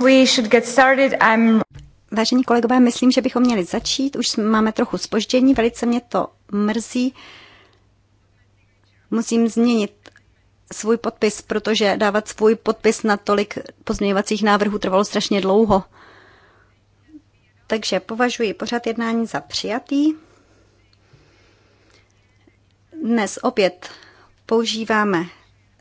we should get started. I'm... Vážení kolegové, myslím, že bychom měli začít. Už máme trochu spoždění, velice mě to mrzí. Musím změnit svůj podpis, protože dávat svůj podpis na tolik pozměňovacích návrhů trvalo strašně dlouho. Takže považuji pořád jednání za přijatý. Dnes opět používáme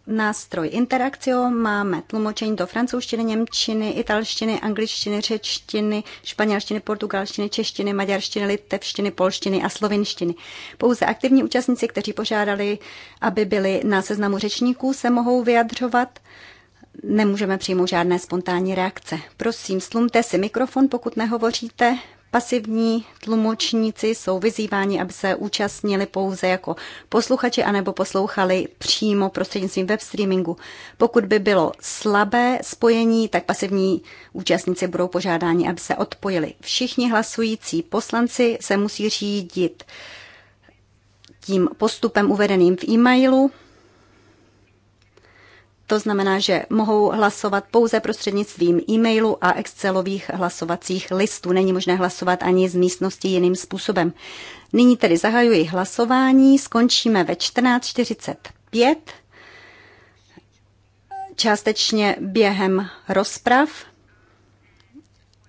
nástroj Interakcio máme tlumočení do francouzštiny, němčiny, italštiny, angličtiny, řečtiny, španělštiny, portugalštiny, češtiny, maďarštiny, litevštiny, polštiny a slovinštiny. Pouze aktivní účastníci, kteří požádali, aby byli na seznamu řečníků, se mohou vyjadřovat. Nemůžeme přijmout žádné spontánní reakce. Prosím, slumte si mikrofon, pokud nehovoříte, Pasivní tlumočníci jsou vyzýváni, aby se účastnili pouze jako posluchači anebo poslouchali přímo prostřednictvím web streamingu. Pokud by bylo slabé spojení, tak pasivní účastníci budou požádáni, aby se odpojili. Všichni hlasující poslanci se musí řídit tím postupem uvedeným v e-mailu to znamená, že mohou hlasovat pouze prostřednictvím e-mailu a Excelových hlasovacích listů. Není možné hlasovat ani z místnosti jiným způsobem. Nyní tedy zahajuji hlasování. Skončíme ve 14.45. Částečně během rozprav.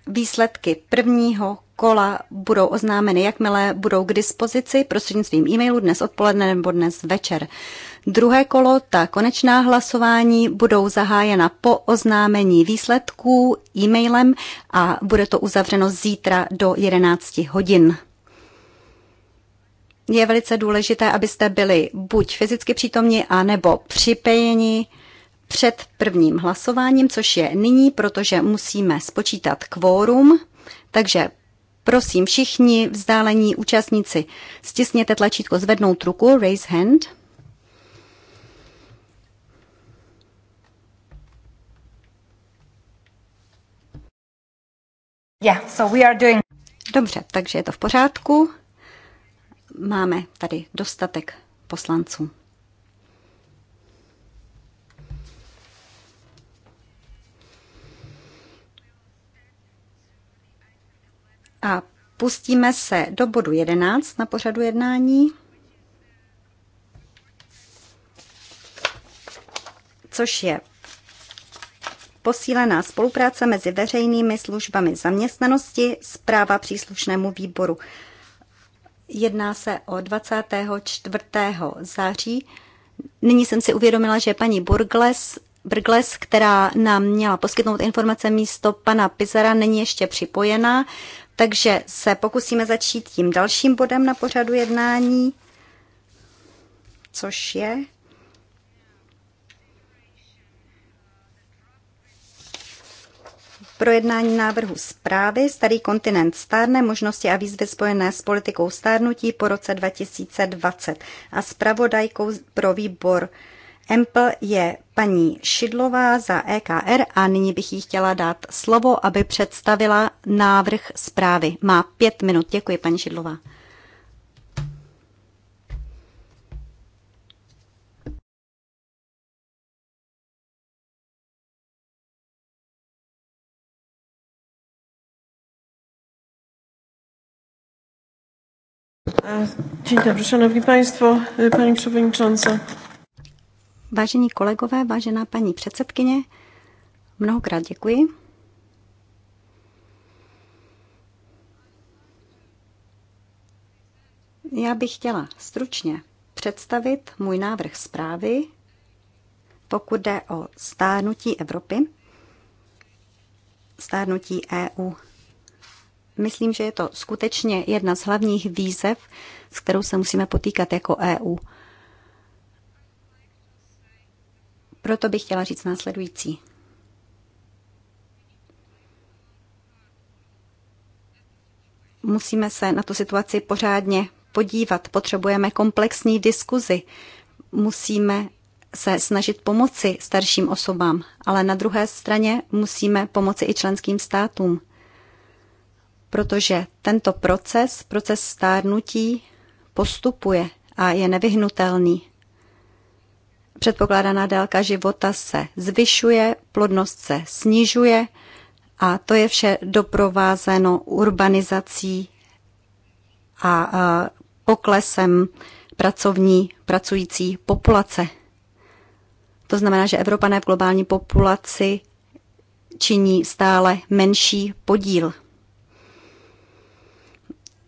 Výsledky prvního kola budou oznámeny, jakmile budou k dispozici prostřednictvím e-mailu dnes odpoledne nebo dnes večer. Druhé kolo, ta konečná hlasování, budou zahájena po oznámení výsledků e-mailem a bude to uzavřeno zítra do 11 hodin. Je velice důležité, abyste byli buď fyzicky přítomni, anebo připojeni před prvním hlasováním, což je nyní, protože musíme spočítat kvórum. Takže prosím všichni vzdálení účastníci, stisněte tlačítko zvednout ruku, raise hand. Yeah, so we are doing... Dobře, takže je to v pořádku. Máme tady dostatek poslanců. A pustíme se do bodu 11 na pořadu jednání, což je posílená spolupráce mezi veřejnými službami zaměstnanosti, zpráva příslušnému výboru. Jedná se o 24. září. Nyní jsem si uvědomila, že paní Burgles, Brgles, která nám měla poskytnout informace místo pana Pizara, není ještě připojena, takže se pokusíme začít tím dalším bodem na pořadu jednání, což je Projednání návrhu zprávy Starý kontinent stárne možnosti a výzvy spojené s politikou stárnutí po roce 2020. A zpravodajkou pro výbor EMPL je paní Šidlová za EKR a nyní bych jí chtěla dát slovo, aby představila návrh zprávy. Má pět minut. Děkuji, paní Šidlová. Dzień dobry, szanowni państwo, pani przewodnicząca. Vážení kolegové, vážená paní předsedkyně, mnohokrát děkuji. Já bych chtěla stručně představit můj návrh zprávy, pokud jde o stárnutí Evropy, stárnutí EU Myslím, že je to skutečně jedna z hlavních výzev, s kterou se musíme potýkat jako EU. Proto bych chtěla říct následující. Musíme se na tu situaci pořádně podívat, potřebujeme komplexní diskuzi, musíme se snažit pomoci starším osobám, ale na druhé straně musíme pomoci i členským státům protože tento proces, proces stárnutí, postupuje a je nevyhnutelný. Předpokládaná délka života se zvyšuje, plodnost se snižuje a to je vše doprovázeno urbanizací a poklesem pracovní pracující populace. To znamená, že Evropané v globální populaci činí stále menší podíl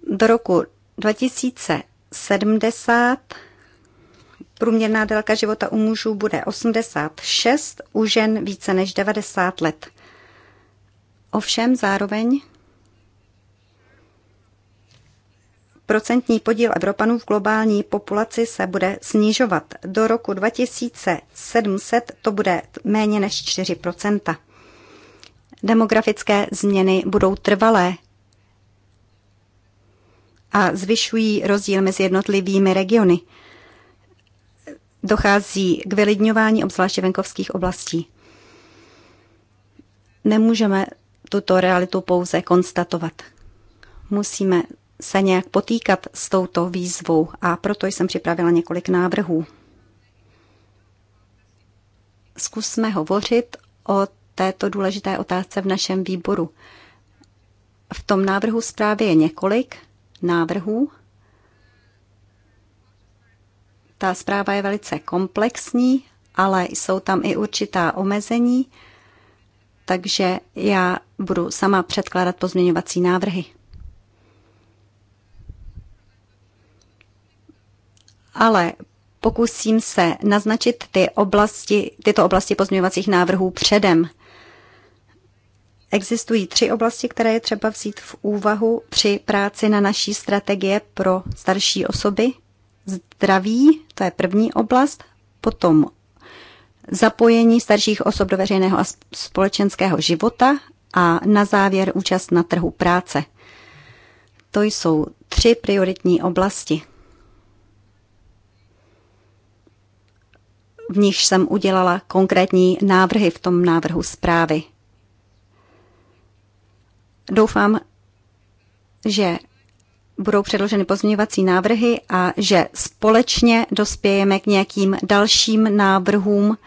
do roku 2070 průměrná délka života u mužů bude 86, u žen více než 90 let. Ovšem zároveň procentní podíl Evropanů v globální populaci se bude snižovat. Do roku 2700 to bude méně než 4 Demografické změny budou trvalé a zvyšují rozdíl mezi jednotlivými regiony. Dochází k vylidňování obzvláště venkovských oblastí. Nemůžeme tuto realitu pouze konstatovat. Musíme se nějak potýkat s touto výzvou a proto jsem připravila několik návrhů. Zkusme hovořit o této důležité otázce v našem výboru. V tom návrhu zprávy je několik, návrhů. Ta zpráva je velice komplexní, ale jsou tam i určitá omezení, takže já budu sama předkládat pozměňovací návrhy. Ale pokusím se naznačit ty oblasti, tyto oblasti pozměňovacích návrhů předem. Existují tři oblasti, které je třeba vzít v úvahu při práci na naší strategie pro starší osoby. Zdraví, to je první oblast, potom zapojení starších osob do veřejného a společenského života a na závěr účast na trhu práce. To jsou tři prioritní oblasti. V nich jsem udělala konkrétní návrhy v tom návrhu zprávy. Doufám, že budou předloženy pozměňovací návrhy a že společně dospějeme k nějakým dalším návrhům,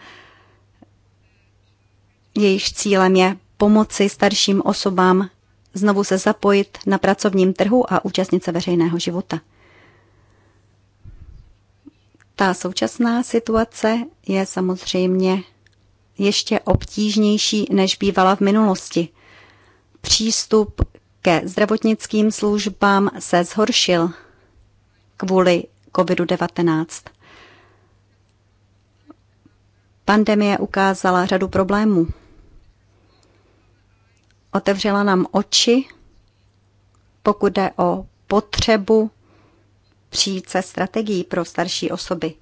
jejichž cílem je pomoci starším osobám znovu se zapojit na pracovním trhu a účastnit se veřejného života. Ta současná situace je samozřejmě ještě obtížnější, než bývala v minulosti – Přístup ke zdravotnickým službám se zhoršil kvůli COVID-19. Pandemie ukázala řadu problémů. Otevřela nám oči, pokud jde o potřebu přijít se strategií pro starší osoby.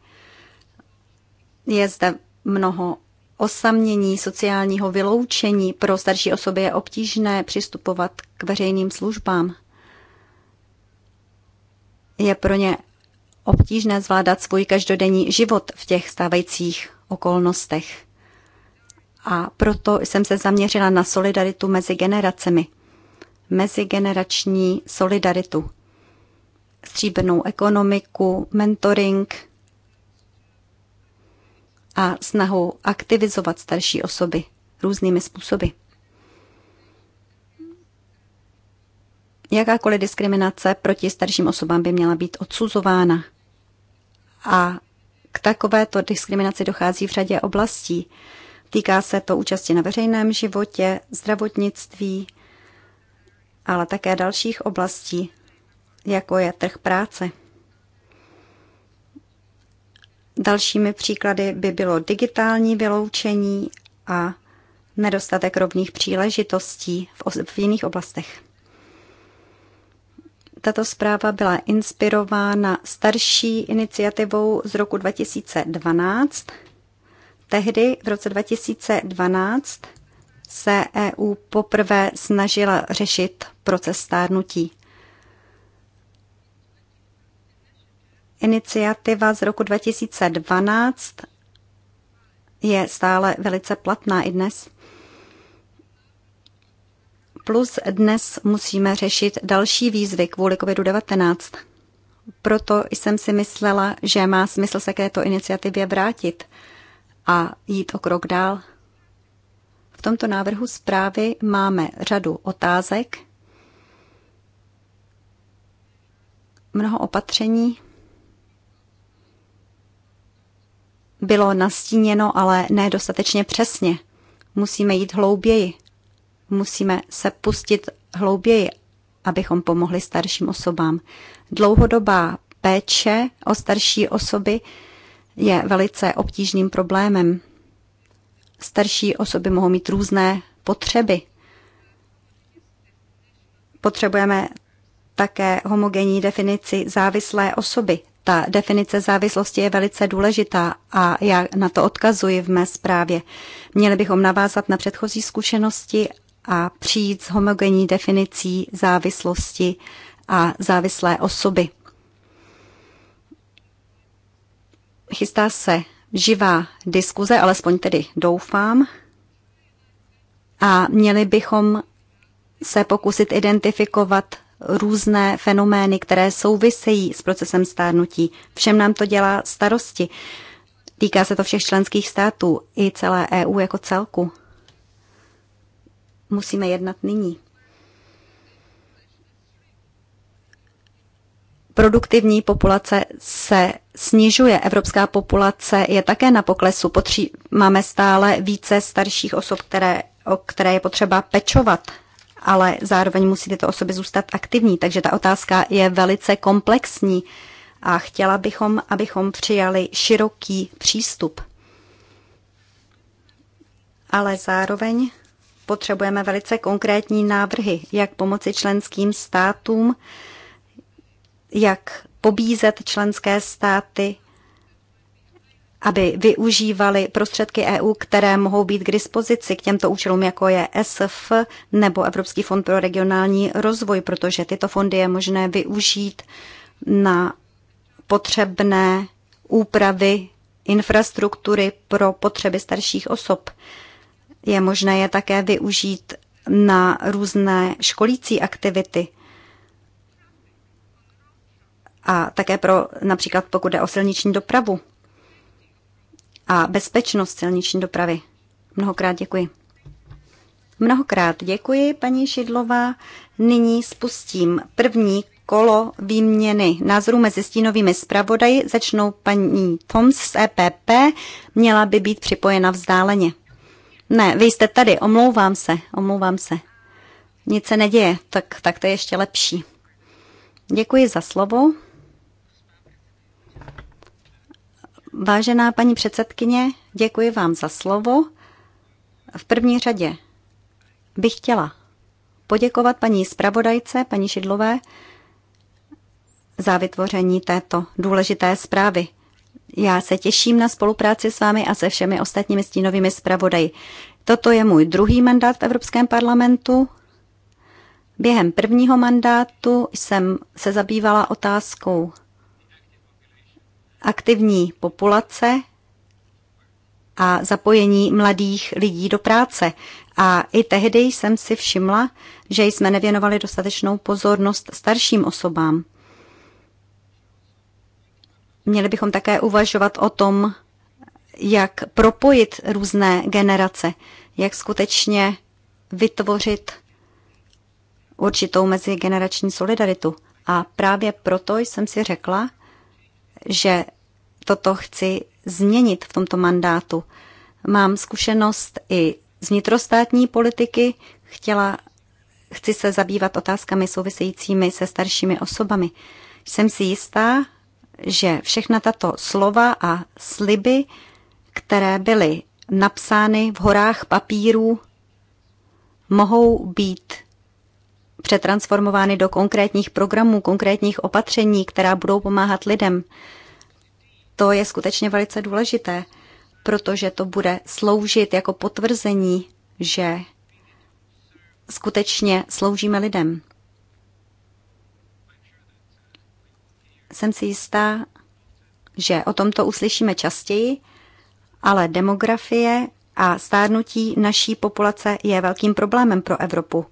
Je zde mnoho osamění, sociálního vyloučení pro starší osoby je obtížné přistupovat k veřejným službám. Je pro ně obtížné zvládat svůj každodenní život v těch stávajících okolnostech. A proto jsem se zaměřila na solidaritu mezi generacemi. Mezigenerační solidaritu. Stříbrnou ekonomiku, mentoring – a snahou aktivizovat starší osoby různými způsoby. Jakákoliv diskriminace proti starším osobám by měla být odsuzována. A k takovéto diskriminaci dochází v řadě oblastí. Týká se to účasti na veřejném životě, zdravotnictví, ale také dalších oblastí, jako je trh práce. Dalšími příklady by bylo digitální vyloučení a nedostatek rovných příležitostí v, v jiných oblastech. Tato zpráva byla inspirována starší iniciativou z roku 2012. Tehdy v roce 2012 se EU poprvé snažila řešit proces stárnutí. Iniciativa z roku 2012 je stále velice platná i dnes. Plus dnes musíme řešit další výzvy kvůli COVID-19. Proto jsem si myslela, že má smysl se k této iniciativě vrátit a jít o krok dál. V tomto návrhu zprávy máme řadu otázek, mnoho opatření, bylo nastíněno, ale ne dostatečně přesně. Musíme jít hlouběji. Musíme se pustit hlouběji, abychom pomohli starším osobám. Dlouhodobá péče o starší osoby je velice obtížným problémem. Starší osoby mohou mít různé potřeby. Potřebujeme také homogenní definici závislé osoby. Ta definice závislosti je velice důležitá a já na to odkazuji v mé zprávě. Měli bychom navázat na předchozí zkušenosti a přijít s homogenní definicí závislosti a závislé osoby. Chystá se živá diskuze, alespoň tedy doufám, a měli bychom se pokusit identifikovat různé fenomény, které souvisejí s procesem stárnutí. Všem nám to dělá starosti. Týká se to všech členských států i celé EU jako celku. Musíme jednat nyní. produktivní populace se snižuje. Evropská populace je také na poklesu. Potří- máme stále více starších osob, které, o které je potřeba pečovat ale zároveň musí tyto osoby zůstat aktivní. Takže ta otázka je velice komplexní a chtěla bychom, abychom přijali široký přístup. Ale zároveň potřebujeme velice konkrétní návrhy, jak pomoci členským státům, jak pobízet členské státy aby využívali prostředky EU, které mohou být k dispozici k těmto účelům, jako je ESF nebo Evropský fond pro regionální rozvoj, protože tyto fondy je možné využít na potřebné úpravy infrastruktury pro potřeby starších osob. Je možné je také využít na různé školící aktivity a také pro například pokud jde o silniční dopravu a bezpečnost silniční dopravy. Mnohokrát děkuji. Mnohokrát děkuji, paní Šidlová. Nyní spustím první kolo výměny názorů mezi stínovými zpravodaji. Začnou paní Toms z EPP. Měla by být připojena vzdáleně. Ne, vy jste tady, omlouvám se, omlouvám se. Nic se neděje, tak, tak to je ještě lepší. Děkuji za slovo. Vážená paní předsedkyně, děkuji vám za slovo. V první řadě bych chtěla poděkovat paní zpravodajce, paní Šidlové, za vytvoření této důležité zprávy. Já se těším na spolupráci s vámi a se všemi ostatními stínovými zpravodaji. Toto je můj druhý mandát v Evropském parlamentu. Během prvního mandátu jsem se zabývala otázkou aktivní populace a zapojení mladých lidí do práce. A i tehdy jsem si všimla, že jsme nevěnovali dostatečnou pozornost starším osobám. Měli bychom také uvažovat o tom, jak propojit různé generace, jak skutečně vytvořit určitou mezigenerační solidaritu. A právě proto jsem si řekla, že toto chci změnit v tomto mandátu. Mám zkušenost i z vnitrostátní politiky, chtěla, chci se zabývat otázkami souvisejícími se staršími osobami. Jsem si jistá, že všechna tato slova a sliby, které byly napsány v horách papírů, mohou být přetransformovány do konkrétních programů, konkrétních opatření, která budou pomáhat lidem. To je skutečně velice důležité, protože to bude sloužit jako potvrzení, že skutečně sloužíme lidem. Jsem si jistá, že o tomto uslyšíme častěji, ale demografie a stárnutí naší populace je velkým problémem pro Evropu.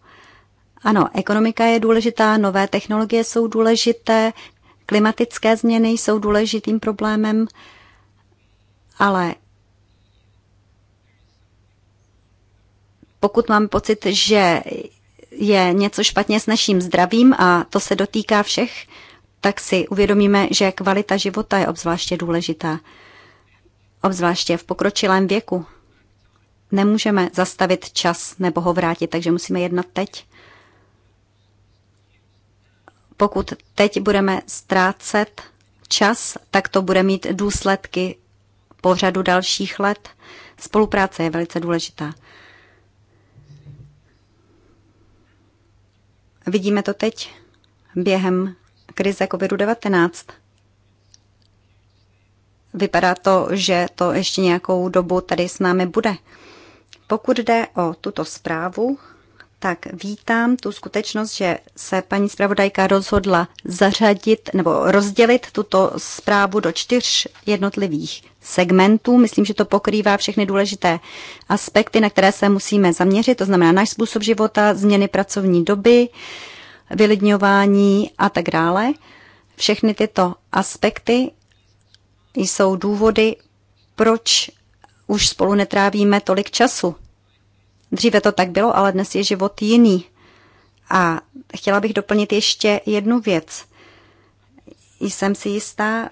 Ano, ekonomika je důležitá, nové technologie jsou důležité, klimatické změny jsou důležitým problémem, ale pokud mám pocit, že je něco špatně s naším zdravím a to se dotýká všech, tak si uvědomíme, že kvalita života je obzvláště důležitá. Obzvláště v pokročilém věku. Nemůžeme zastavit čas nebo ho vrátit, takže musíme jednat teď. Pokud teď budeme ztrácet čas, tak to bude mít důsledky po řadu dalších let. Spolupráce je velice důležitá. Vidíme to teď během krize COVID-19. Vypadá to, že to ještě nějakou dobu tady s námi bude. Pokud jde o tuto zprávu, tak vítám tu skutečnost, že se paní zpravodajka rozhodla zařadit nebo rozdělit tuto zprávu do čtyř jednotlivých segmentů. Myslím, že to pokrývá všechny důležité aspekty, na které se musíme zaměřit, to znamená náš způsob života, změny pracovní doby, vylidňování a tak dále. Všechny tyto aspekty jsou důvody, proč už spolu netrávíme tolik času Dříve to tak bylo, ale dnes je život jiný. A chtěla bych doplnit ještě jednu věc. Jsem si jistá,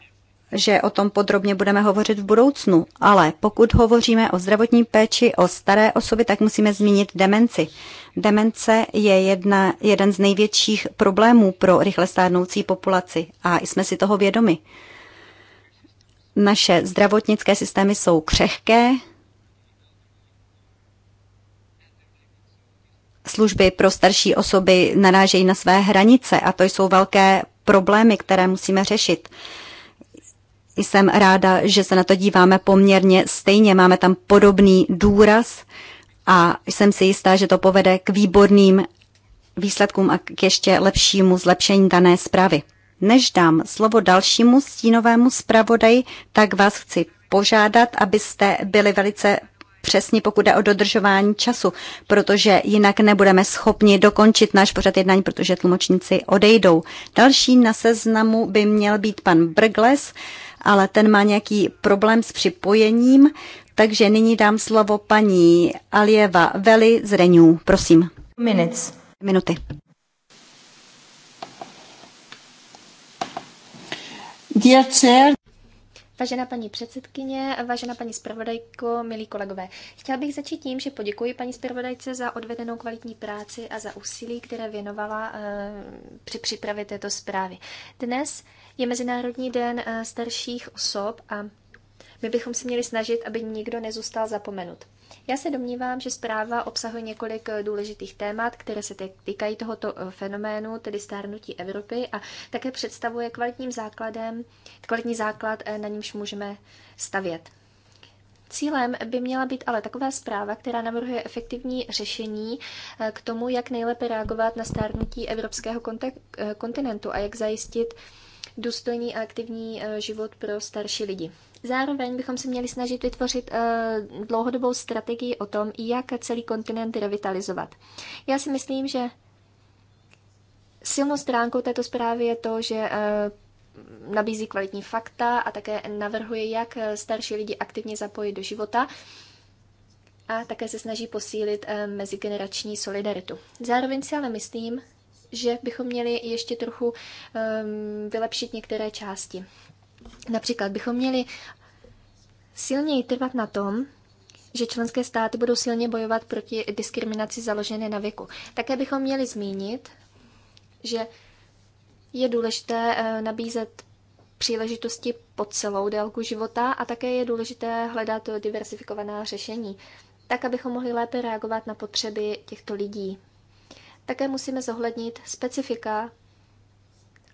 že o tom podrobně budeme hovořit v budoucnu, ale pokud hovoříme o zdravotní péči o staré osoby, tak musíme zmínit demenci. Demence je jedna, jeden z největších problémů pro rychle stárnoucí populaci a jsme si toho vědomi. Naše zdravotnické systémy jsou křehké, služby pro starší osoby narážejí na své hranice a to jsou velké problémy, které musíme řešit. Jsem ráda, že se na to díváme poměrně stejně, máme tam podobný důraz a jsem si jistá, že to povede k výborným výsledkům a k ještě lepšímu zlepšení dané zprávy. Než dám slovo dalšímu stínovému zpravodaji, tak vás chci požádat, abyste byli velice přesně pokud jde o dodržování času, protože jinak nebudeme schopni dokončit náš pořad jednání, protože tlumočníci odejdou. Další na seznamu by měl být pan Brgles, ale ten má nějaký problém s připojením, takže nyní dám slovo paní Alieva Veli z Renew. Prosím. Minutes. Minuty. Dear chair. Vážená paní předsedkyně, vážená paní zpravodajko, milí kolegové, chtěla bych začít tím, že poděkuji paní zpravodajce za odvedenou kvalitní práci a za úsilí, které věnovala eh, při přípravě této zprávy. Dnes je Mezinárodní den eh, starších osob a my bychom se měli snažit, aby nikdo nezůstal zapomenut. Já se domnívám, že zpráva obsahuje několik eh, důležitých témat, které se týkají tohoto eh, fenoménu, tedy stárnutí Evropy a také představuje kvalitním základem, kvalitní základ, eh, na němž můžeme stavět. Cílem by měla být ale taková zpráva, která navrhuje efektivní řešení k tomu, jak nejlépe reagovat na stárnutí evropského kontinentu a jak zajistit důstojný a aktivní život pro starší lidi. Zároveň bychom se měli snažit vytvořit uh, dlouhodobou strategii o tom, jak celý kontinent revitalizovat. Já si myslím, že silnou stránkou této zprávy je to, že uh, nabízí kvalitní fakta a také navrhuje, jak eh, starší lidi aktivně zapojit do života a také se snaží posílit mezigenerační solidaritu. Zároveň si ale myslím, že bychom měli ještě trochu um, vylepšit některé části. Například bychom měli silněji trvat na tom, že členské státy budou silně bojovat proti diskriminaci založené na věku. Také bychom měli zmínit, že je důležité eh, nabízet příležitosti po celou délku života a také je důležité hledat diversifikovaná řešení, tak abychom mohli lépe reagovat na potřeby těchto lidí. Také musíme zohlednit specifika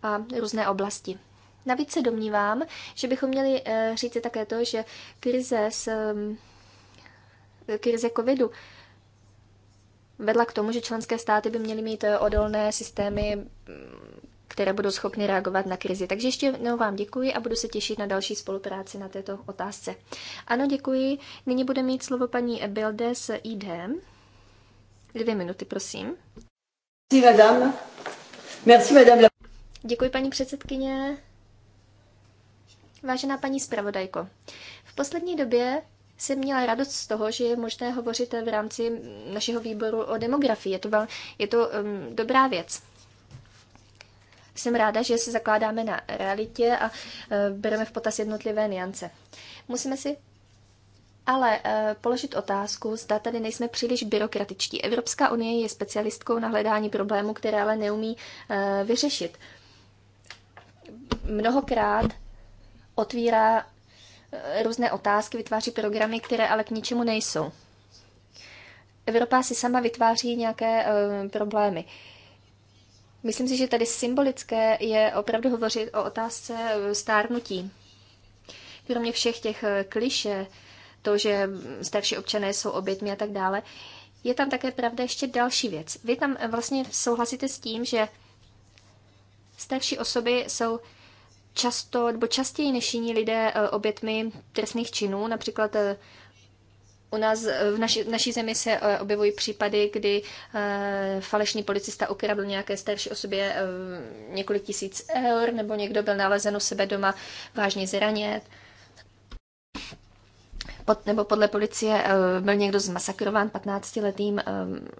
a různé oblasti. Navíc se domnívám, že bychom měli eh, říct také to, že krize s eh, krize covidu vedla k tomu, že členské státy by měly mít eh, odolné systémy, mm, které budou schopny reagovat na krizi. Takže ještě jednou vám děkuji a budu se těšit na další spolupráci na této otázce. Ano, děkuji. Nyní bude mít slovo paní Bilde s ID. Dvě minuty, prosím. Merci, madame. Merci, madame. Děkuji, paní předsedkyně. Vážená paní zpravodajko, v poslední době jsem měla radost z toho, že je možné hovořit v rámci našeho výboru o demografii. Je to, vel, je to um, dobrá věc. Jsem ráda, že se zakládáme na realitě a uh, bereme v potaz jednotlivé niance. Musíme si ale uh, položit otázku, zda tady nejsme příliš byrokratičtí. Evropská unie je specialistkou na hledání problémů, které ale neumí uh, vyřešit. Mnohokrát otvírá eh, různé otázky, vytváří programy, které ale k ničemu nejsou. Evropa si sama vytváří nějaké e, problémy. Myslím si, že tady symbolické je opravdu hovořit o otázce eh, stárnutí. Kromě všech těch kliše, to, že starší občané jsou obětmi a tak dále, je tam také pravda ještě další věc. Vy tam vlastně souhlasíte s tím, že starší osoby jsou často nebo častěji než jiní lidé eh, obětmi trestných činů. Například eh, u nás eh, v naši, v naší zemi se objevují případy, kdy falešný policista ukradl nějaké starší osobě několik tisíc eur, nebo někdo byl nalezen u sebe doma vážně zraněn. Pod, nebo podle policie byl někdo zmasakrován 15-letým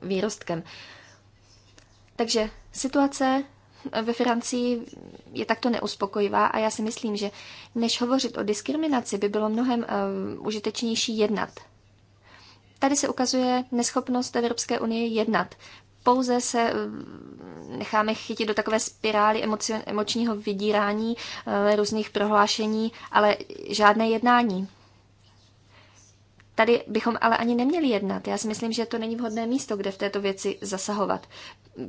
výrostkem. Takže situace ve Francii je takto neuspokojivá a já si myslím, že než hovořit o diskriminaci, by bylo mnohem uh, užitečnější jednat. Tady se ukazuje neschopnost Evropské unie jednat. Pouze se eh, necháme chytit do takové spirály emočního vydírání, eh, různých prohlášení, ale žádné jednání. Tady bychom ale ani neměli jednat. Já si myslím, že to není vhodné místo, kde v této věci zasahovat.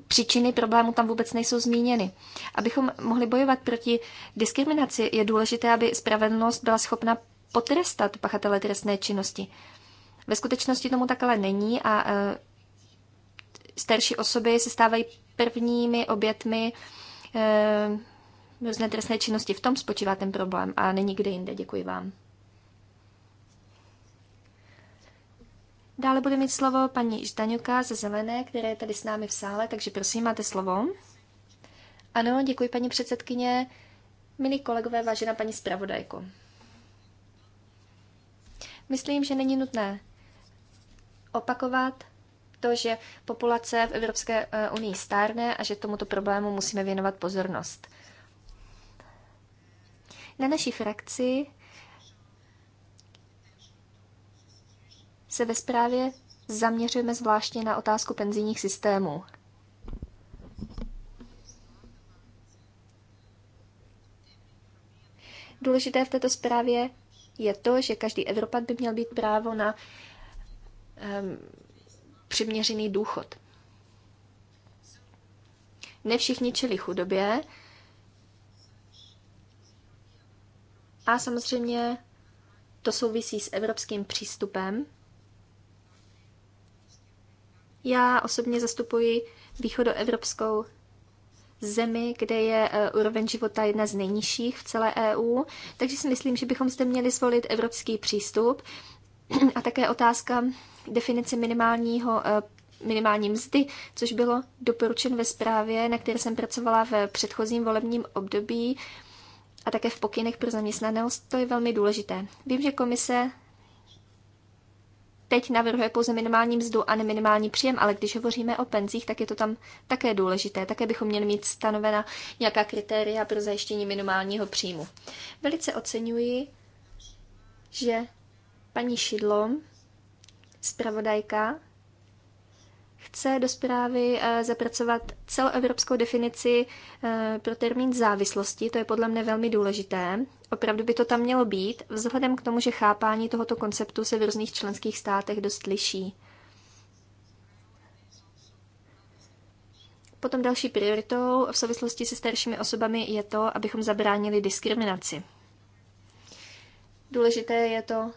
Příčiny problému tam vůbec nejsou zmíněny. Abychom mohli bojovat proti diskriminaci, je důležité, aby spravedlnost byla schopna potrestat pachatele trestné činnosti. Ve skutečnosti tomu tak ale není a e, starší osoby se stávají prvními obětmi e, různé trestné činnosti. V tom spočívá ten problém a není kde jinde. Děkuji vám. Dále bude mít slovo paní Ždaňuka ze Zelené, která je tady s námi v sále, takže prosím, máte slovo. Ano, děkuji paní předsedkyně. Milí kolegové, vážená paní zpravodajko. Myslím, že není nutné opakovat to, že populace v Evropské eh, unii stárne a že tomuto problému musíme věnovat pozornost. Na naší frakci se ve zprávě zaměřujeme zvláště na otázku penzijních systémů. Důležité v této zprávě je to, že každý Evropan by měl být právo na um, přiměřený důchod. Ne všichni čili chudobě a samozřejmě to souvisí s evropským přístupem já osobně zastupuji východoevropskou zemi, kde je e, úroveň života jedna z nejnižších v celé EU, takže si myslím, že bychom zde měli zvolit evropský přístup a také otázka definice minimálního e, minimální mzdy, což bylo doporučeno ve zprávě, na které jsem pracovala v předchozím volebním období a také v pokynech pro zaměstnanost, to je velmi důležité. Vím, že komise teď navrhuje pouze minimální mzdu a ne minimální příjem, ale když hovoříme o penzích, tak je to tam také důležité. Také bychom měli mít stanovena nějaká kritéria pro zajištění minimálního příjmu. Velice oceňuji, že paní Šidlo, zpravodajka, chce do zprávy eh, zapracovat celoevropskou definici eh, pro termín závislosti, to je podle mne velmi důležité. Opravdu by to tam mělo být, vzhledem k tomu, že chápání tohoto konceptu se v různých členských státech dost liší. Potom další prioritou v souvislosti se staršími osobami je to, abychom zabránili diskriminaci. Důležité je to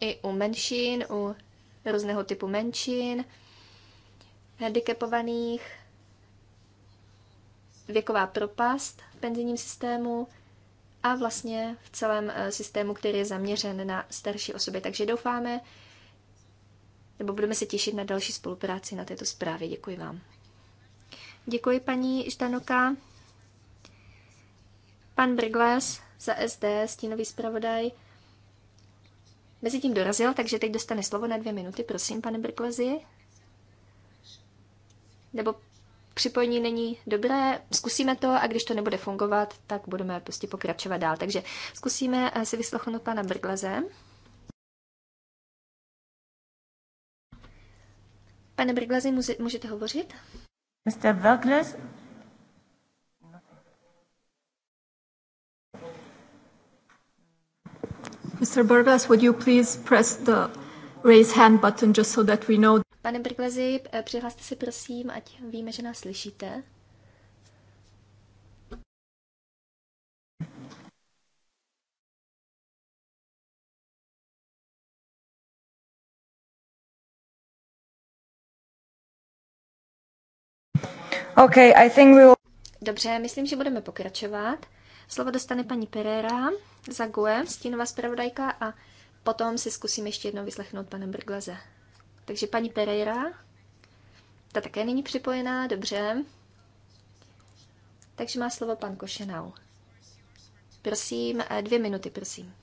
i u menšin, u různého typu menšin, handicapovaných, věková propast v penzijním systému a vlastně v celém eh, systému, který je zaměřen na starší osoby. Takže doufáme, nebo budeme se těšit na další spolupráci na této zprávě. Děkuji vám. Děkuji paní Ždanoka. Pan Brgles za SD, stínový zpravodaj, mezi tím dorazil, takže teď dostane slovo na dvě minuty. Prosím, pane Brglezi nebo připojení není dobré, zkusíme to a když to nebude fungovat, tak budeme prostě pokračovat dál. Takže zkusíme eh, si vyslechnout pana Brglaze. Pane Brglazi, můžete hovořit? Mr. Brglas? Mr. Burglas, would you please press the raise hand button just so that we know Pane Brglezi, eh, přihlaste se prosím, ať víme, že nás slyšíte. Okay, I think we will... Dobře, myslím, že budeme pokračovat. Slovo dostane paní Pereira za GUE, stínová zpravodajka, a potom si zkusím ještě jednou vyslechnout pana Brglaze. Takže paní Pereira, ta také není připojená, dobře. Takže má slovo pan Košenau. Prosím, eh, dvě minuty, prosím.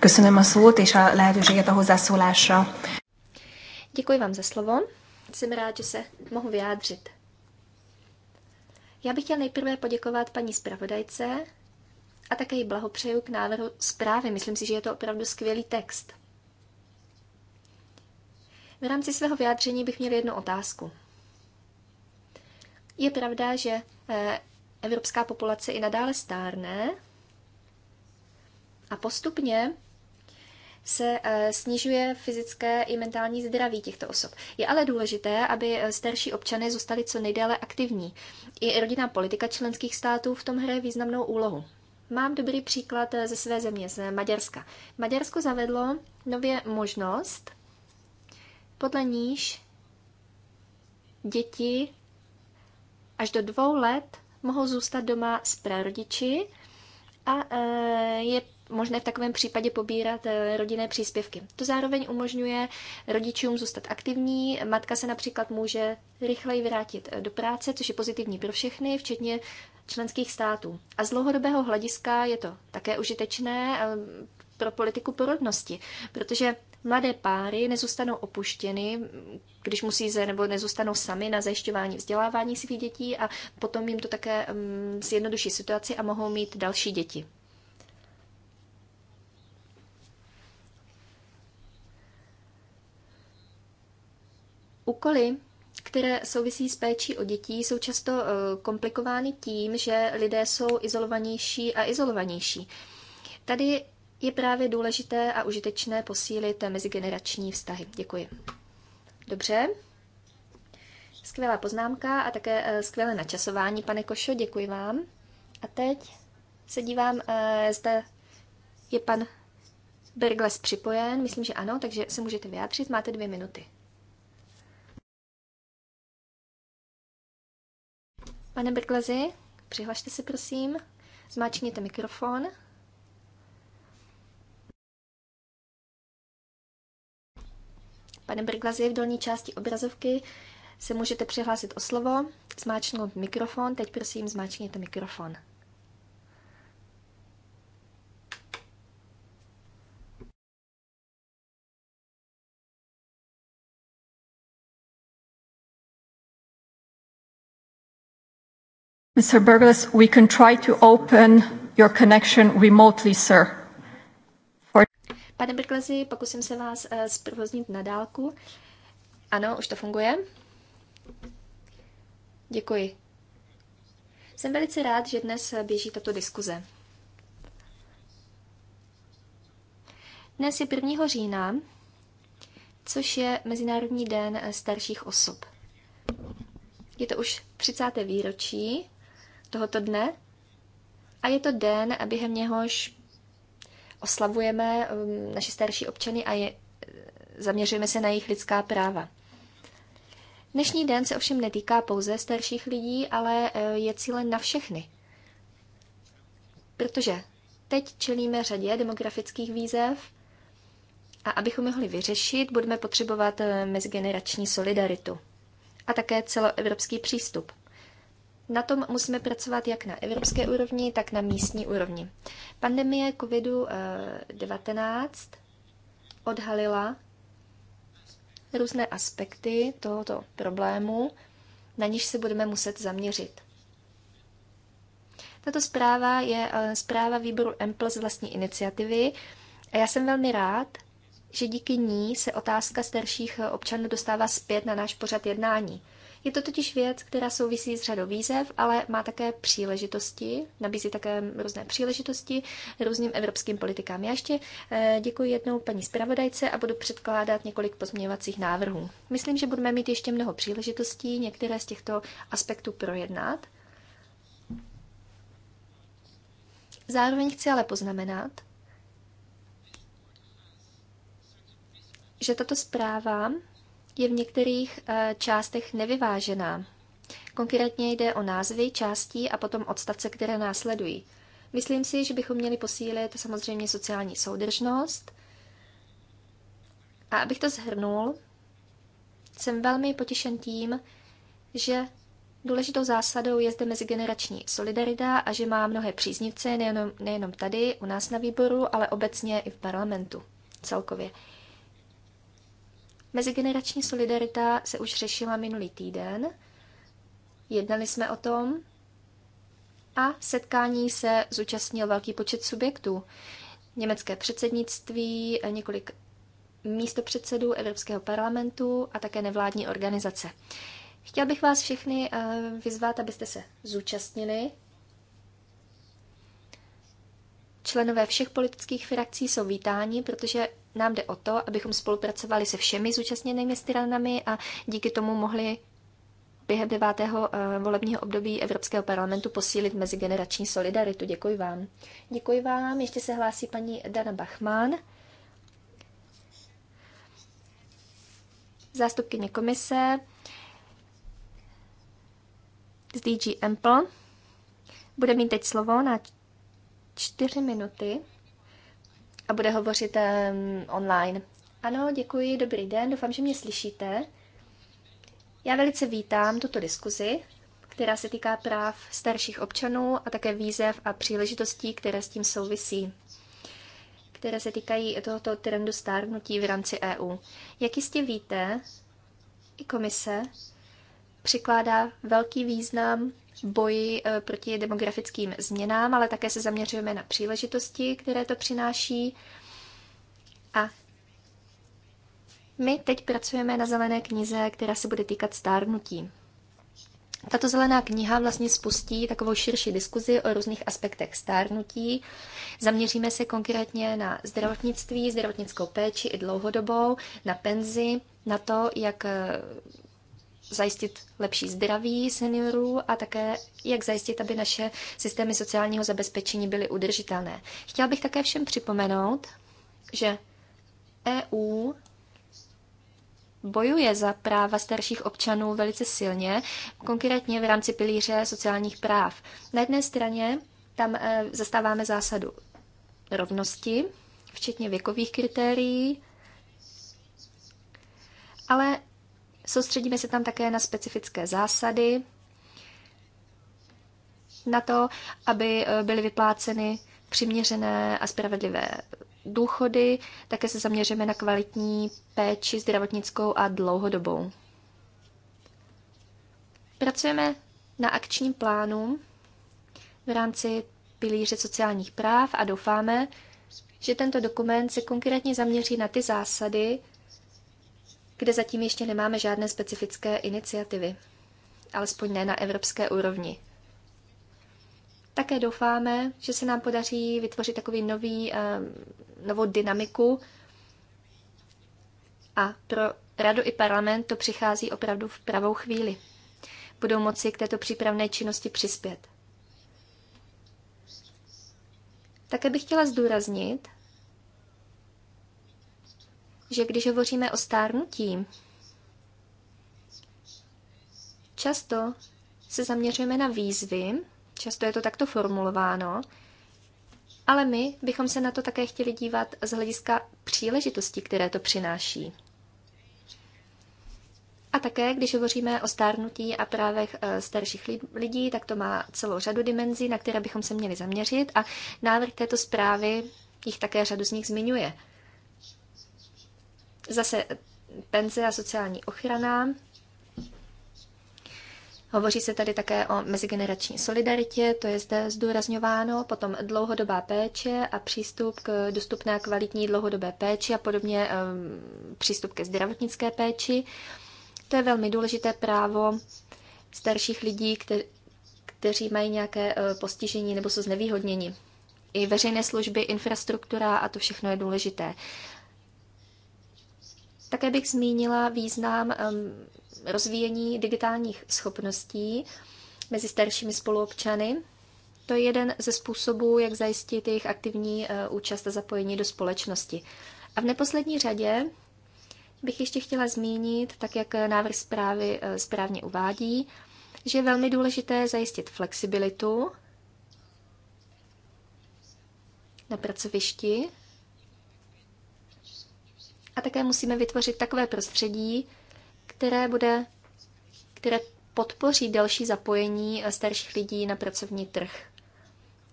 Köszönöm a szót és a lehetőséget a hozzászólásra. Děkuji vám za slovo. Jsem rád, že se mohu vyjádřit. Já bych chtěl nejprve poděkovat paní zpravodajce a také jí blahopřeju k návrhu zprávy. Myslím si, že je to opravdu skvělý text. V rámci svého vyjádření bych měl jednu otázku. Je pravda, že eh, evropská populace i nadále stárne a postupně se eh, snižuje fyzické i mentální zdraví těchto osob. Je ale důležité, aby eh, starší občany zůstali co nejdéle aktivní. I rodinná politika členských států v tom hraje významnou úlohu. Mám dobrý příklad ze své země, z Maďarska. Maďarsko zavedlo nově možnost podle níž děti až do dvou let mohou zůstat doma s prarodiči a e, je možné v takovém případě pobírat e, rodinné příspěvky. To zároveň umožňuje rodičům zůstat aktivní. Matka se například může rychleji vrátit e, do práce, což je pozitivní pro všechny, včetně členských států. A z dlouhodobého hlediska je to také užitečné, pro politiku porodnosti, protože mladé páry nezůstanou opuštěny, když musí ze, nebo nezůstanou sami na zajišťování vzdělávání svých dětí a potom jim to také um, zjednoduší situaci a mohou mít další děti. Úkoly, které souvisí s péčí o dětí, jsou často e, komplikovány tím, že lidé jsou izolovanější a izolovanější. Tady je právě důležité a užitečné posílit mezigenerační vztahy. Děkuji. Dobře. Skvělá poznámka a také eh, skvělé načasování, pane Košo, děkuji vám. A teď se dívám, eh, zda je pan Bergles připojen, myslím, že ano, takže se můžete vyjádřit, máte dvě minuty. Pane Berglezi, přihlašte se prosím, zmáčkněte mikrofon. Pane Brglazi, v dolní části obrazovky se můžete přihlásit o slovo, zmáčknout mikrofon. Teď prosím, zmáčkněte mikrofon. Mr. Burgles, we can try to open your connection remotely, sir. Pane Brklezi, pokusím se vás eh, zprovoznit na dálku. Ano, už to funguje. Děkuji. Jsem velice rád, že dnes eh, běží tato diskuze. Dnes je 1. října, což je Mezinárodní den eh, starších osob. Je to už 30. výročí tohoto dne a je to den, během něhož oslavujeme um, naši starší občany a je, zaměřujeme se na jejich lidská práva. Dnešní den se ovšem netýká pouze starších lidí, ale eh, je cílen na všechny. Protože teď čelíme řadě demografických výzev a abychom mohli vyřešit, budeme potřebovat eh, mezigenerační solidaritu a také celoevropský přístup. Na tom musíme pracovat jak na evropské úrovni, tak na místní úrovni. Pandemie COVID-19 odhalila různé aspekty tohoto problému, na níž se budeme muset zaměřit. Tato zpráva je eh, zpráva výboru MPL z vlastní iniciativy a já jsem velmi rád, že díky ní se otázka starších občanů dostává zpět na náš pořad jednání – je to totiž věc, která souvisí s řadou výzev, ale má také příležitosti, nabízí také různé příležitosti různým evropským politikám. Já ještě eh, děkuji jednou paní zpravodajce a budu předkládat několik pozměňovacích návrhů. Myslím, že budeme mít ještě mnoho příležitostí některé z těchto aspektů projednat. Zároveň chci ale poznamenat, že tato zpráva je v některých eh, částech nevyvážená. Konkrétně jde o názvy, částí a potom odstavce, které následují. Myslím si, že bychom měli posílit samozřejmě sociální soudržnost. A abych to zhrnul, jsem velmi potěšen tím, že důležitou zásadou je zde mezigenerační solidarita a že má mnohé příznivce nejenom, nejenom tady u nás na výboru, ale obecně i v parlamentu celkově. Mezigenerační solidarita se už řešila minulý týden. Jednali jsme o tom a setkání se zúčastnil velký počet subjektů. Německé předsednictví, několik místopředsedů Evropského parlamentu a také nevládní organizace. Chtěl bych vás všechny eh, vyzvat, abyste se zúčastnili Členové všech politických frakcí jsou vítáni, protože nám jde o to, abychom spolupracovali se všemi zúčastněnými stranami a díky tomu mohli během devátého eh, volebního období Evropského parlamentu posílit mezigenerační solidaritu. Děkuji vám. Děkuji vám. Ještě se hlásí paní Dana Bachmann. zástupkyně komise z DG Ample. Bude mít teď slovo na čtyři minuty a bude hovořit um, online. Ano, děkuji, dobrý den, doufám, že mě slyšíte. Já velice vítám tuto diskuzi, která se týká práv starších občanů a také výzev a příležitostí, které s tím souvisí které se týkají tohoto trendu stárnutí v rámci EU. Jak jistě víte, i komise přikládá velký význam boji eh, proti demografickým změnám, ale také se zaměřujeme na příležitosti, které to přináší. A my teď pracujeme na zelené knize, která se bude týkat stárnutí. Tato zelená kniha vlastně spustí takovou širší diskuzi o různých aspektech stárnutí. Zaměříme se konkrétně na zdravotnictví, zdravotnickou péči i dlouhodobou, na penzi, na to, jak eh, zajistit lepší zdraví seniorů a také jak zajistit, aby naše systémy sociálního zabezpečení byly udržitelné. Chtěla bych také všem připomenout, že EU bojuje za práva starších občanů velice silně, konkrétně v rámci pilíře sociálních práv. Na jedné straně tam e, zastáváme zásadu rovnosti, včetně věkových kritérií, ale Soustředíme se tam také na specifické zásady, na to, aby eh, byly vypláceny přiměřené a spravedlivé důchody, také se zaměříme na kvalitní péči zdravotnickou a dlouhodobou. Pracujeme na akčním plánu v rámci pilíře sociálních práv a doufáme, že tento dokument se konkrétně zaměří na ty zásady, kde zatím ještě nemáme žádné specifické iniciativy, alespoň ne na evropské úrovni. Také doufáme, že se nám podaří vytvořit takový nový, eh, novou dynamiku a pro radu i parlament to přichází opravdu v pravou chvíli. Budou moci k této přípravné činnosti přispět. Také bych chtěla zdůraznit, že když hovoříme o stárnutí, často se zaměřujeme na výzvy, často je to takto formulováno, ale my bychom se na to také chtěli dívat z hlediska příležitostí, které to přináší. A také, když hovoříme o stárnutí a právech eh, starších lidí, tak to má celou řadu dimenzí, na které bychom se měli zaměřit a návrh této zprávy jich také řadu z nich zmiňuje. Zase penze a sociální ochrana. Hovoří se tady také o mezigenerační solidaritě, to je zde zdůrazňováno, potom dlouhodobá péče a přístup k dostupné kvalitní dlouhodobé péči a podobně přístup ke zdravotnické péči. To je velmi důležité právo starších lidí, kteří mají nějaké eh, postižení nebo jsou znevýhodněni. I veřejné služby, infrastruktura a to všechno je důležité. Také bych zmínila význam rozvíjení digitálních schopností mezi staršími spoluobčany. To je jeden ze způsobů, jak zajistit jejich aktivní e, účast a zapojení do společnosti. A v neposlední řadě bych ještě chtěla zmínit, tak jak návrh zprávy e, správně uvádí, že je velmi důležité zajistit flexibilitu na pracovišti a také musíme vytvořit takové prostředí, které bude, které podpoří další zapojení eh, starších lidí na pracovní trh.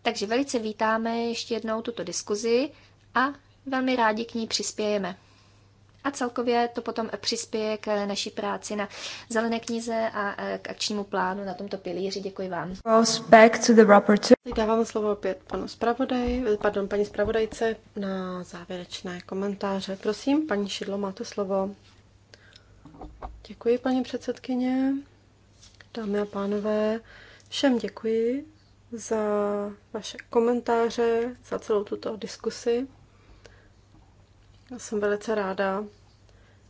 Takže velice vítáme ještě jednou tuto diskuzi a velmi rádi k ní přispějeme. A celkově to potom přispěje k naší práci na zelené knize a k akčnímu plánu na tomto pilíři. Děkuji vám. dávám slovo opět panu zpravodaj, pardon, paní zpravodajce na závěrečné komentáře. Prosím, paní Šidlo, máte slovo. Děkuji, paní předsedkyně. Dámy a pánové, všem děkuji za vaše komentáře, za celou tuto diskusi. Já jsem velice ráda,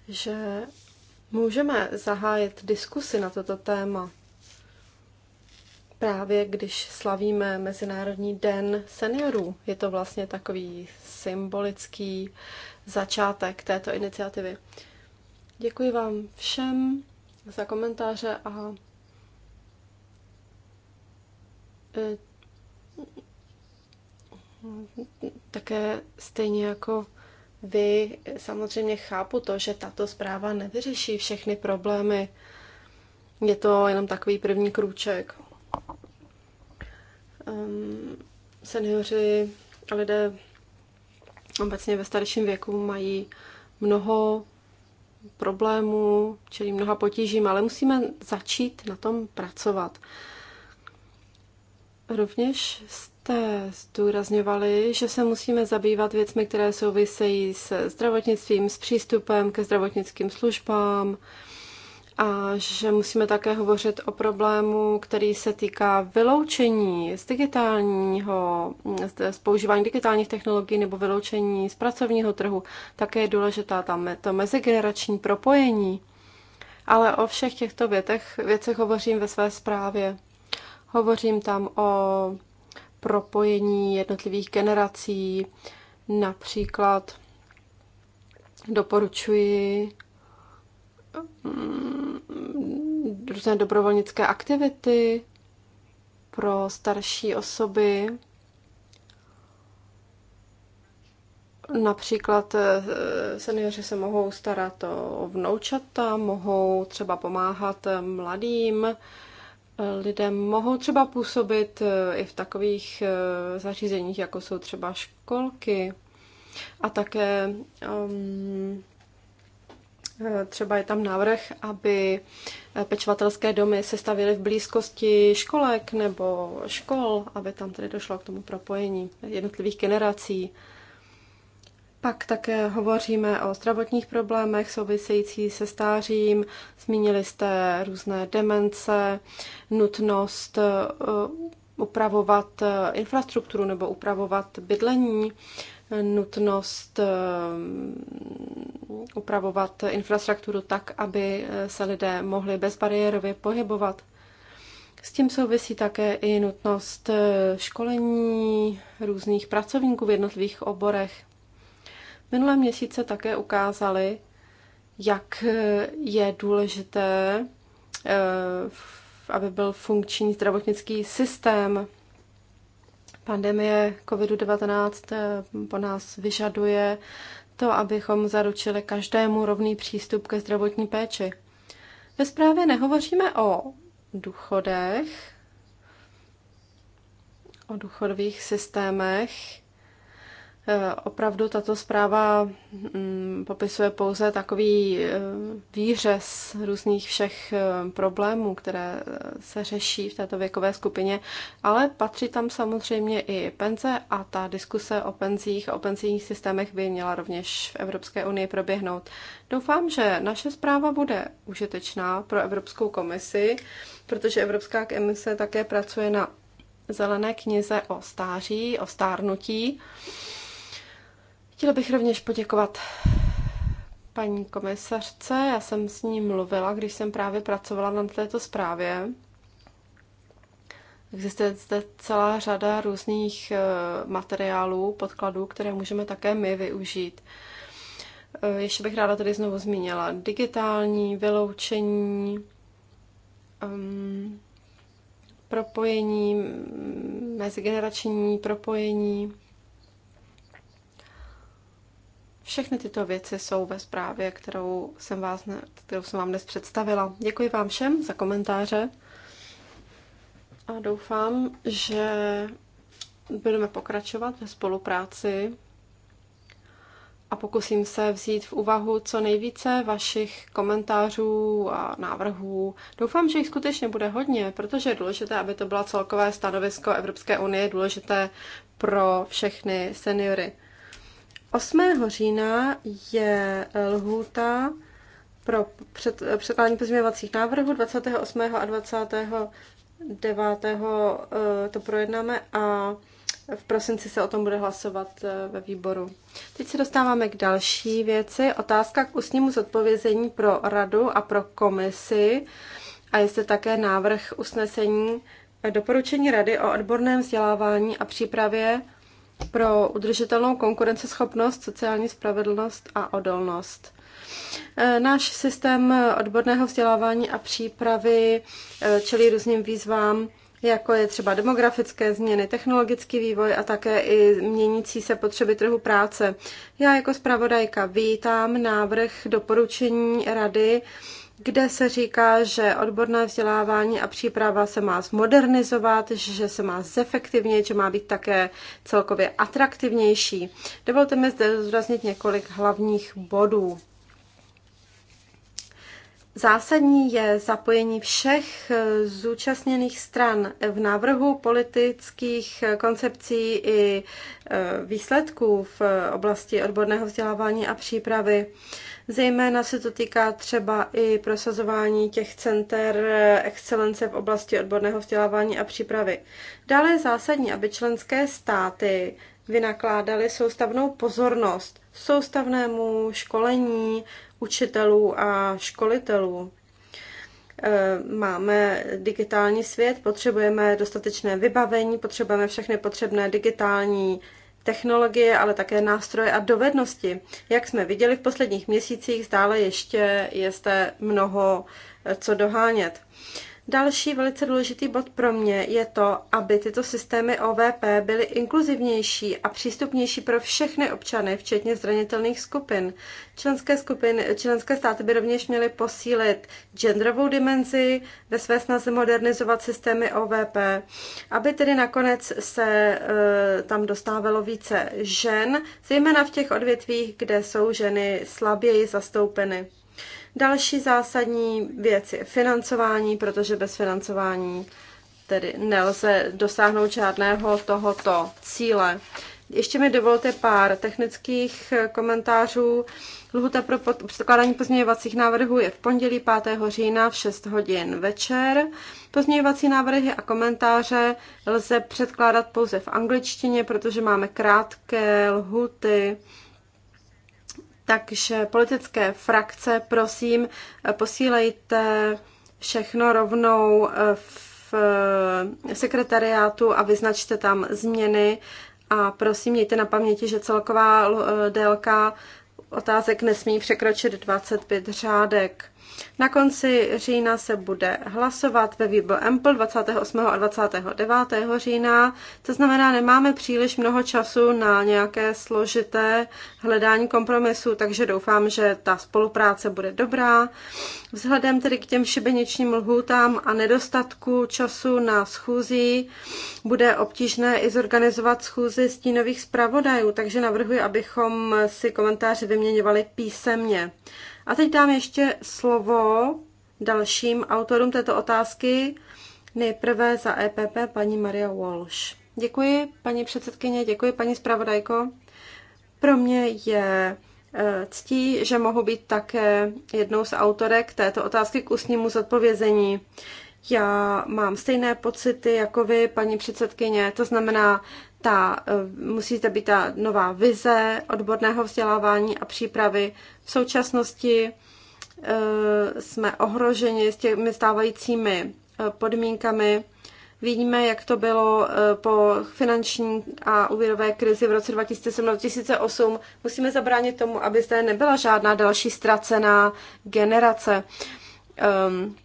že můžeme zahájit diskusy na toto téma. Právě když slavíme Mezinárodní den seniorů, je to vlastně takový symbolický začátek této iniciativy. Děkuji vám všem za komentáře a e, také stejně jako vy samozřejmě chápu to, že tato zpráva nevyřeší všechny problémy. Je to jenom takový první krůček. Um, seniori a lidé obecně ve starším věku mají mnoho problémů, čili mnoha potížím, ale musíme začít na tom pracovat. Rovněž jste zdůrazňovali, že se musíme zabývat věcmi, které souvisejí s zdravotnictvím, s přístupem ke zdravotnickým službám a že musíme také hovořit o problému, který se týká vyloučení z digitálního, z používání digitálních technologií nebo vyloučení z pracovního trhu. Také je důležitá tam to mezigenerační propojení. Ale o všech těchto větech, věcech hovořím ve své zprávě. Hovořím tam o propojení jednotlivých generací. Například doporučuji mm, různé dobrovolnické aktivity pro starší osoby. Například eh, seniori se mohou starat o vnoučata, mohou třeba pomáhat eh, mladým, lidé mohou třeba působit e, i v takových e, zařízeních, jako jsou třeba školky a také um, e, třeba je tam návrh, aby pečovatelské domy se stavily v blízkosti školek nebo škol, aby tam tedy došlo k tomu propojení jednotlivých generací. Pak také hovoříme o zdravotních problémech související se stářím, zmínili jste různé demence, nutnost eh, upravovat eh, infrastrukturu nebo upravovat bydlení, nutnost eh, upravovat infrastrukturu tak, aby se lidé mohli bezbariérově pohybovat. S tím souvisí také i nutnost školení různých pracovníků v jednotlivých oborech. Minulé měsíce také ukázali, jak je důležité, eh, aby byl funkční zdravotnický systém. Pandemie COVID-19 eh, po nás vyžaduje to, abychom zaručili každému rovný přístup ke zdravotní péči. Ve zprávě nehovoříme o důchodech, o důchodových systémech, Eh, opravdu tato zpráva mm, popisuje pouze takový eh, výřez různých všech eh, problémů, které se řeší v této věkové skupině, ale patří tam samozřejmě i penze a ta diskuse o penzích, o penzijních systémech by měla rovněž v Evropské unii proběhnout. Doufám, že naše zpráva bude užitečná pro Evropskou komisi, protože Evropská komise také pracuje na zelené knize o stáří, o stárnutí. Chtěla bych rovněž poděkovat paní komisařce. Já jsem s ní mluvila, když jsem právě pracovala na této zprávě. Existuje zde celá řada různých eh, materiálů, podkladů, které můžeme také my využít. Eh, ještě bych ráda tady znovu zmínila digitální vyloučení, um, propojení, mezigenerační propojení. Všechny tyto věci jsou ve zprávě, kterou jsem, vás ne, kterou jsem vám dnes představila. Děkuji vám všem za komentáře a doufám, že budeme pokračovat ve spolupráci a pokusím se vzít v úvahu co nejvíce vašich komentářů a návrhů. Doufám, že jich skutečně bude hodně, protože je důležité, aby to byla celkové stanovisko Evropské unie, důležité pro všechny seniory. 8. října je eh, lhůta pro před, eh, předkládání pozměňovacích návrhů 28. a 29. Eh, to projednáme a v prosinci se o tom bude hlasovat ve výboru. Teď se dostáváme k další věci. Otázka k ústnímu zodpovězení pro radu a pro komisi a je zde také návrh usnesení doporučení rady o odborném vzdělávání a přípravě pro udržitelnou konkurenceschopnost, sociální spravedlnost a odolnost. E, náš systém odborného vzdělávání a přípravy e, čelí různým výzvám, jako je třeba demografické změny, technologický vývoj a také i měnící se potřeby trhu práce. Já jako zpravodajka vítám návrh doporučení Rady kde se říká, že odborné vzdělávání a příprava se má zmodernizovat, že se má zefektivnit, že má být také celkově atraktivnější. Dovolte mi zde zdůraznit několik hlavních bodů. Zásadní je zapojení všech zúčastněných stran v návrhu politických koncepcí i e, výsledků v oblasti odborného vzdělávání a přípravy. Zejména se to týká třeba i prosazování těch center excelence v oblasti odborného vzdělávání a přípravy. Dále je zásadní, aby členské státy vynakládali soustavnou pozornost soustavnému školení učitelů a školitelů. E, máme digitální svět, potřebujeme dostatečné vybavení, potřebujeme všechny potřebné digitální technologie, ale také nástroje a dovednosti. Jak jsme viděli v posledních měsících, stále ještě je zde mnoho eh, co dohánět. Další velice důležitý bod pro mě je to, aby tyto systémy OVP byly inkluzivnější a přístupnější pro všechny občany, včetně zranitelných skupin. Členské, skupiny, členské státy by rovněž měly posílit genderovou dimenzi ve své snaze modernizovat systémy OVP, aby tedy nakonec se e, tam dostávalo více žen, zejména v těch odvětvích, kde jsou ženy slaběji zastoupeny. Další zásadní věc je financování, protože bez financování tedy nelze dosáhnout žádného tohoto cíle. Ještě mi dovolte pár technických komentářů. Lhuta pro předkládání pozměňovacích návrhů je v pondělí 5. října v 6 hodin večer. Pozměňovací návrhy a komentáře lze předkládat pouze v angličtině, protože máme krátké lhuty. Takže politické frakce, prosím, posílejte všechno rovnou v sekretariátu a vyznačte tam změny. A prosím, mějte na paměti, že celková eh, délka otázek nesmí překročit 25 řádek. Na konci října se bude hlasovat ve výboru EMPL 28. a 29. října, to znamená, nemáme příliš mnoho času na nějaké složité hledání kompromisu, takže doufám, že ta spolupráce bude dobrá. Vzhledem tedy k těm šibeničním lhůtám a nedostatku času na schůzí bude obtížné i zorganizovat schůzi stínových zpravodajů, takže navrhuji, abychom si komentáře vyměňovali písemně. A teď dám ještě slovo dalším autorům této otázky. Nejprve za EPP paní Maria Walsh. Děkuji, paní předsedkyně, děkuji, paní zpravodajko. Pro mě je eh, ctí, že mohu být také jednou z autorek této otázky k ústnímu zodpovězení. Já mám stejné pocity jako vy, paní předsedkyně, to znamená ta, eh, musí to být ta nová vize odborného vzdělávání a přípravy. V současnosti eh, jsme ohroženi s těmi stávajícími eh, podmínkami. Vidíme, jak to bylo po finanční a úvěrové krizi v roce 2007-2008. Musíme zabránit tomu, aby zde nebyla žádná další ztracená generace. Um,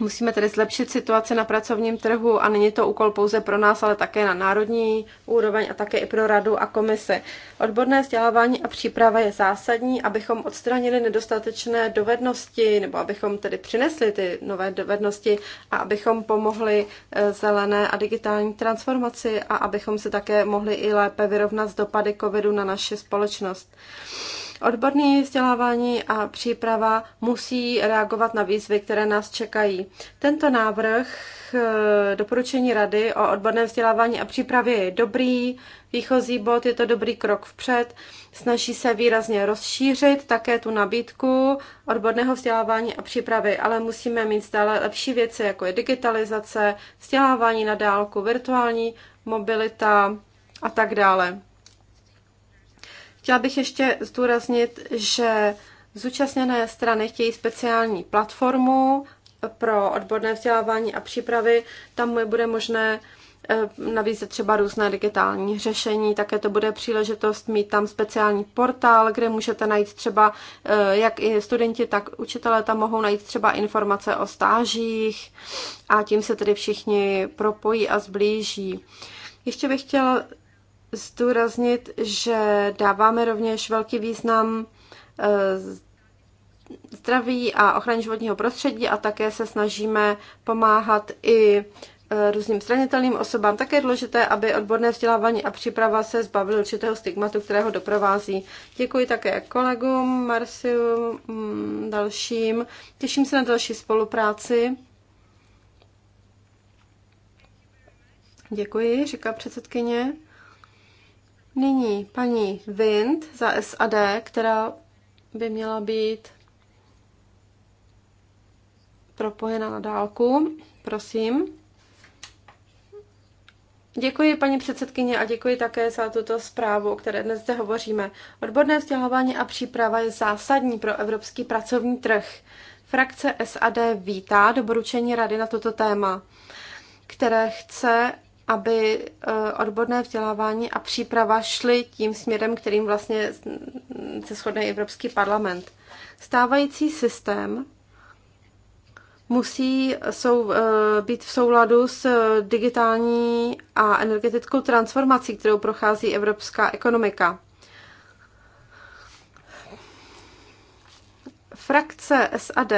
Musíme tedy zlepšit situaci na pracovním trhu a není to úkol pouze pro nás, ale také na národní úroveň a také i pro radu a komisi. Odborné vzdělávání a příprava je zásadní, abychom odstranili nedostatečné dovednosti nebo abychom tedy přinesli ty nové dovednosti a abychom pomohli eh, zelené a digitální transformaci a abychom se také mohli i lépe vyrovnat s dopady covidu na naši společnost. Odborné vzdělávání a příprava musí reagovat na výzvy, které nás čekají. Tento návrh eh, doporučení Rady o odborném vzdělávání a přípravě je dobrý výchozí bod, je to dobrý krok vpřed. Snaží se výrazně rozšířit také tu nabídku odborného vzdělávání a přípravy, ale musíme mít stále lepší věci, jako je digitalizace, vzdělávání na dálku, virtuální mobilita a tak dále. Chtěla bych ještě zdůraznit, že zúčastněné strany chtějí speciální platformu pro odborné vzdělávání a přípravy. Tam bude možné eh, navíc třeba různé digitální řešení, také to bude příležitost mít tam speciální portál, kde můžete najít třeba, eh, jak i studenti, tak učitelé tam mohou najít třeba informace o stážích a tím se tedy všichni propojí a zblíží. Ještě bych chtěla zdůraznit, že dáváme rovněž velký význam eh, zdraví a ochraně životního prostředí a také se snažíme pomáhat i eh, různým zranitelným osobám. Také je důležité, aby odborné vzdělávání a příprava se zbavily určitého stigmatu, kterého doprovází. Děkuji také kolegům, Marciu, mm, dalším. Těším se na další spolupráci. Děkuji, říká předsedkyně. Nyní paní Wind za SAD, která by měla být propojena na dálku. Prosím. Děkuji, paní předsedkyně, a děkuji také za tuto zprávu, o které dnes zde hovoříme. Odborné vzdělávání a příprava je zásadní pro evropský pracovní trh. Frakce SAD vítá doporučení rady na toto téma, které chce aby eh, odborné vzdělávání a příprava šly tím směrem, kterým vlastně se shodne Evropský parlament. Stávající systém musí sou, eh, být v souladu s digitální a energetickou transformací, kterou prochází evropská ekonomika. Frakce SAD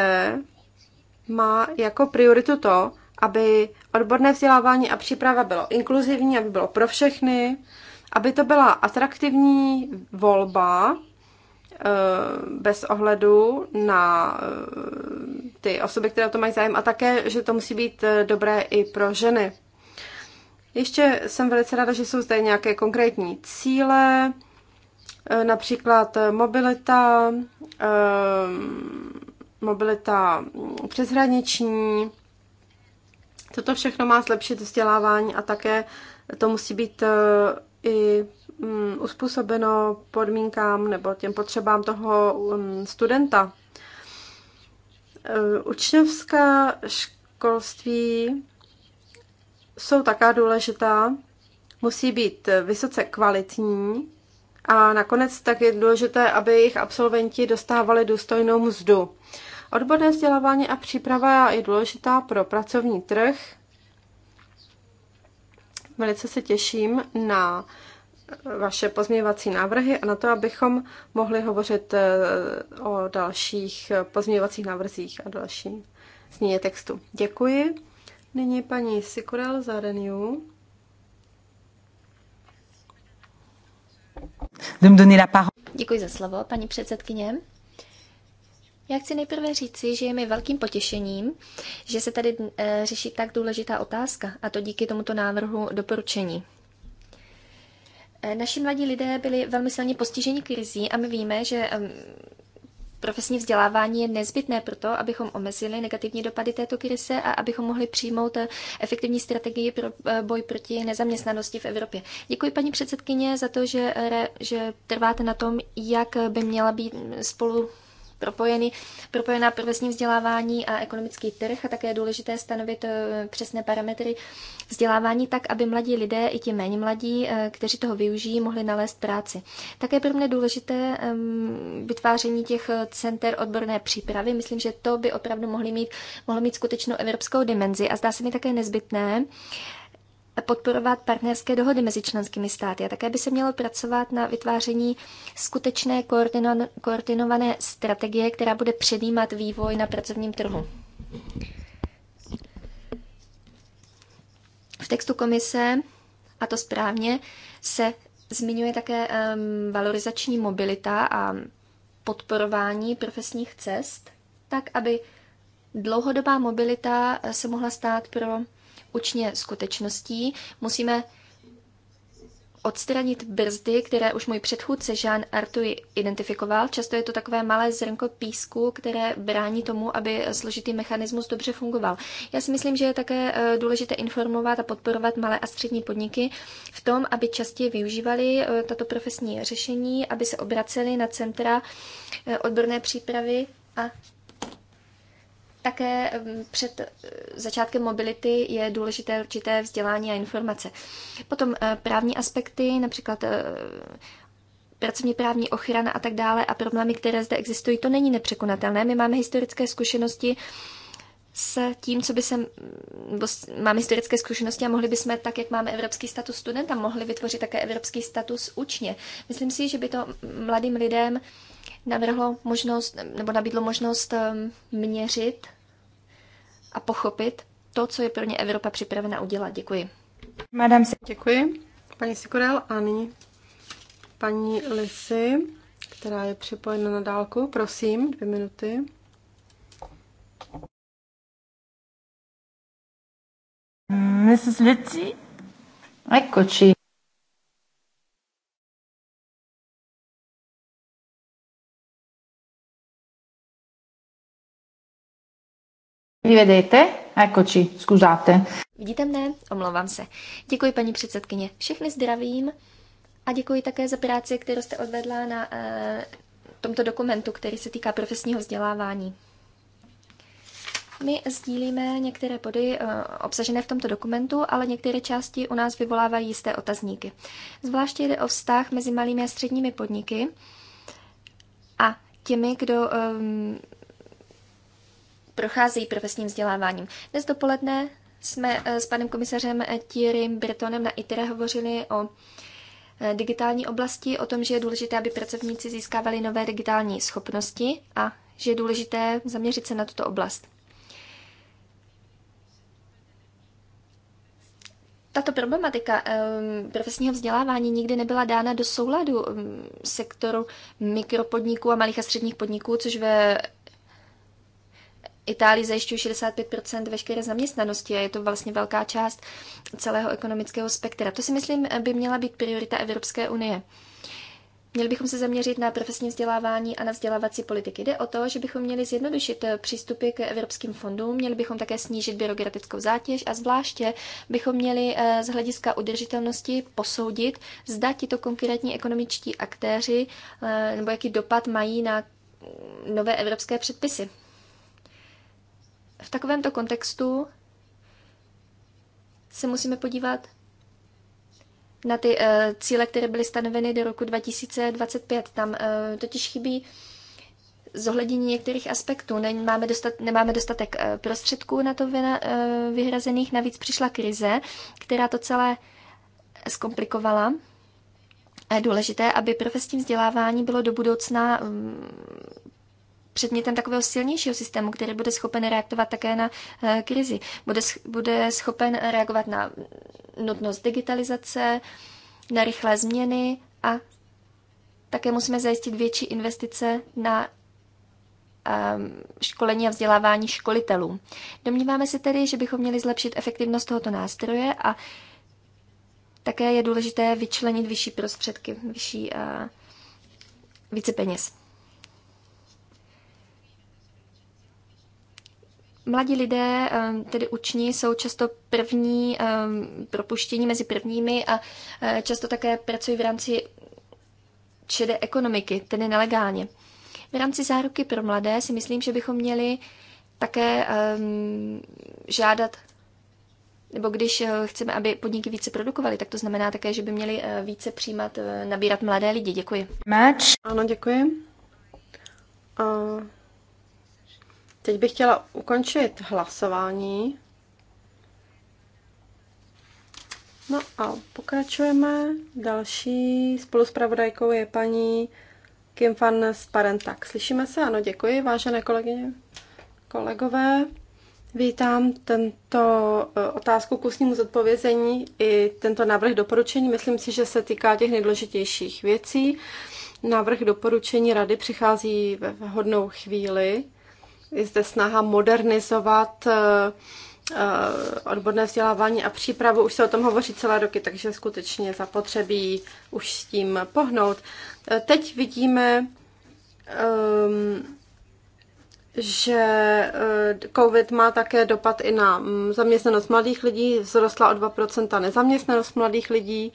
má jako prioritu to, aby odborné vzdělávání a příprava bylo inkluzivní, aby bylo pro všechny, aby to byla atraktivní volba eh, bez ohledu na eh, ty osoby, které o to mají zájem a také, že to musí být eh, dobré i pro ženy. Ještě jsem velice ráda, že jsou zde nějaké konkrétní cíle, například mobilita, mobilita přeshraniční, co to všechno má zlepšit vzdělávání a také to musí být eh, i mm, uspůsobeno podmínkám nebo těm potřebám toho mm, studenta. Eh, učňovská školství jsou taká důležitá, musí být vysoce kvalitní a nakonec tak je důležité, aby jejich absolventi dostávali důstojnou mzdu. Odborné vzdělávání a příprava je důležitá pro pracovní trh. Velice se těším na vaše pozměňovací návrhy a na to, abychom mohli hovořit eh, o dalších pozměňovacích návrzích a dalším znění textu. Děkuji. Nyní paní Sikurel za Renew. Děkuji za slovo, paní předsedkyně. Já chci nejprve říci, že je mi velkým potěšením, že se tady eh, řeší tak důležitá otázka, a to díky tomuto návrhu doporučení. Eh, naši mladí lidé byli velmi silně postiženi krizí a my víme, že profesní vzdělávání je nezbytné proto, abychom omezili negativní dopady této krize a abychom mohli přijmout eh, efektivní strategii pro boj proti nezaměstnanosti v Evropě. Děkuji paní předsedkyně za to, že, že trváte na tom, jak by měla být spolu propojeny, propojená profesní vzdělávání a ekonomický trh a také je důležité stanovit eh, přesné parametry vzdělávání tak, aby mladí lidé i ti méně mladí, eh, kteří toho využijí, mohli nalézt práci. Také pro mě důležité ehm, vytváření těch eh, center odborné přípravy. Myslím, že to by opravdu mohli mít, mohlo mít skutečnou evropskou dimenzi a zdá se mi také nezbytné, podporovat partnerské dohody mezi členskými státy a také by se mělo pracovat na vytváření skutečné koordino- koordinované strategie, která bude předjímat vývoj na pracovním trhu. V textu komise, a to správně, se zmiňuje také um, valorizační mobilita a podporování profesních cest, tak aby dlouhodobá mobilita se mohla stát pro učně skutečností, musíme odstranit brzdy, které už můj předchůdce Jean Artuy identifikoval. Často je to takové malé zrnko písku, které brání tomu, aby složitý mechanismus dobře fungoval. Já si myslím, že je také eh, důležité informovat a podporovat malé a střední podniky v tom, aby častěji využívali eh, tato profesní řešení, aby se obraceli na centra eh, odborné přípravy a také před eh, začátkem mobility je důležité určité vzdělání a informace. Potom eh, právní aspekty, například eh, pracovně právní ochrana a tak dále a problémy, které zde existují, to není nepřekonatelné. My máme historické zkušenosti s tím, co by se, máme historické zkušenosti a mohli bychom tak, jak máme evropský status studenta, mohli vytvořit také evropský status učně. Myslím si, že by to mladým lidem navrhlo možnost, nebo nabídlo možnost měřit a pochopit to, co je pro ně Evropa připravena udělat. Děkuji. Madam, děkuji. Paní Sikorel a nyní paní Lisy, která je připojena na dálku. Prosím, dvě minuty. Mrs. Lizzy, eccoci. Vi vedete? Eccoci, jako zkuzáte? Vidíte mne? Omlouvám se. Děkuji, paní předsedkyně. Všechny zdravím a děkuji také za práci, kterou jste odvedla na eh, tomto dokumentu, který se týká profesního vzdělávání. My sdílíme některé body eh, obsažené v tomto dokumentu, ale některé části u nás vyvolávají jisté otazníky. Zvláště jde o vztah mezi malými a středními podniky a těmi, kdo ehm, procházejí profesním vzděláváním. Dnes dopoledne jsme eh, s panem komisařem Thierrym Bretonem na ITERE hovořili o eh, digitální oblasti, o tom, že je důležité, aby pracovníci získávali nové digitální schopnosti a že je důležité zaměřit se na tuto oblast. Tato problematika um, profesního vzdělávání nikdy nebyla dána do souladu um, sektoru mikropodniků a malých a středních podniků, což ve Itálii zajišťuje 65 veškeré zaměstnanosti a je to vlastně velká část celého ekonomického spektra. To si myslím, by měla být priorita Evropské unie. Měli bychom se zaměřit na profesní vzdělávání a na vzdělávací politiky. Jde o to, že bychom měli zjednodušit eh, přístupy k evropským fondům, měli bychom také snížit byrokratickou zátěž a zvláště bychom měli eh, z hlediska udržitelnosti posoudit, zda tito konkrétní ekonomičtí aktéři eh, nebo jaký dopad mají na mm, nové evropské předpisy. V takovémto kontextu se musíme podívat na ty uh, cíle, které byly stanoveny do roku 2025. Tam uh, totiž chybí zohlednění některých aspektů. Nemáme, dostat, nemáme dostatek uh, prostředků na to vyna, uh, vyhrazených, navíc přišla krize, která to celé zkomplikovala. A je důležité, aby profesní vzdělávání bylo do budoucna um, předmětem takového silnějšího systému, který bude schopen reagovat také na eh, krizi. Bude, bude schopen reagovat na nutnost digitalizace, na rychlé změny a také musíme zajistit větší investice na ehm, školení a vzdělávání školitelů. Domníváme se tedy, že bychom měli zlepšit efektivnost tohoto nástroje a také je důležité vyčlenit vyšší prostředky, vyšší a eh, více peněz. Mladí lidé, ehm, tedy uční, jsou často první, ehm, propuštění mezi prvními a eh, často také pracují v rámci šedé ekonomiky, tedy nelegálně. V rámci záruky pro mladé si myslím, že bychom měli také ehm, žádat, nebo když eh, chceme, aby podniky více produkovaly, tak to znamená také, že by měli eh, více přijímat, nabírat mladé lidi. Děkuji. Match. Ano, děkuji. A Teď bych chtěla ukončit hlasování. No a pokračujeme. Další spoluspravodajkou je paní Kim z Parentak. Slyšíme se? Ano, děkuji, vážené kolegyně, kolegové. Vítám tento e, otázku k ústnímu zodpovězení i tento návrh doporučení. Myslím si, že se týká těch nejdůležitějších věcí. Návrh doporučení rady přichází ve vhodnou chvíli, je zde snaha modernizovat eh, eh, odborné vzdělávání a přípravu. Už se o tom hovoří celé roky, takže skutečně zapotřebí už s tím pohnout. Eh, teď vidíme, ehm, že COVID má také dopad i na mm, zaměstnanost mladých lidí. Vzrostla o 2% nezaměstnanost mladých lidí.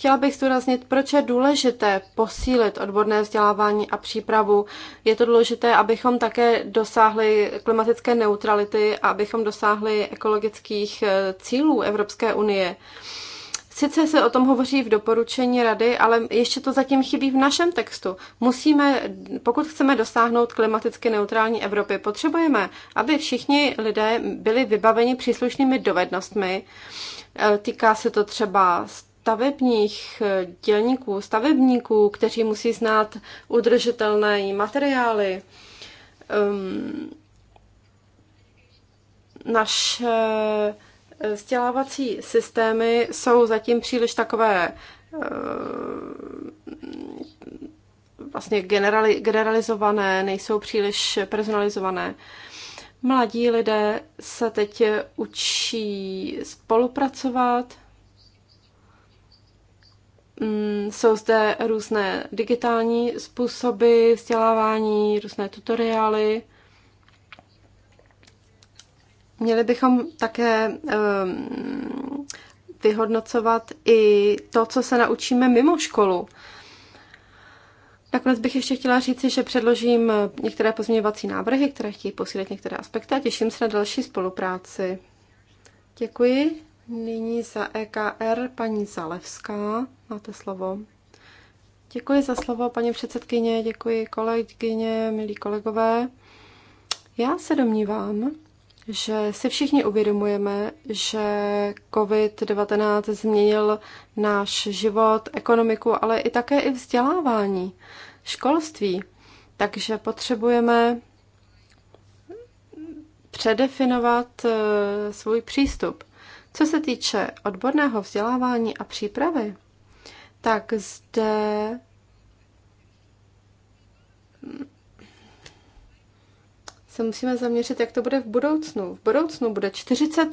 Chtěla bych zdůraznit, proč je důležité posílit odborné vzdělávání a přípravu. Je to důležité, abychom také dosáhli klimatické neutrality a abychom dosáhli ekologických eh, cílů Evropské unie. Sice se o tom hovoří v doporučení rady, ale ještě to zatím chybí v našem textu. Musíme, pokud chceme dosáhnout klimaticky neutrální Evropy, potřebujeme, aby všichni lidé byli vybaveni příslušnými dovednostmi. Eh, týká se to třeba stavebních eh, dělníků, stavebníků, kteří musí znát udržitelné materiály. Um, naše eh, vzdělávací systémy jsou zatím příliš takové ehm, vlastně generali, generalizované, nejsou příliš personalizované. Mladí lidé se teď učí spolupracovat, Mm, jsou zde různé digitální způsoby vzdělávání, různé tutoriály. Měli bychom také ehm, vyhodnocovat i to, co se naučíme mimo školu. Nakonec bych ještě chtěla říci, že předložím některé pozměňovací návrhy, které chtějí posílit některé aspekty a těším se na další spolupráci. Děkuji. Nyní za EKR paní Zalevská. Máte slovo. Děkuji za slovo, paní předsedkyně, děkuji kolegyně, milí kolegové. Já se domnívám, že si všichni uvědomujeme, že COVID-19 změnil náš život, ekonomiku, ale i také i vzdělávání, školství. Takže potřebujeme předefinovat eh, svůj přístup. Co se týče odborného vzdělávání a přípravy, tak zde se musíme zaměřit, jak to bude v budoucnu. V budoucnu bude 40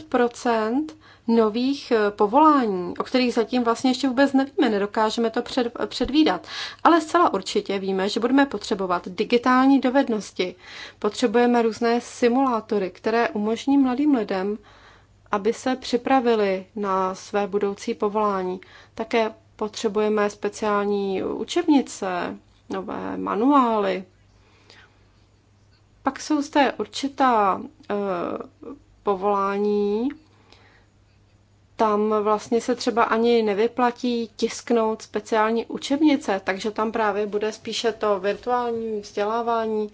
nových eh, povolání, o kterých zatím vlastně ještě vůbec nevíme, nedokážeme to před, předvídat. Ale zcela určitě víme, že budeme potřebovat digitální dovednosti. Potřebujeme různé simulátory, které umožní mladým lidem aby se připravili na své budoucí povolání. Také potřebujeme speciální učebnice, nové manuály. Pak jsou zde určitá e, povolání, tam vlastně se třeba ani nevyplatí tisknout speciální učebnice, takže tam právě bude spíše to virtuální vzdělávání.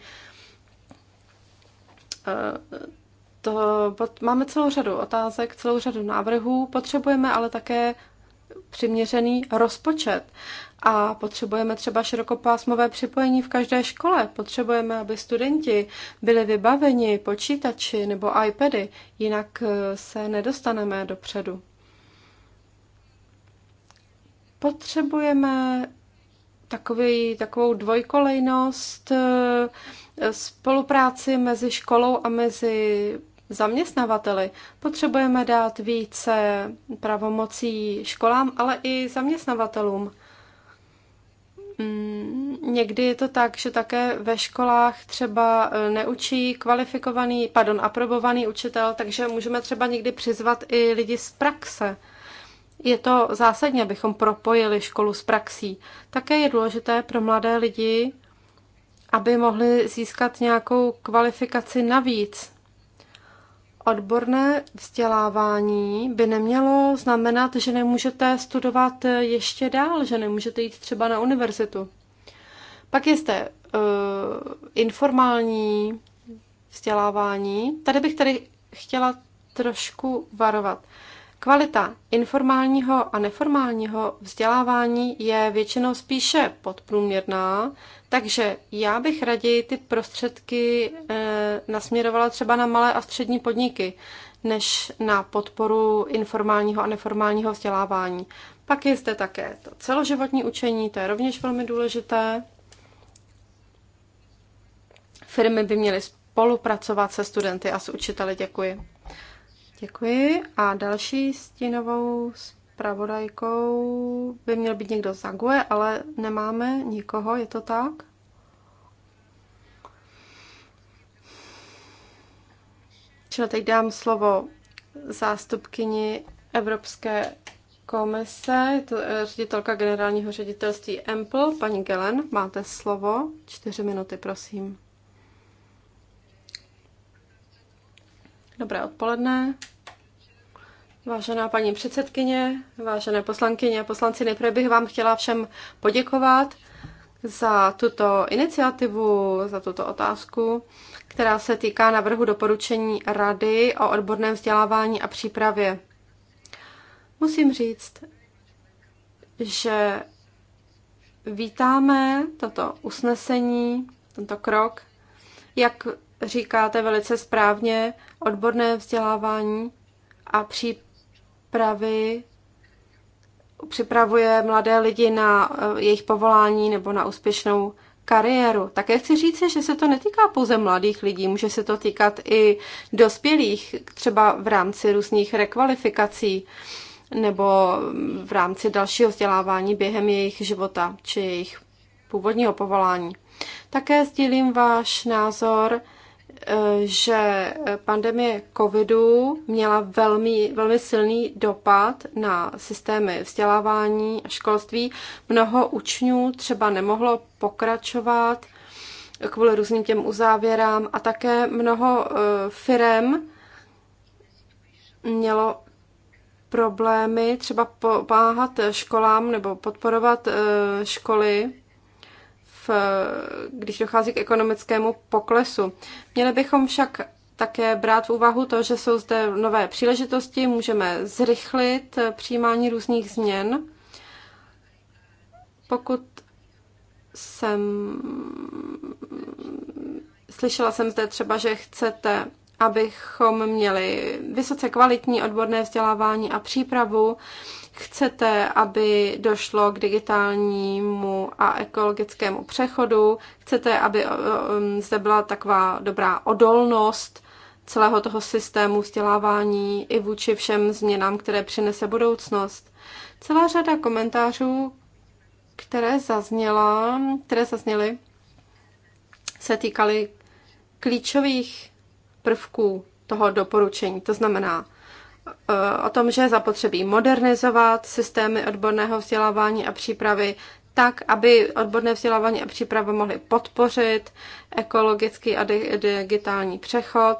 E, to, pot, máme celou řadu otázek, celou řadu návrhů, potřebujeme ale také přiměřený rozpočet. A potřebujeme třeba širokopásmové připojení v každé škole. Potřebujeme, aby studenti byli vybaveni počítači nebo iPady, jinak eh, se nedostaneme dopředu. Potřebujeme takový, takovou dvojkolejnost, eh, spolupráci mezi školou a mezi zaměstnavateli. Potřebujeme dát více pravomocí školám, ale i zaměstnavatelům. Mm, někdy je to tak, že také ve školách třeba e, neučí kvalifikovaný, pardon, aprobovaný učitel, takže můžeme třeba někdy přizvat i lidi z praxe. Je to zásadní, abychom propojili školu s praxí. Také je důležité pro mladé lidi, aby mohli získat nějakou kvalifikaci navíc, odborné vzdělávání by nemělo znamenat, že nemůžete studovat ještě dál, že nemůžete jít třeba na univerzitu. Pak je zde uh, informální vzdělávání. Tady bych tady chtěla trošku varovat. Kvalita informálního a neformálního vzdělávání je většinou spíše podprůměrná, takže já bych raději ty prostředky eh, nasměrovala třeba na malé a střední podniky, než na podporu informálního a neformálního vzdělávání. Pak je zde také to celoživotní učení, to je rovněž velmi důležité. Firmy by měly spolupracovat se studenty a s učiteli. Děkuji. Děkuji. A další stínovou zpravodajkou by měl být někdo z Ague, ale nemáme nikoho, je to tak? Čili teď dám slovo zástupkyni Evropské komise, je to eh, ředitelka generálního ředitelství EMPL, paní Gelen, máte slovo, čtyři minuty, prosím. Dobré odpoledne. Vážená paní předsedkyně, vážené poslankyně a poslanci, nejprve bych vám chtěla všem poděkovat za tuto iniciativu, za tuto otázku, která se týká navrhu doporučení Rady o odborném vzdělávání a přípravě. Musím říct, že vítáme toto usnesení, tento krok, jak říkáte velice správně, odborné vzdělávání a přípravy připravuje mladé lidi na eh, jejich povolání nebo na úspěšnou kariéru. Také chci říct, že se to netýká pouze mladých lidí, může se to týkat i dospělých, třeba v rámci různých rekvalifikací nebo v rámci dalšího vzdělávání během jejich života či jejich původního povolání. Také sdílím váš názor, že pandemie covidu měla velmi, velmi silný dopad na systémy vzdělávání a školství. Mnoho učňů třeba nemohlo pokračovat kvůli různým těm uzávěrám a také mnoho eh, firem mělo problémy třeba pomáhat školám nebo podporovat eh, školy v, když dochází k ekonomickému poklesu. Měli bychom však také brát v úvahu to, že jsou zde nové příležitosti, můžeme zrychlit přijímání různých změn. Pokud jsem slyšela jsem zde třeba, že chcete, abychom měli vysoce kvalitní odborné vzdělávání a přípravu, chcete, aby došlo k digitálnímu a ekologickému přechodu, chcete, aby um, zde byla taková dobrá odolnost celého toho systému vzdělávání i vůči všem změnám, které přinese budoucnost. Celá řada komentářů, které zazněla, které zazněly, se týkaly klíčových prvků toho doporučení. To znamená o tom, že zapotřebí modernizovat systémy odborného vzdělávání a přípravy tak, aby odborné vzdělávání a příprava mohly podpořit ekologický a digitální přechod.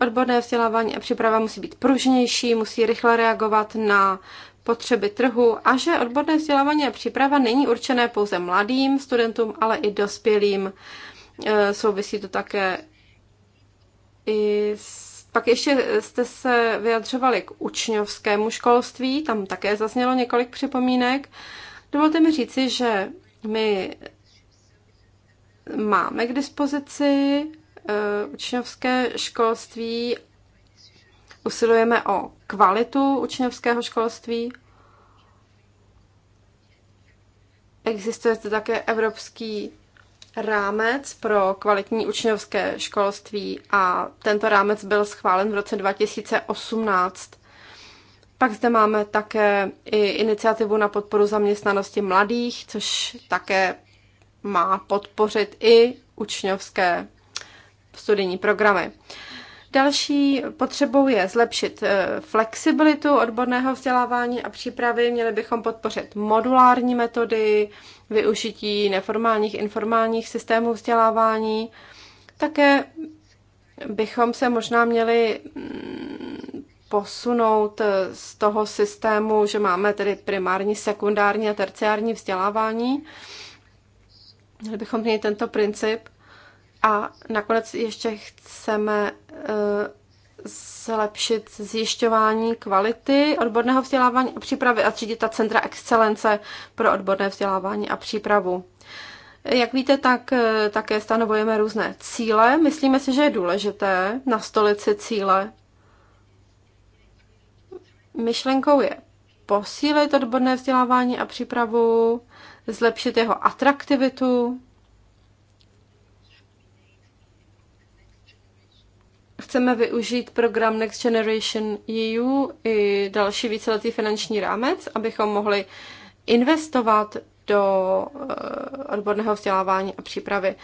Odborné vzdělávání a příprava musí být pružnější, musí rychle reagovat na potřeby trhu a že odborné vzdělávání a příprava není určené pouze mladým studentům, ale i dospělým. E, souvisí to také i s pak ještě jste se vyjadřovali k učňovskému školství, tam také zaznělo několik připomínek. Dovolte mi říci, že my máme k dispozici eh, učňovské školství, usilujeme o kvalitu učňovského školství. Existuje zde také Evropský rámec pro kvalitní učňovské školství a tento rámec byl schválen v roce 2018. Pak zde máme také i iniciativu na podporu zaměstnanosti mladých, což také má podpořit i učňovské studijní programy. Další potřebou je zlepšit eh, flexibilitu odborného vzdělávání a přípravy. Měli bychom podpořit modulární metody, využití neformálních informálních systémů vzdělávání. Také bychom se možná měli mm, posunout eh, z toho systému, že máme tedy primární, sekundární a terciární vzdělávání. Měli bychom měli tento princip. A nakonec ještě chceme eh, zlepšit zjišťování kvality odborného vzdělávání a přípravy a třídit ta centra excelence pro odborné vzdělávání a přípravu. Jak víte, tak eh, také stanovujeme různé cíle. Myslíme si, že je důležité nastolit si cíle. Myšlenkou je posílit odborné vzdělávání a přípravu, zlepšit jeho atraktivitu, chceme využít program Next Generation EU i další víceletý finanční rámec, abychom mohli investovat do eh, odborného vzdělávání a přípravy.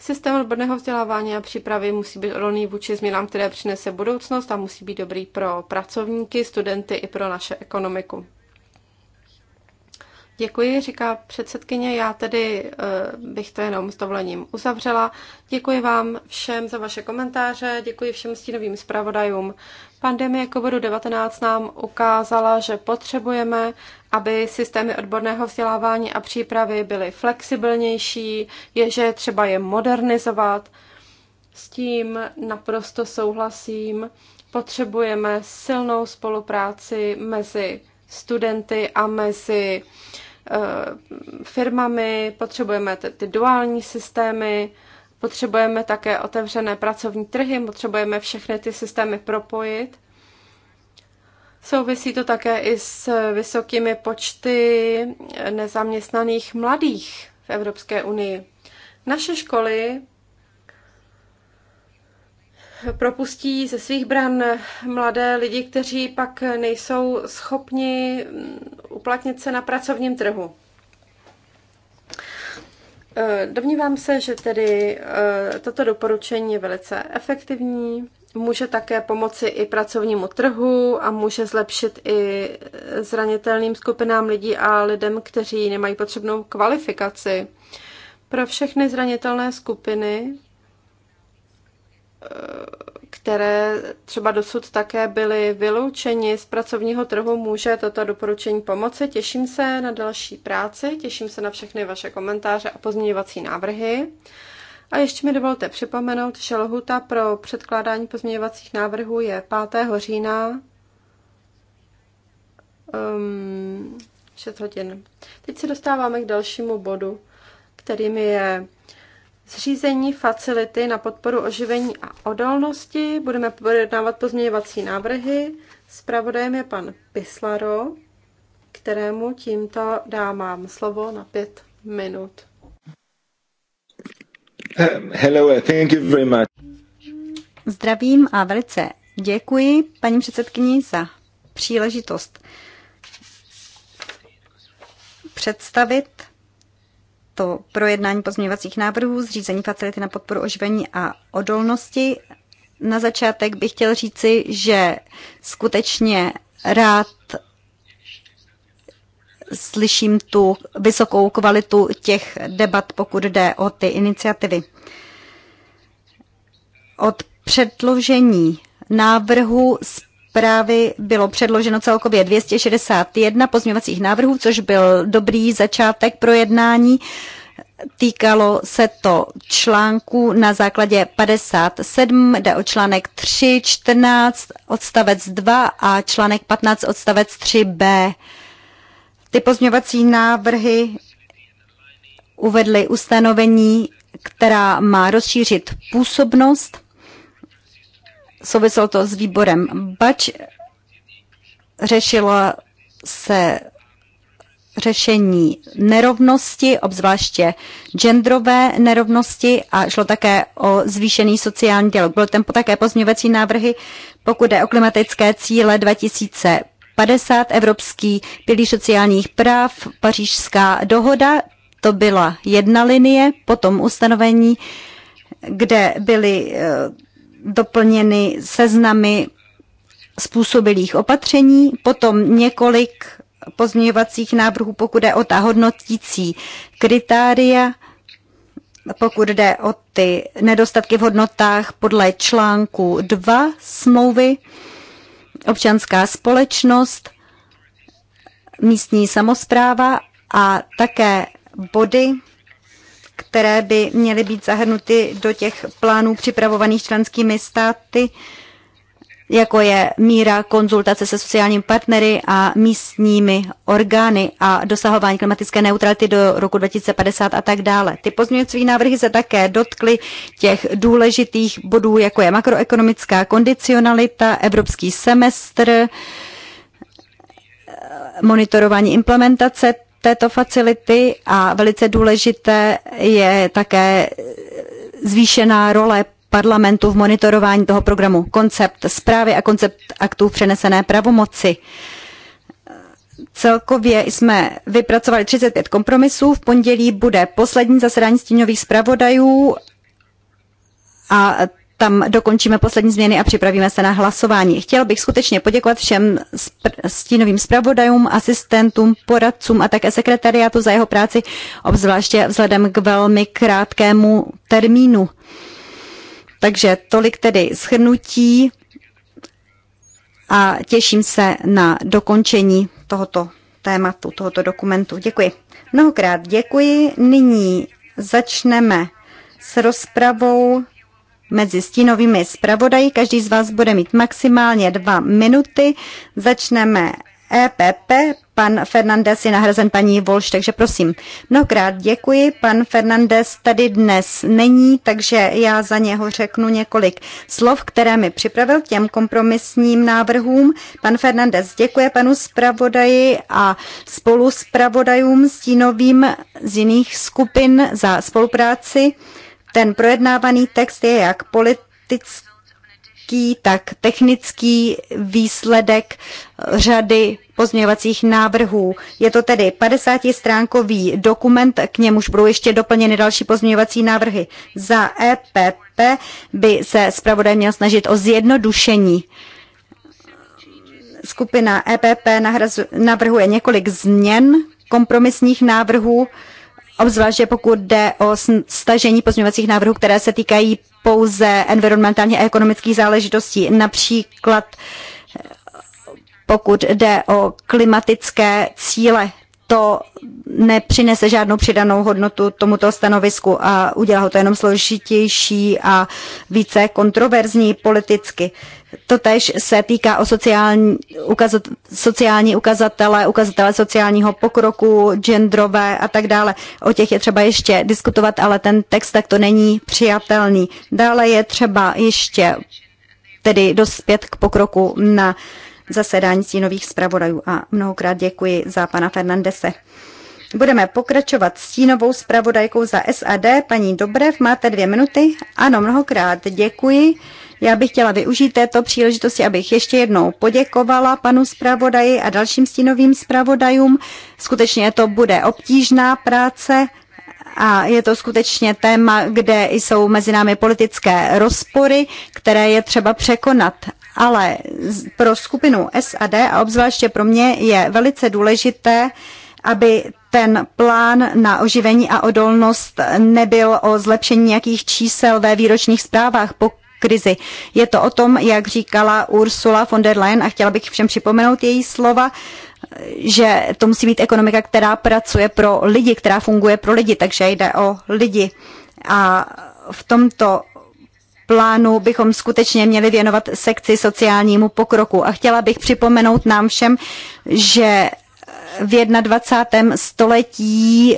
Systém odborného vzdělávání a přípravy musí být odolný vůči změnám, které přinese budoucnost a musí být dobrý pro pracovníky, studenty i pro naše ekonomiku. Děkuji, říká předsedkyně. Já tedy eh, bych to jenom s dovolením uzavřela. Děkuji vám všem za vaše komentáře, děkuji všem stínovým zpravodajům. Pandemie COVID-19 nám ukázala, že potřebujeme, aby systémy odborného vzdělávání a přípravy byly flexibilnější, je, že třeba je modernizovat. S tím naprosto souhlasím. Potřebujeme silnou spolupráci mezi studenty a mezi Eh, firmami, potřebujeme ty, ty duální systémy, potřebujeme také otevřené pracovní trhy, potřebujeme všechny ty systémy propojit. Souvisí to také i s vysokými počty nezaměstnaných mladých v Evropské unii. Naše školy propustí ze svých bran mladé lidi, kteří pak nejsou schopni uplatnit se na pracovním trhu. Eh, domnívám se, že tedy eh, toto doporučení je velice efektivní, může také pomoci i pracovnímu trhu a může zlepšit i zranitelným skupinám lidí a lidem, kteří nemají potřebnou kvalifikaci. Pro všechny zranitelné skupiny které třeba dosud také byly vyloučeni z pracovního trhu, může toto doporučení pomoci. Těším se na další práci, těším se na všechny vaše komentáře a pozměňovací návrhy. A ještě mi dovolte připomenout, že lhuta pro předkládání pozměňovacích návrhů je 5. října um, 6 hodin. Teď se dostáváme k dalšímu bodu, kterým je zřízení facility na podporu oživení a odolnosti. Budeme projednávat pozměňovací návrhy. Spravodajem je pan Pislaro, kterému tímto dávám slovo na pět minut. Eh, hello, eh, thank you very much. Zdravím a velice děkuji paní předsedkyni za příležitost představit to projednání pozměňovacích návrhů, zřízení facility na podporu oživení a odolnosti. Na začátek bych chtěl říci, že skutečně rád slyším tu vysokou kvalitu těch debat, pokud jde o ty iniciativy. Od předložení návrhu z zprávy bylo předloženo celkově 261 pozměňovacích návrhů, což byl dobrý začátek projednání. Týkalo se to článku na základě 57, jde o článek 3, 14, odstavec 2 a článek 15, odstavec 3b. Ty pozměňovací návrhy uvedly ustanovení, která má rozšířit působnost souviselo to s výborem Bač, řešilo se řešení nerovnosti, obzvláště genderové nerovnosti a šlo také o zvýšený sociální dialog. Bylo tam také pozměňovací návrhy, pokud jde o klimatické cíle 2050, Evropský pilíř sociálních práv, Pařížská dohoda, to byla jedna linie, potom ustanovení, kde byly eh, doplněny seznamy způsobilých opatření, potom několik pozměňovacích návrhů, pokud jde o ta hodnotící kritéria, pokud jde o ty nedostatky v hodnotách podle článku 2 smlouvy, občanská společnost, místní samozpráva a také body které by měly být zahrnuty do těch plánů připravovaných členskými státy, jako je míra konzultace se sociálními partnery a místními orgány a dosahování klimatické neutrality do roku 2050 a tak dále. Ty pozměňovací návrhy se také dotkly těch důležitých bodů, jako je makroekonomická kondicionalita, evropský semestr, monitorování implementace, této facility a velice důležité je také zvýšená role parlamentu v monitorování toho programu, koncept zprávy a koncept aktů přenesené pravomoci. Celkově jsme vypracovali 35 kompromisů. V pondělí bude poslední zasedání stínových zpravodajů a tam dokončíme poslední změny a připravíme se na hlasování. Chtěl bych skutečně poděkovat všem stínovým zpravodajům, asistentům, poradcům a také sekretariátu za jeho práci, obzvláště vzhledem k velmi krátkému termínu. Takže tolik tedy schrnutí a těším se na dokončení tohoto tématu, tohoto dokumentu. Děkuji. Mnohokrát děkuji. Nyní začneme s rozpravou mezi stínovými zpravodají. Každý z vás bude mít maximálně dva minuty. Začneme EPP. Pan Fernandez je nahrazen paní Volš, takže prosím. Mnohokrát děkuji. Pan Fernandez tady dnes není, takže já za něho řeknu několik slov, které mi připravil těm kompromisním návrhům. Pan Fernandez děkuje panu zpravodaji a spolu zpravodajům stínovým z jiných skupin za spolupráci. Ten projednávaný text je jak politický, tak technický výsledek řady pozměňovacích návrhů. Je to tedy 50-stránkový dokument, k němuž budou ještě doplněny další pozměňovací návrhy. Za EPP by se zpravodaj měl snažit o zjednodušení skupina EPP nahrzu, navrhuje několik změn kompromisních návrhů obzvláště pokud jde o stažení pozměňovacích návrhů, které se týkají pouze environmentálně a ekonomických záležitostí, například eh, pokud jde o klimatické cíle to nepřinese žádnou přidanou hodnotu tomuto stanovisku a udělá ho to jenom složitější a více kontroverzní politicky. Totež se týká o sociální, ukazat, sociální ukazatele, ukazatele sociálního pokroku, genderové a tak dále. O těch je třeba ještě diskutovat, ale ten text takto není přijatelný. Dále je třeba ještě tedy dospět k pokroku na uh, zasedání stínových zpravodajů a mnohokrát děkuji za pana Fernandese. Budeme pokračovat s stínovou zpravodajkou za SAD. Paní Dobrev, máte dvě minuty. Ano, mnohokrát děkuji. Já bych chtěla využít této příležitosti, abych ještě jednou poděkovala panu zpravodaji a dalším stínovým zpravodajům. Skutečně to bude obtížná práce a je to skutečně téma, kde jsou mezi námi politické rozpory, které je třeba překonat ale pro skupinu SAD a obzvláště pro mě je velice důležité, aby ten plán na oživení a odolnost nebyl o zlepšení nějakých čísel ve výročních zprávách po krizi. Je to o tom, jak říkala Ursula von der Leyen a chtěla bych všem připomenout její slova, že to musí být ekonomika, která pracuje pro lidi, která funguje pro lidi, takže jde o lidi. A v tomto plánu bychom skutečně měli věnovat sekci sociálnímu pokroku. A chtěla bych připomenout nám všem, že v 21. století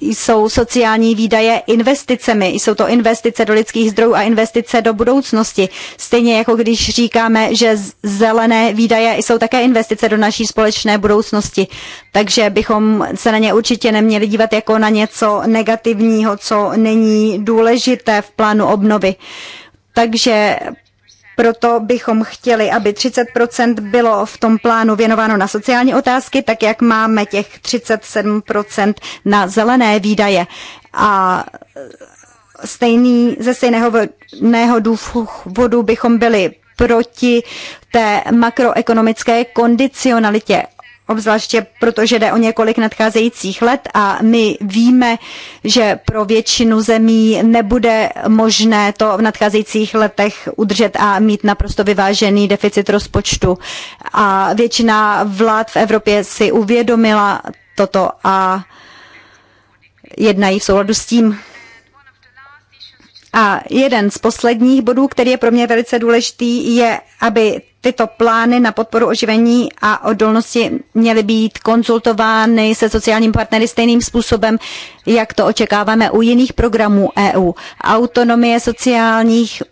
jsou sociální výdaje investicemi. Jsou to investice do lidských zdrojů a investice do budoucnosti. Stejně jako když říkáme, že zelené výdaje jsou také investice do naší společné budoucnosti. Takže bychom se na ně určitě neměli dívat jako na něco negativního, co není důležité v plánu obnovy. Takže proto bychom chtěli, aby 30% bylo v tom plánu věnováno na sociální otázky, tak jak máme těch 37% na zelené výdaje. A stejný, ze stejného důvodu bychom byli proti té makroekonomické kondicionalitě obzvláště protože jde o několik nadcházejících let a my víme, že pro většinu zemí nebude možné to v nadcházejících letech udržet a mít naprosto vyvážený deficit rozpočtu. A většina vlád v Evropě si uvědomila toto a jednají v souladu s tím. A jeden z posledních bodů, který je pro mě velice důležitý, je, aby tyto plány na podporu oživení a odolnosti měly být konzultovány se sociálními partnery stejným způsobem, jak to očekáváme u jiných programů EU. Autonomie sociálních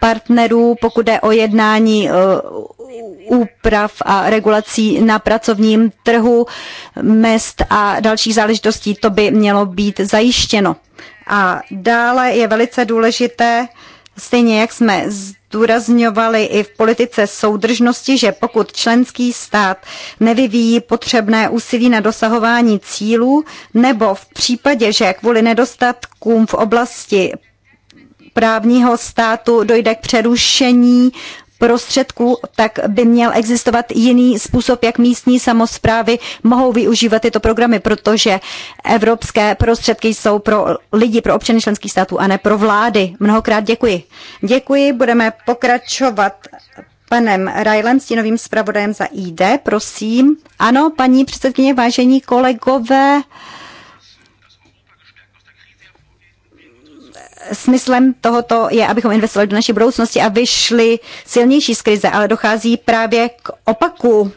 partnerů, pokud jde o jednání e, úprav a regulací na pracovním trhu, mest a dalších záležitostí, to by mělo být zajištěno. A dále je velice důležité, stejně jak jsme zdůrazňovali i v politice soudržnosti, že pokud členský stát nevyvíjí potřebné úsilí na dosahování cílů, nebo v případě, že kvůli nedostatkům v oblasti právního státu dojde k přerušení prostředků, tak by měl existovat jiný způsob, jak místní samozprávy mohou využívat tyto programy, protože evropské prostředky jsou pro lidi, pro občany členských států a ne pro vlády. Mnohokrát děkuji. Děkuji, budeme pokračovat panem Ryland, stínovým zpravodajem za ID, prosím. Ano, paní předsedkyně, vážení kolegové, uh, smyslem tohoto je, abychom investovali do naší budoucnosti a vyšli silnější z krize, ale dochází právě k opaku.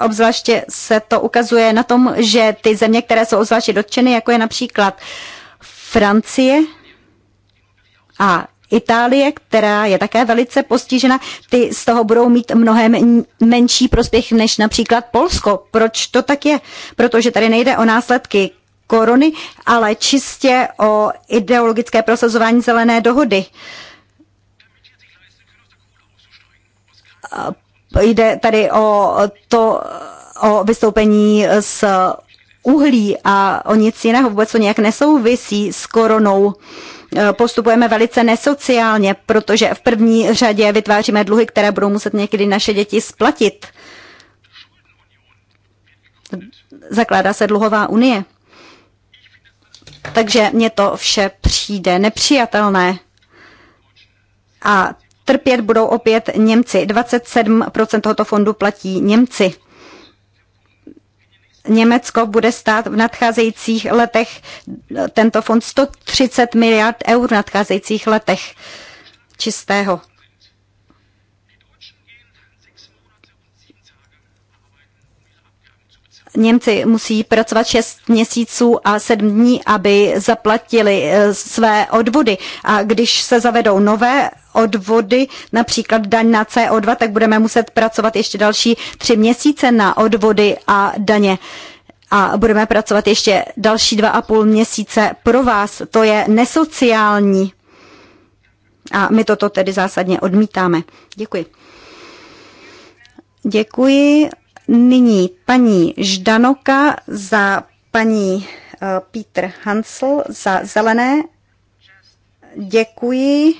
Obzvláště se to ukazuje na tom, že ty země, které jsou obzvláště dotčeny, jako je například Francie a Itálie, která je také velice postižena, ty z toho budou mít mnohem menší prospěch než například Polsko. Proč to tak je? Protože tady nejde o následky korony, ale čistě o ideologické prosazování zelené dohody. Jde tady o to, o vystoupení z uhlí a o nic jiného, vůbec to nějak nesouvisí s koronou. Uh, Eh, postupujeme velice nesociálně, protože v první řadě vytváříme dluhy, které budou muset někdy naše děti splatit. Zakládá se dluhová unie. Takže mně to vše přijde nepřijatelné. A trpět budou opět Němci. 27% tohoto fondu platí Němci. Německo bude stát v nadcházejících letech tento fond 130 miliard eur v nadcházejících letech čistého. Němci musí pracovat 6 měsíců a 7 dní, aby zaplatili eh, své odvody. A když se zavedou nové odvody, například daň na CO2, tak budeme muset pracovat ještě další tři měsíce na odvody a daně. A budeme pracovat ještě další dva a půl měsíce pro vás. To je nesociální. A my toto tedy zásadně odmítáme. Děkuji. Děkuji. Nyní paní Ždanoka za paní eh, Peter Hansel za zelené. Děkuji.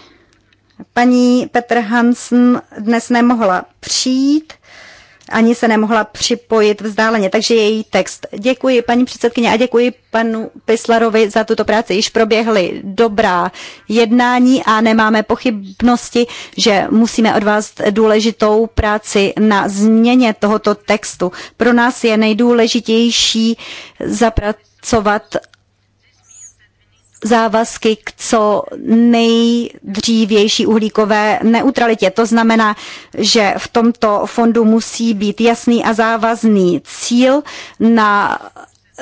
Paní Petr Hansen dnes nemohla přijít, ani se nemohla připojit vzdáleně, takže její text. Děkuji paní předsedkyně a děkuji panu Pislarovi za tuto práci. Již proběhly dobrá jednání a nemáme pochybnosti, že musíme vás důležitou práci na změně tohoto textu. Pro nás je nejdůležitější zapracovat závazky k co nejdřívější uhlíkové neutralitě. To znamená, že v tomto fondu musí být jasný a závazný cíl na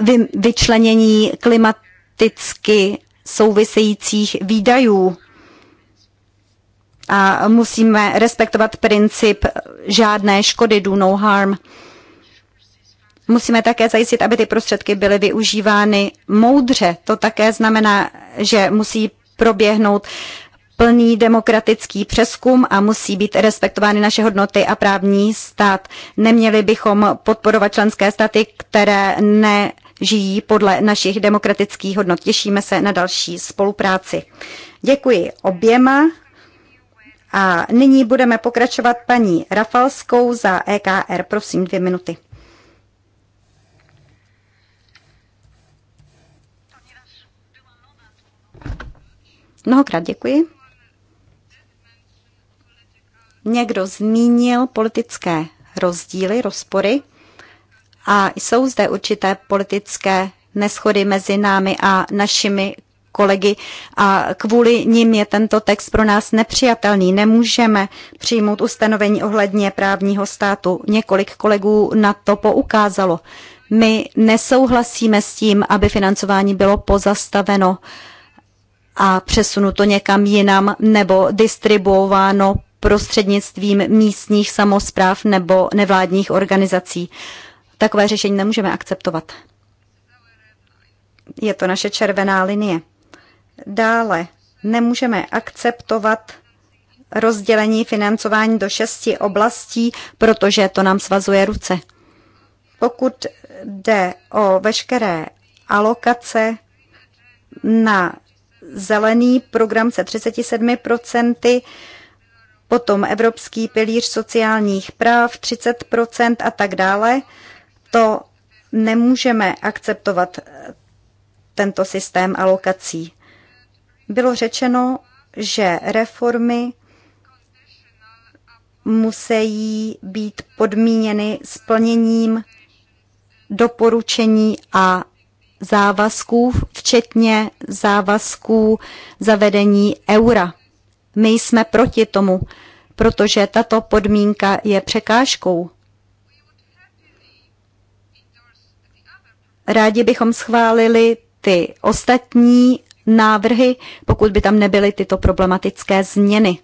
vy, vyčlenění klimaticky souvisejících výdajů. A musíme respektovat princip žádné škody, do no harm. Musíme také zajistit, aby ty prostředky byly využívány moudře. To také znamená, že musí proběhnout plný demokratický přeskum a musí být respektovány naše hodnoty a právní stát. Neměli bychom podporovat členské státy, které ne žijí podle našich demokratických hodnot. Těšíme se na další spolupráci. Děkuji oběma. A nyní budeme pokračovat paní Rafalskou za EKR. Prosím, dvě minuty. Mnohokrát děkuji. Někdo zmínil politické rozdíly, rozpory a jsou zde určité politické neschody mezi námi a našimi kolegy a kvůli nim je tento text pro nás nepřijatelný. Nemůžeme přijmout ustanovení ohledně právního státu. Několik kolegů na to poukázalo. My nesouhlasíme s tím, aby financování bylo pozastaveno. Uh, a přesunuto někam jinam nebo distribuováno prostřednictvím místních samozpráv nebo nevládních organizací. Takové řešení nemůžeme akceptovat. Je to naše červená linie. Dále nemůžeme akceptovat rozdělení financování do šesti oblastí, protože to nám svazuje ruce. Pokud jde o veškeré alokace na zelený program se 37%, potom Evropský pilíř sociálních práv 30% a tak dále. To nemůžeme akceptovat eh, tento systém alokací. Bylo řečeno, že reformy musí být podmíněny splněním doporučení a závazků, včetně závazků zavedení eura. My jsme proti tomu, protože tato podmínka je překážkou. Rádi bychom schválili ty ostatní návrhy, pokud by tam nebyly tyto problematické změny.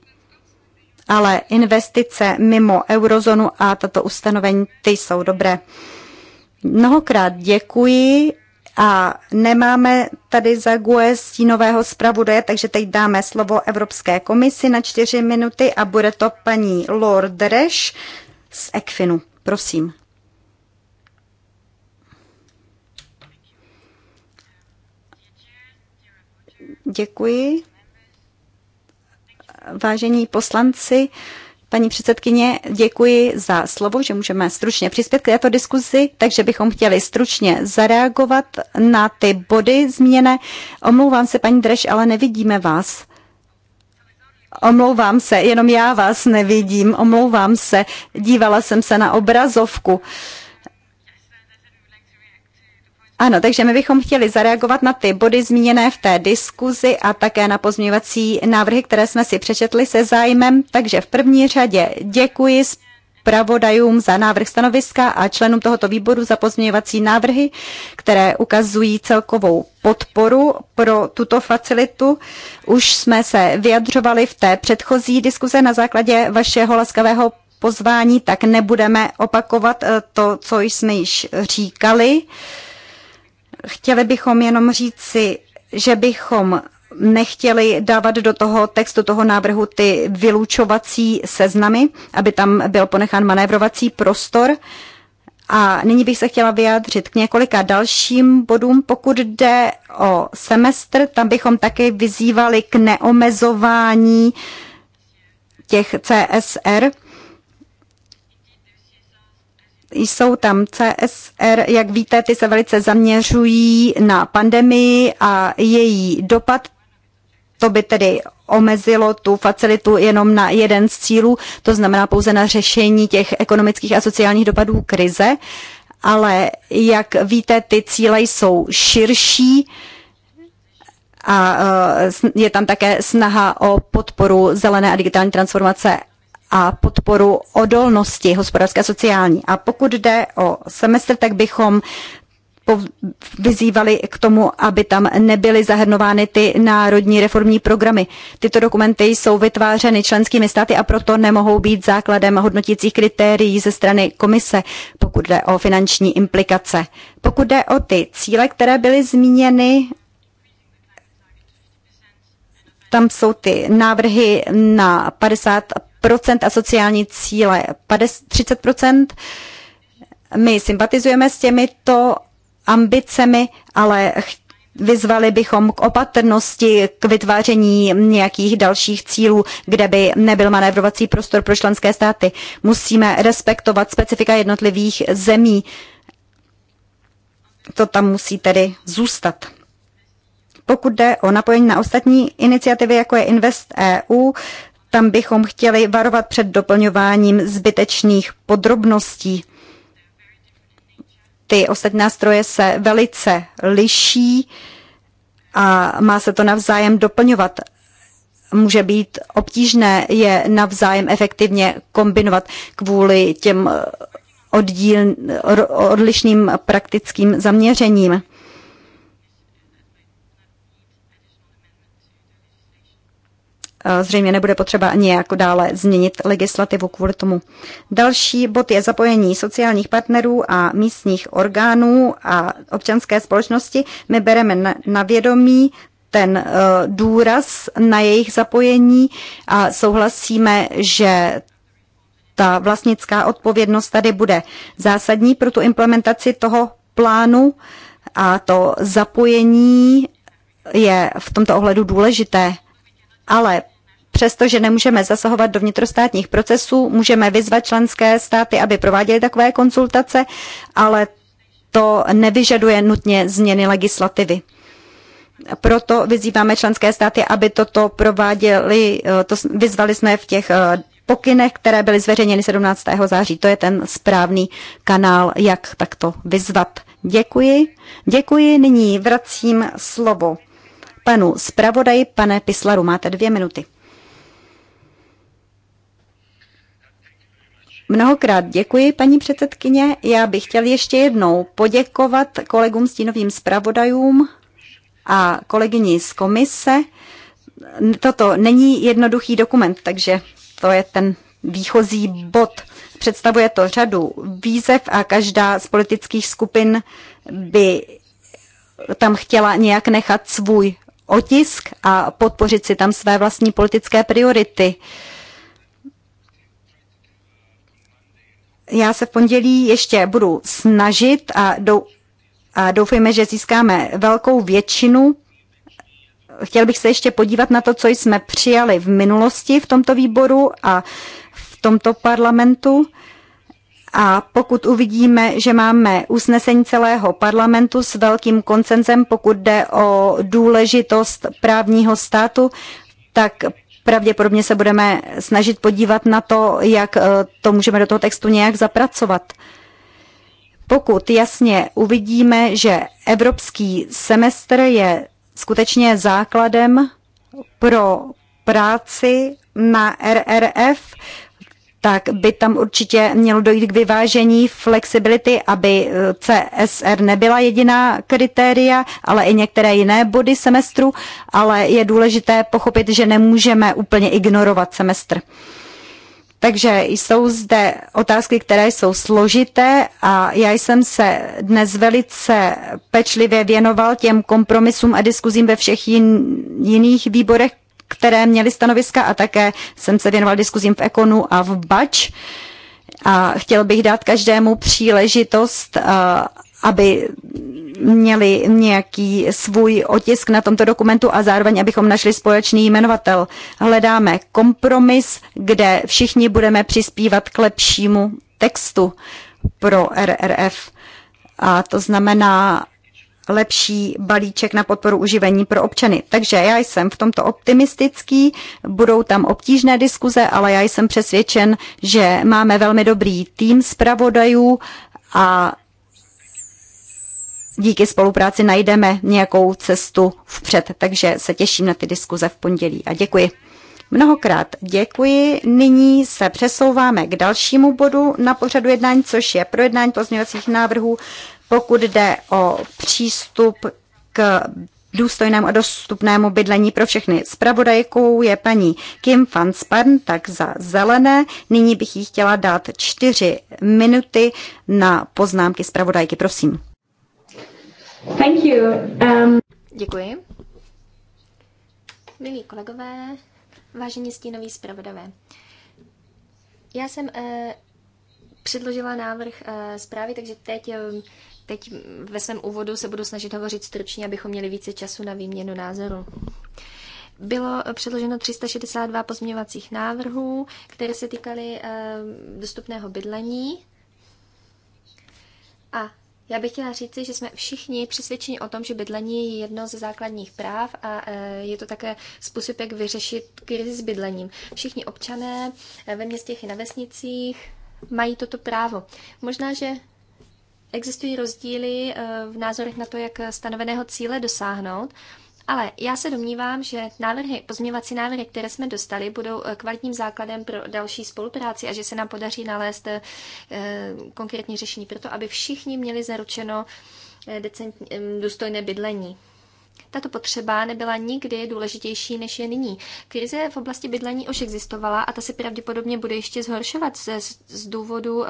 Ale investice mimo eurozonu a tato ustanovení, ty jsou dobré. Mnohokrát děkuji a nemáme tady za GUE stínového zpravodaje, takže teď dáme slovo Evropské komisi na čtyři minuty a bude to paní Lordereš z Ekfinu. Prosím. Děkuji. Vážení poslanci, uh, Paní předsedkyně, děkuji za slovo, že můžeme stručně přispět k této diskuzi, takže bychom chtěli stručně zareagovat na ty body změny. Omlouvám se, paní Dreš, ale nevidíme vás. Omlouvám se, jenom já vás nevidím, omlouvám se. Dívala jsem se na obrazovku. Uh, ano, takže my bychom chtěli zareagovat na ty body zmíněné v té diskuzi a také na pozměňovací návrhy, které jsme si přečetli se zájmem. Takže v první řadě děkuji zpravodajům za návrh stanoviska a členům tohoto výboru za pozměňovací návrhy, které ukazují celkovou podporu pro tuto facilitu. Už jsme se vyjadřovali v té předchozí diskuze na základě vašeho laskavého pozvání, tak nebudeme opakovat eh, to, co jsme již říkali. Uh, Chtěli bychom jenom říci, že bychom nechtěli dávat do toho textu toho návrhu ty vylučovací seznamy, aby tam byl ponechán manévrovací prostor. A nyní bych se chtěla vyjádřit k několika dalším bodům. Pokud jde o semestr, tam bychom také vyzývali k neomezování těch CSR jsou tam CSR, jak víte, ty se velice zaměřují na pandemii a její dopad. To by tedy omezilo tu facilitu jenom na jeden z cílů, to znamená pouze na řešení těch ekonomických a sociálních dopadů krize. Ale jak víte, ty cíle jsou širší a e, je tam také snaha o podporu zelené a digitální transformace a podporu odolnosti hospodářské a sociální. A pokud jde o semestr, tak bychom vyzývali k tomu, aby tam nebyly zahrnovány ty národní reformní programy. Tyto dokumenty jsou vytvářeny členskými státy a proto nemohou být základem hodnotících kritérií ze strany komise, pokud jde o finanční implikace. Pokud jde o ty cíle, které byly zmíněny, tam jsou ty návrhy na 50 a sociální cíle 30 My sympatizujeme s těmito ambicemi, ale Vyzvali bychom k opatrnosti, k vytváření nějakých dalších cílů, kde by nebyl manévrovací prostor pro členské státy. Musíme respektovat specifika jednotlivých zemí. To tam musí tedy zůstat. Pokud jde o napojení na ostatní iniciativy, jako je Invest EU, tam bychom chtěli varovat před doplňováním zbytečných podrobností. Ty ostatní nástroje se velice liší a má se to navzájem doplňovat. Může být obtížné je navzájem efektivně kombinovat kvůli těm oddíl, odlišným praktickým zaměřením. Eh, zřejmě nebude potřeba nějak dále změnit legislativu kvůli tomu. Další bod je zapojení sociálních partnerů a místních orgánů a občanské společnosti. My bereme na vědomí ten eh, důraz na jejich zapojení a souhlasíme, že ta vlastnická odpovědnost tady bude zásadní pro tu implementaci toho plánu a to zapojení je v tomto ohledu důležité. Ale Přestože nemůžeme zasahovat do vnitrostátních procesů, můžeme vyzvat členské státy, aby prováděly takové konzultace, ale to nevyžaduje nutně změny legislativy. Proto vyzýváme členské státy, aby toto prováděli, eh, to vyzvali jsme v těch eh, pokynech, které byly zveřejněny 17. září. To je ten správný kanál, jak takto vyzvat. Děkuji. Děkuji. Nyní vracím slovo panu zpravodaji. Pane Pislaru, máte dvě minuty. Mnohokrát děkuji, paní předsedkyně. Já bych chtěl ještě jednou poděkovat kolegům stínovým zpravodajům a kolegyni z komise. Toto není jednoduchý dokument, takže to je ten výchozí bod. Představuje to řadu výzev a každá z politických skupin by tam chtěla nějak nechat svůj otisk a podpořit si tam své vlastní politické priority. Uh, Já se v pondělí ještě budu snažit a, dou, a doufejme, že získáme velkou většinu. Chtěl bych se ještě podívat na to, co jsme přijali v minulosti v tomto výboru a v tomto parlamentu. A pokud uvidíme, že máme usnesení celého parlamentu s velkým koncenzem, pokud jde o důležitost právního státu, tak Pravděpodobně se budeme snažit podívat na to, jak eh, to můžeme do toho textu nějak zapracovat. Pokud jasně uvidíme, že evropský semestr je skutečně základem pro práci na RRF, tak by tam určitě mělo dojít k vyvážení flexibility, aby eh, CSR nebyla jediná kritéria, ale i některé jiné body semestru, ale je důležité pochopit, že nemůžeme úplně ignorovat semestr. Takže jsou zde otázky, které jsou složité a já jsem se dnes velice pečlivě věnoval těm kompromisům a diskuzím ve všech jin, jiných výborech, které měly stanoviska a také jsem se věnoval diskuzím v Ekonu a v Bač. A chtěl bych dát každému příležitost, eh, aby měli nějaký svůj otisk na tomto dokumentu a zároveň, abychom našli společný jmenovatel. Hledáme kompromis, kde všichni budeme přispívat k lepšímu textu pro RRF. A to znamená, lepší balíček na podporu uživení pro občany. Takže já jsem v tomto optimistický, budou tam obtížné diskuze, ale já jsem přesvědčen, že máme velmi dobrý tým zpravodajů a díky spolupráci najdeme nějakou cestu vpřed. Takže se těším na ty diskuze v pondělí a děkuji. Mnohokrát děkuji. Nyní se přesouváme k dalšímu bodu na pořadu jednání, což je projednání pozměňovacích návrhů pokud jde o přístup k důstojnému a dostupnému bydlení pro všechny. Spravodajkou je paní Kim van Sparn, tak za zelené. Nyní bych jí chtěla dát čtyři minuty na poznámky spravodajky. Prosím. Thank you. Um... Děkuji. Milí kolegové, vážení stínoví zpravodavé. já jsem uh, předložila návrh eh, zprávy, takže teď eh, Teď ve svém úvodu se budu snažit hovořit stručně, abychom měli více času na výměnu názoru. Bylo předloženo 362 pozměňovacích návrhů, které se týkaly eh, dostupného bydlení. A já bych chtěla říci, že jsme všichni přesvědčeni o tom, že bydlení je jedno ze základních práv a eh, je to také způsob, jak vyřešit krizi s bydlením. Všichni občané eh, ve městech i na vesnicích mají toto právo. Možná, že Existují rozdíly eh, v názorech na to, jak stanoveného cíle dosáhnout, ale já se domnívám, že návrhy, pozměňovací návrhy, které jsme dostali, budou eh, kvalitním základem pro další spolupráci a že se nám podaří nalézt eh, konkrétní řešení pro to, aby všichni měli zaručeno decentní, důstojné bydlení. Tato potřeba nebyla nikdy důležitější, než je nyní. Krize v oblasti bydlení už existovala a ta se pravděpodobně bude ještě zhoršovat z, z důvodu um,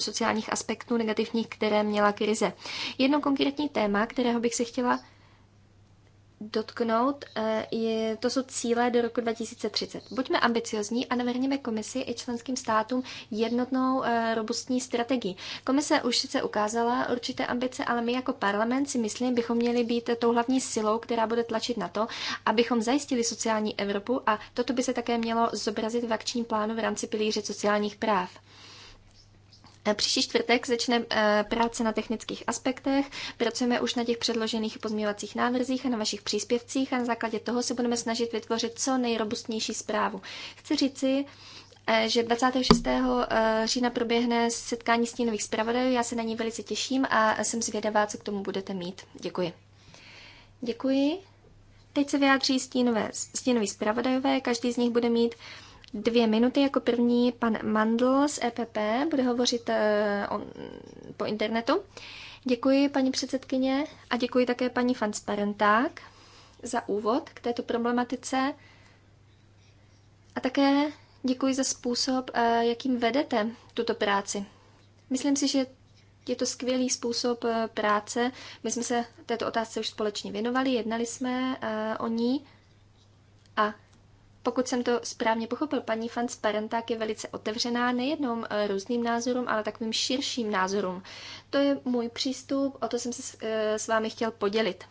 sociálních aspektů negativních, které měla krize. Jedno konkrétní téma, kterého bych se chtěla dotknout, eh, je, to jsou cíle do roku 2030. Buďme ambiciozní a navrhněme komisi i členským státům jednotnou eh, robustní strategii. Komise už sice ukázala určité ambice, ale my jako parlament si myslím, bychom měli být tou hlavní silou, která bude tlačit na to, abychom zajistili sociální Evropu a toto by se také mělo zobrazit v akčním plánu v rámci pilíře sociálních práv. E, příští čtvrtek začne e, práce na technických aspektech, pracujeme už na těch předložených pozměňovacích návrzích a na vašich příspěvcích a na základě toho se budeme snažit vytvořit co nejrobustnější zprávu. Chci říci, e, že 26. října proběhne setkání stínových zpravodajů, já se na ní velice těším a jsem zvědavá, co k tomu budete mít. Děkuji. Děkuji. Teď se vyjádří stínové, stínoví zpravodajové, každý z nich bude mít dvě minuty. Jako první pan Mandl z EPP bude hovořit eh, on, po internetu. Děkuji paní předsedkyně a děkuji také paní Fansparenták za úvod k této problematice a také děkuji za způsob, eh, jakým vedete tuto práci. Myslím si, že je to skvělý způsob eh, práce. My jsme se této otázce už společně věnovali, jednali jsme o ní a pokud jsem to správně pochopil, paní Fans Parenták je velice otevřená nejenom eh, různým názorům, ale takovým širším názorům. To je můj přístup, o to jsem se eh, s vámi chtěl podělit.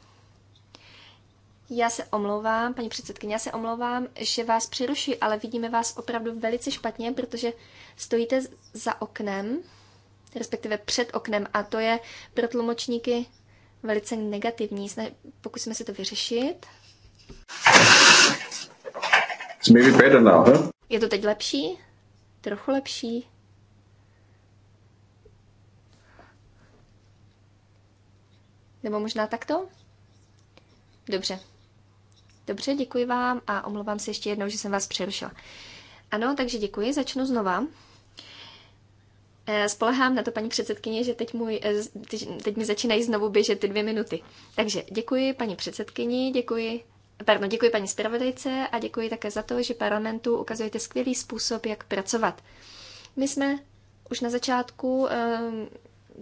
Já se omlouvám, paní předsedkyně, já se omlouvám, že vás přerušuji, ale vidíme vás opravdu velice špatně, protože stojíte za oknem, respektive před oknem, a to je pro tlumočníky velice negativní. Pokusíme se to vyřešit. It's maybe better now, huh? Je to teď lepší? Trochu lepší? Nebo možná takto? Dobře. Dobře, děkuji vám a omlouvám se ještě jednou, že jsem vás přerušila. Ano, takže děkuji, začnu znova. Eh, spolehám na to, paní předsedkyně, že teď, můj, eh, teď mi začínají znovu běžet ty dvě minuty. Takže děkuji paní předsedkyni, děkuji Pardon, děkuji paní zpravodajce a děkuji také za to, že parlamentu ukazujete skvělý způsob, jak pracovat. My jsme už na začátku eh,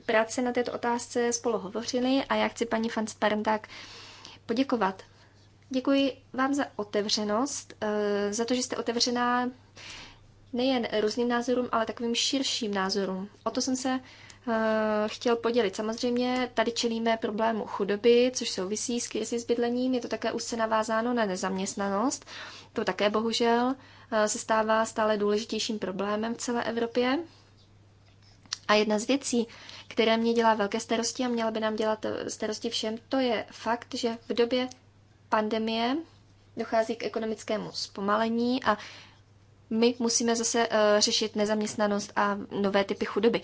práce na této otázce spolu hovořili a já chci paní Fans Parentak poděkovat. Děkuji vám za otevřenost, eh, za to, že jste otevřená nejen různým názorům, ale takovým širším názorům. O to jsem se Eh, chtěl podělit. Samozřejmě tady čelíme problému chudoby, což souvisí s krizi s bydlením. Je to také úzce navázáno na nezaměstnanost. To také bohužel eh, se stává stále důležitějším problémem v celé Evropě. A jedna z věcí, které mě dělá velké starosti a měla by nám dělat eh, starosti všem, to je fakt, že v době pandemie dochází k ekonomickému zpomalení a my musíme zase řešit nezaměstnanost a nové typy chudoby.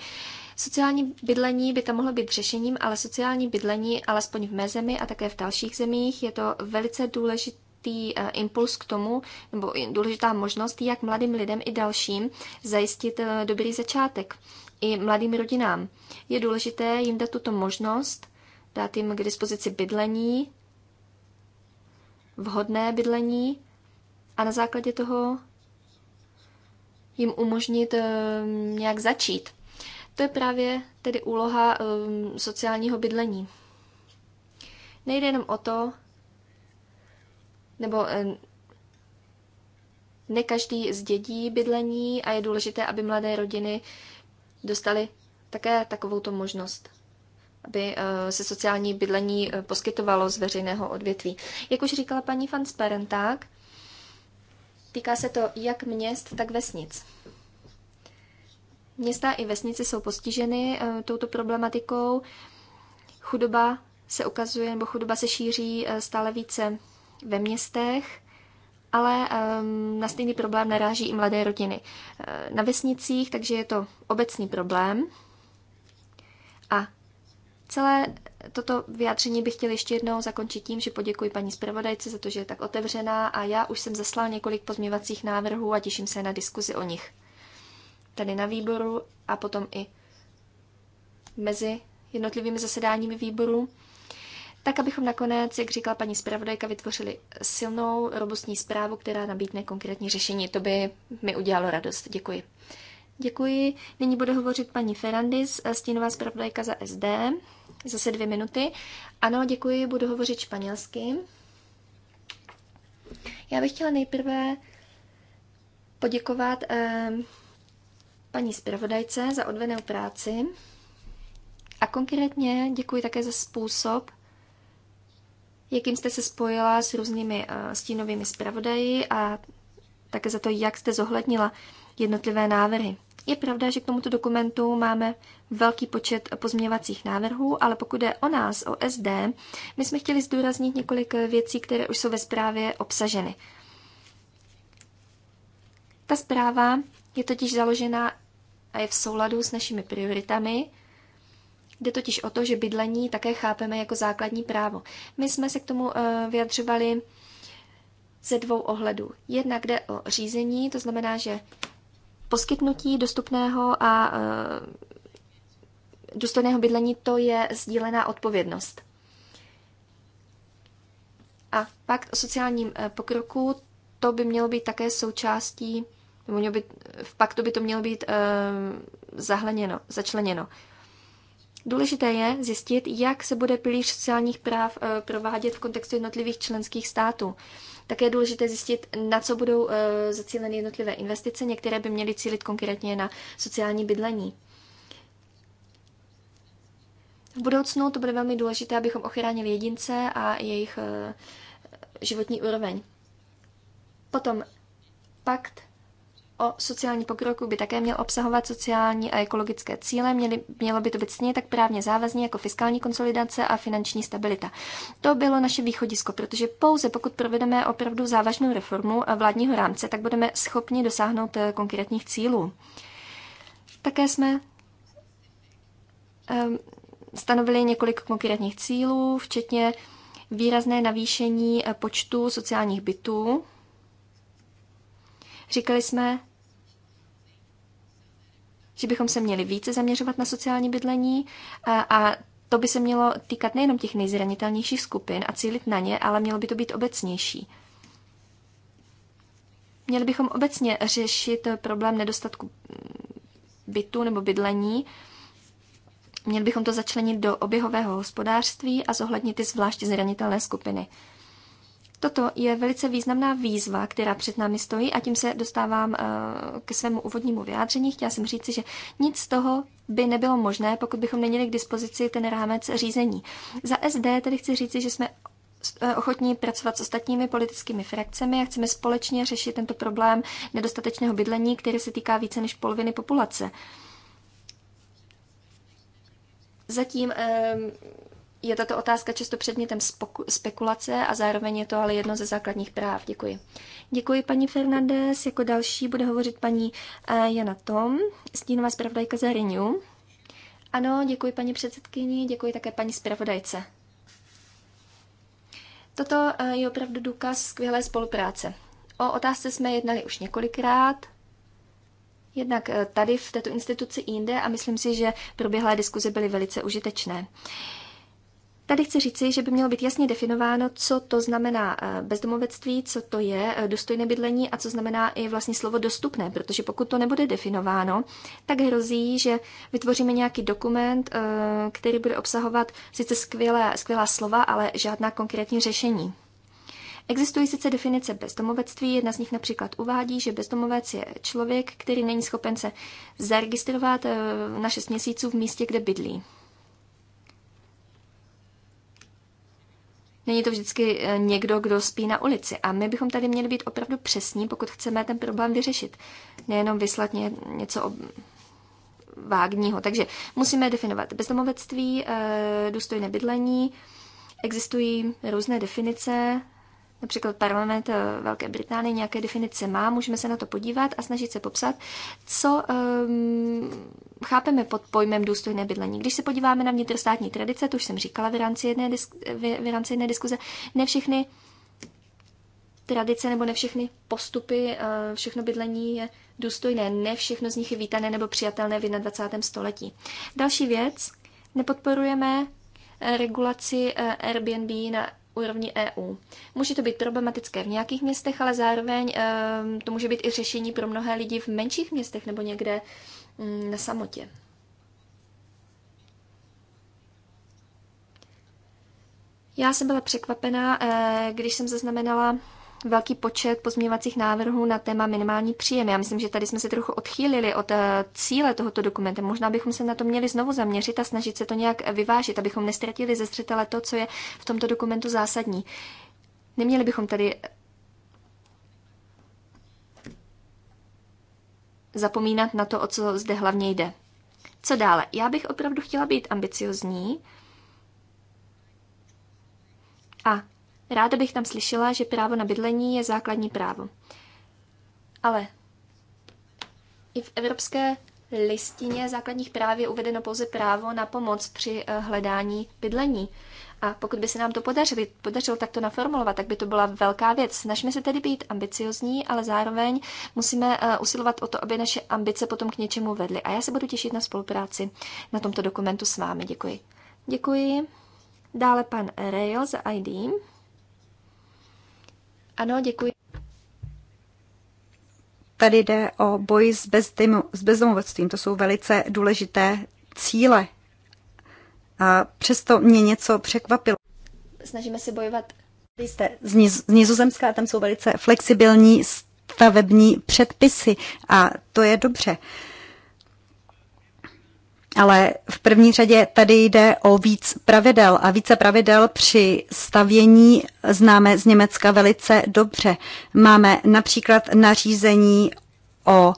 Sociální bydlení by tam mohlo být řešením, ale sociální bydlení, alespoň v mé zemi a také v dalších zemích, je to velice důležitý eh, impuls k tomu, nebo důležitá možnost, jak mladým lidem i dalším zajistit eh, dobrý začátek i mladým rodinám. Je důležité jim dát tuto možnost, dát jim k dispozici bydlení, vhodné bydlení a na základě toho jim umožnit eh, nějak začít. To je právě tedy úloha um, sociálního bydlení. Nejde jenom o to, nebo um, ne každý zdědí bydlení a je důležité, aby mladé rodiny dostaly také to možnost aby eh, se sociální bydlení eh, poskytovalo z veřejného odvětví. Jak už říkala paní van týká se to jak měst, tak vesnic. Města i vesnice jsou postiženy eh, touto problematikou. Chudoba se ukazuje, nebo chudoba se šíří eh, stále více ve městech, ale ehm, na stejný problém naráží i mladé rodiny. Eh, na vesnicích, takže je to obecný problém. A celé toto vyjádření bych chtěla ještě jednou zakončit tím, že poděkuji paní zpravodajce za to, že je tak otevřená a já už jsem zaslal několik pozměvacích návrhů a těším se na diskuzi o nich tedy na výboru a potom i mezi jednotlivými zasedáními výboru, tak abychom nakonec, jak říkala paní zpravodajka, vytvořili silnou, robustní zprávu, která nabídne konkrétní řešení. To by mi udělalo radost. Děkuji. Děkuji. Nyní bude hovořit paní Ferrandis, stínová zpravodajka za SD, zase dvě minuty. Ano, děkuji, budu hovořit španělsky. Já bych chtěla nejprve poděkovat eh, paní zpravodajce za odvedenou práci a konkrétně děkuji také za způsob, jakým jste se spojila s různými eh, stínovými zpravodaji a také za to, jak jste zohlednila jednotlivé návrhy. Je pravda, že k tomuto dokumentu máme velký počet pozměňovacích návrhů, ale pokud je o nás, o SD, my jsme chtěli zdůraznit několik věcí, které už jsou ve zprávě obsaženy. Ta zpráva je totiž založena a je v souladu s našimi prioritami. Jde totiž o to, že bydlení také chápeme jako základní právo. My jsme se k tomu eh, vyjadřovali ze dvou ohledů. Jednak jde o řízení, to znamená, že poskytnutí dostupného a eh, důstojného bydlení to je sdílená odpovědnost. A pak o sociálním eh, pokroku to by mělo být také součástí nebo by, v paktu by to mělo být uh, zahleněno, začleněno. Důležité je zjistit, jak se bude pilíř sociálních práv uh, provádět v kontextu jednotlivých členských států. Také je důležité zjistit, na co budou uh, zacíleny jednotlivé investice. Některé by měly cílit konkrétně na sociální bydlení. V budoucnu to bude velmi důležité, abychom ochránili jedince a jejich životní úroveň. Potom pakt o sociální pokroku by také měl obsahovat sociální a ekologické cíle, Měli, mělo by to být stejně tak právně závazné jako fiskální konsolidace a finanční stabilita. To bylo naše východisko, protože pouze pokud provedeme opravdu závažnou reformu vládního rámce, tak budeme schopni dosáhnout eh, konkrétních cílů. Také jsme ehm, stanovili několik konkrétních cílů, včetně výrazné navýšení eh, počtu sociálních bytů Říkali jsme, že bychom se měli více zaměřovat na sociální bydlení a, a to by se mělo týkat nejenom těch nejzranitelnějších skupin a cílit na ně, ale mělo by to být obecnější. Měli bychom obecně řešit problém nedostatku bytu nebo bydlení. Měli bychom to začlenit do oběhového hospodářství a zohlednit ty zvláště zranitelné skupiny. Toto je velice významná výzva, která před námi stojí a tím se dostávám eh, ke svému úvodnímu vyjádření. Chtěla jsem říci, že nic z toho by nebylo možné, pokud bychom neměli k dispozici ten rámec řízení. Za SD tedy chci říci, že jsme eh, ochotní pracovat s ostatními politickými frakcemi a chceme společně řešit tento problém nedostatečného bydlení, který se týká více než poloviny populace. Zatím eh, je tato otázka často předmětem spekulace a zároveň je to ale jedno ze základních práv. Děkuji. Děkuji paní Fernandez. Jako další bude hovořit paní eh, Jana Tom, stínová zpravodajka za Renew. Ano, děkuji paní předsedkyni, děkuji také paní zpravodajce. Toto eh, je opravdu důkaz skvělé spolupráce. O otázce jsme jednali už několikrát, jednak eh, tady v této instituci jinde a myslím si, že proběhlé diskuze byly velice užitečné. Tady chci říci, že by mělo být jasně definováno, co to znamená eh, bezdomovectví, co to je eh, důstojné bydlení a co znamená i vlastně slovo dostupné, protože pokud to nebude definováno, tak hrozí, že vytvoříme nějaký dokument, eh, který bude obsahovat sice skvělé, skvělá slova, ale žádná konkrétní řešení. Existují sice definice bezdomovectví, jedna z nich například uvádí, že bezdomovec je člověk, který není schopen se zaregistrovat na 6 měsíců v místě, kde bydlí. Není to vždycky eh, někdo, kdo spí na ulici. A my bychom tady měli být opravdu přesní, pokud chceme ten problém vyřešit. Nejenom vyslat ně, něco ob... vágního. Takže musíme definovat bezdomovectví, eh, důstojné bydlení. Existují různé definice například parlament eh, Velké Británie nějaké definice má, můžeme se na to podívat a snažit se popsat, co um, chápeme pod pojmem důstojné bydlení. Když se podíváme na vnitrostátní tradice, to už jsem říkala v rámci jedné, disk- v rámci jedné diskuze, ne všechny tradice nebo ne všechny postupy, eh, všechno bydlení je důstojné, ne všechno z nich je vítané nebo přijatelné v 21. století. Další věc, nepodporujeme regulaci eh, Airbnb na úrovni EU. Může to být problematické v nějakých městech, ale zároveň ehm, to může být i řešení pro mnohé lidi v menších městech nebo někde mm, na samotě. Já jsem byla překvapená, eh, když jsem zaznamenala velký počet pozměňovacích návrhů na téma minimální příjem. Já myslím, že tady jsme se trochu odchýlili od eh, cíle tohoto dokumentu. Možná bychom se na to měli znovu zaměřit a snažit se to nějak vyvážit, abychom nestratili ze zřetele to, co je v tomto dokumentu zásadní. Neměli bychom tady zapomínat na to, o co zde hlavně jde. Co dále? Já bych opravdu chtěla být ambiciozní a Ráda bych tam slyšela, že právo na bydlení je základní právo. Ale i v Evropské listině základních práv je uvedeno pouze právo na pomoc při eh, hledání bydlení. A pokud by se nám to podařilo, podařilo takto naformulovat, tak by to byla velká věc. Snažíme se tedy být ambiciozní, ale zároveň musíme eh, usilovat o to, aby naše ambice potom k něčemu vedly. A já se budu těšit na spolupráci na tomto dokumentu s vámi. Děkuji. Děkuji. Dále pan Rail za ID. Ano, děkuji. Tady jde o boj s, bezdymu, s bezdomovectvím. To jsou velice důležité cíle. A přesto mě něco překvapilo. Snažíme se bojovat. Vy jste z, Niz- z Nizozemska, tam jsou velice flexibilní stavební předpisy a to je dobře. Uh, ale v první řadě tady jde o víc pravidel a více pravidel při stavění známe z Německa velice dobře. Máme například nařízení o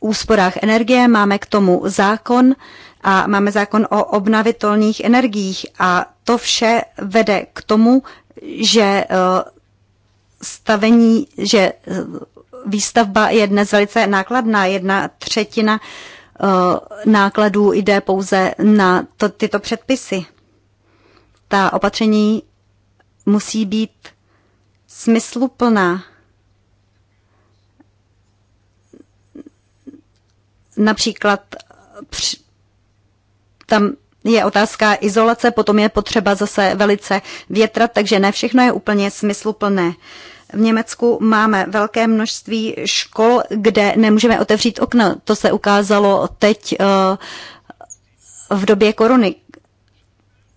úsporách energie, máme k tomu zákon a máme zákon o obnovitelných energiích a to vše vede k tomu, že eh, stavení, že eh, výstavba je dnes velice nákladná, jedna třetina Eh, nákladů jde pouze na to, tyto předpisy. Ta opatření musí být smysluplná. Například tam je otázka izolace, potom je potřeba zase velice větrat, takže ne všechno je úplně smysluplné. Uh, v Německu máme velké množství škol, kde nemůžeme otevřít okna. To se ukázalo teď eh, v době korony.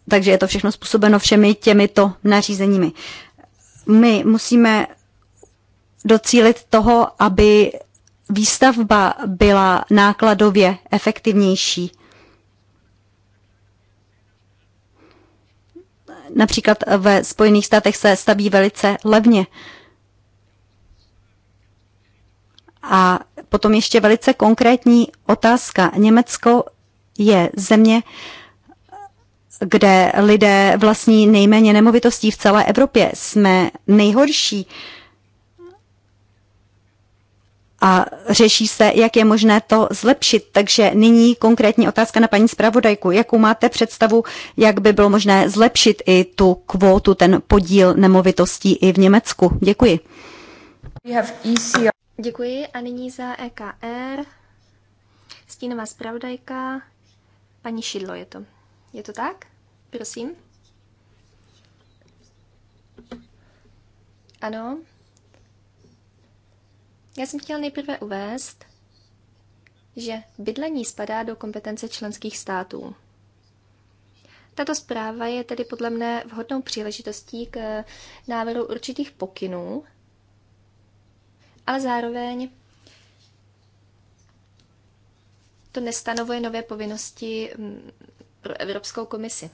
Takže je to všechno způsobeno všemi těmito nařízeními. My musíme docílit toho, aby výstavba byla nákladově efektivnější. Například ve Spojených státech se staví velice levně. Uh, a potom ještě velice konkrétní otázka. Německo je země, kde lidé vlastní nejméně nemovitostí v celé Evropě. Jsme nejhorší. A řeší se, jak je možné to zlepšit. Takže nyní konkrétní otázka na paní zpravodajku. Jakou máte představu, jak by bylo možné zlepšit i tu kvótu, ten podíl nemovitostí i v Německu? Děkuji. E Děkuji a nyní za EKR. Stínová zpravodajka, paní Šidlo je to. Je to tak? Prosím. Ano. Já jsem chtěla nejprve uvést, že bydlení spadá do kompetence členských států. Tato zpráva je tedy podle mne vhodnou příležitostí k eh, návrhu určitých pokynů, ale zároveň to nestanovuje nové povinnosti mm, pro Evropskou komisi.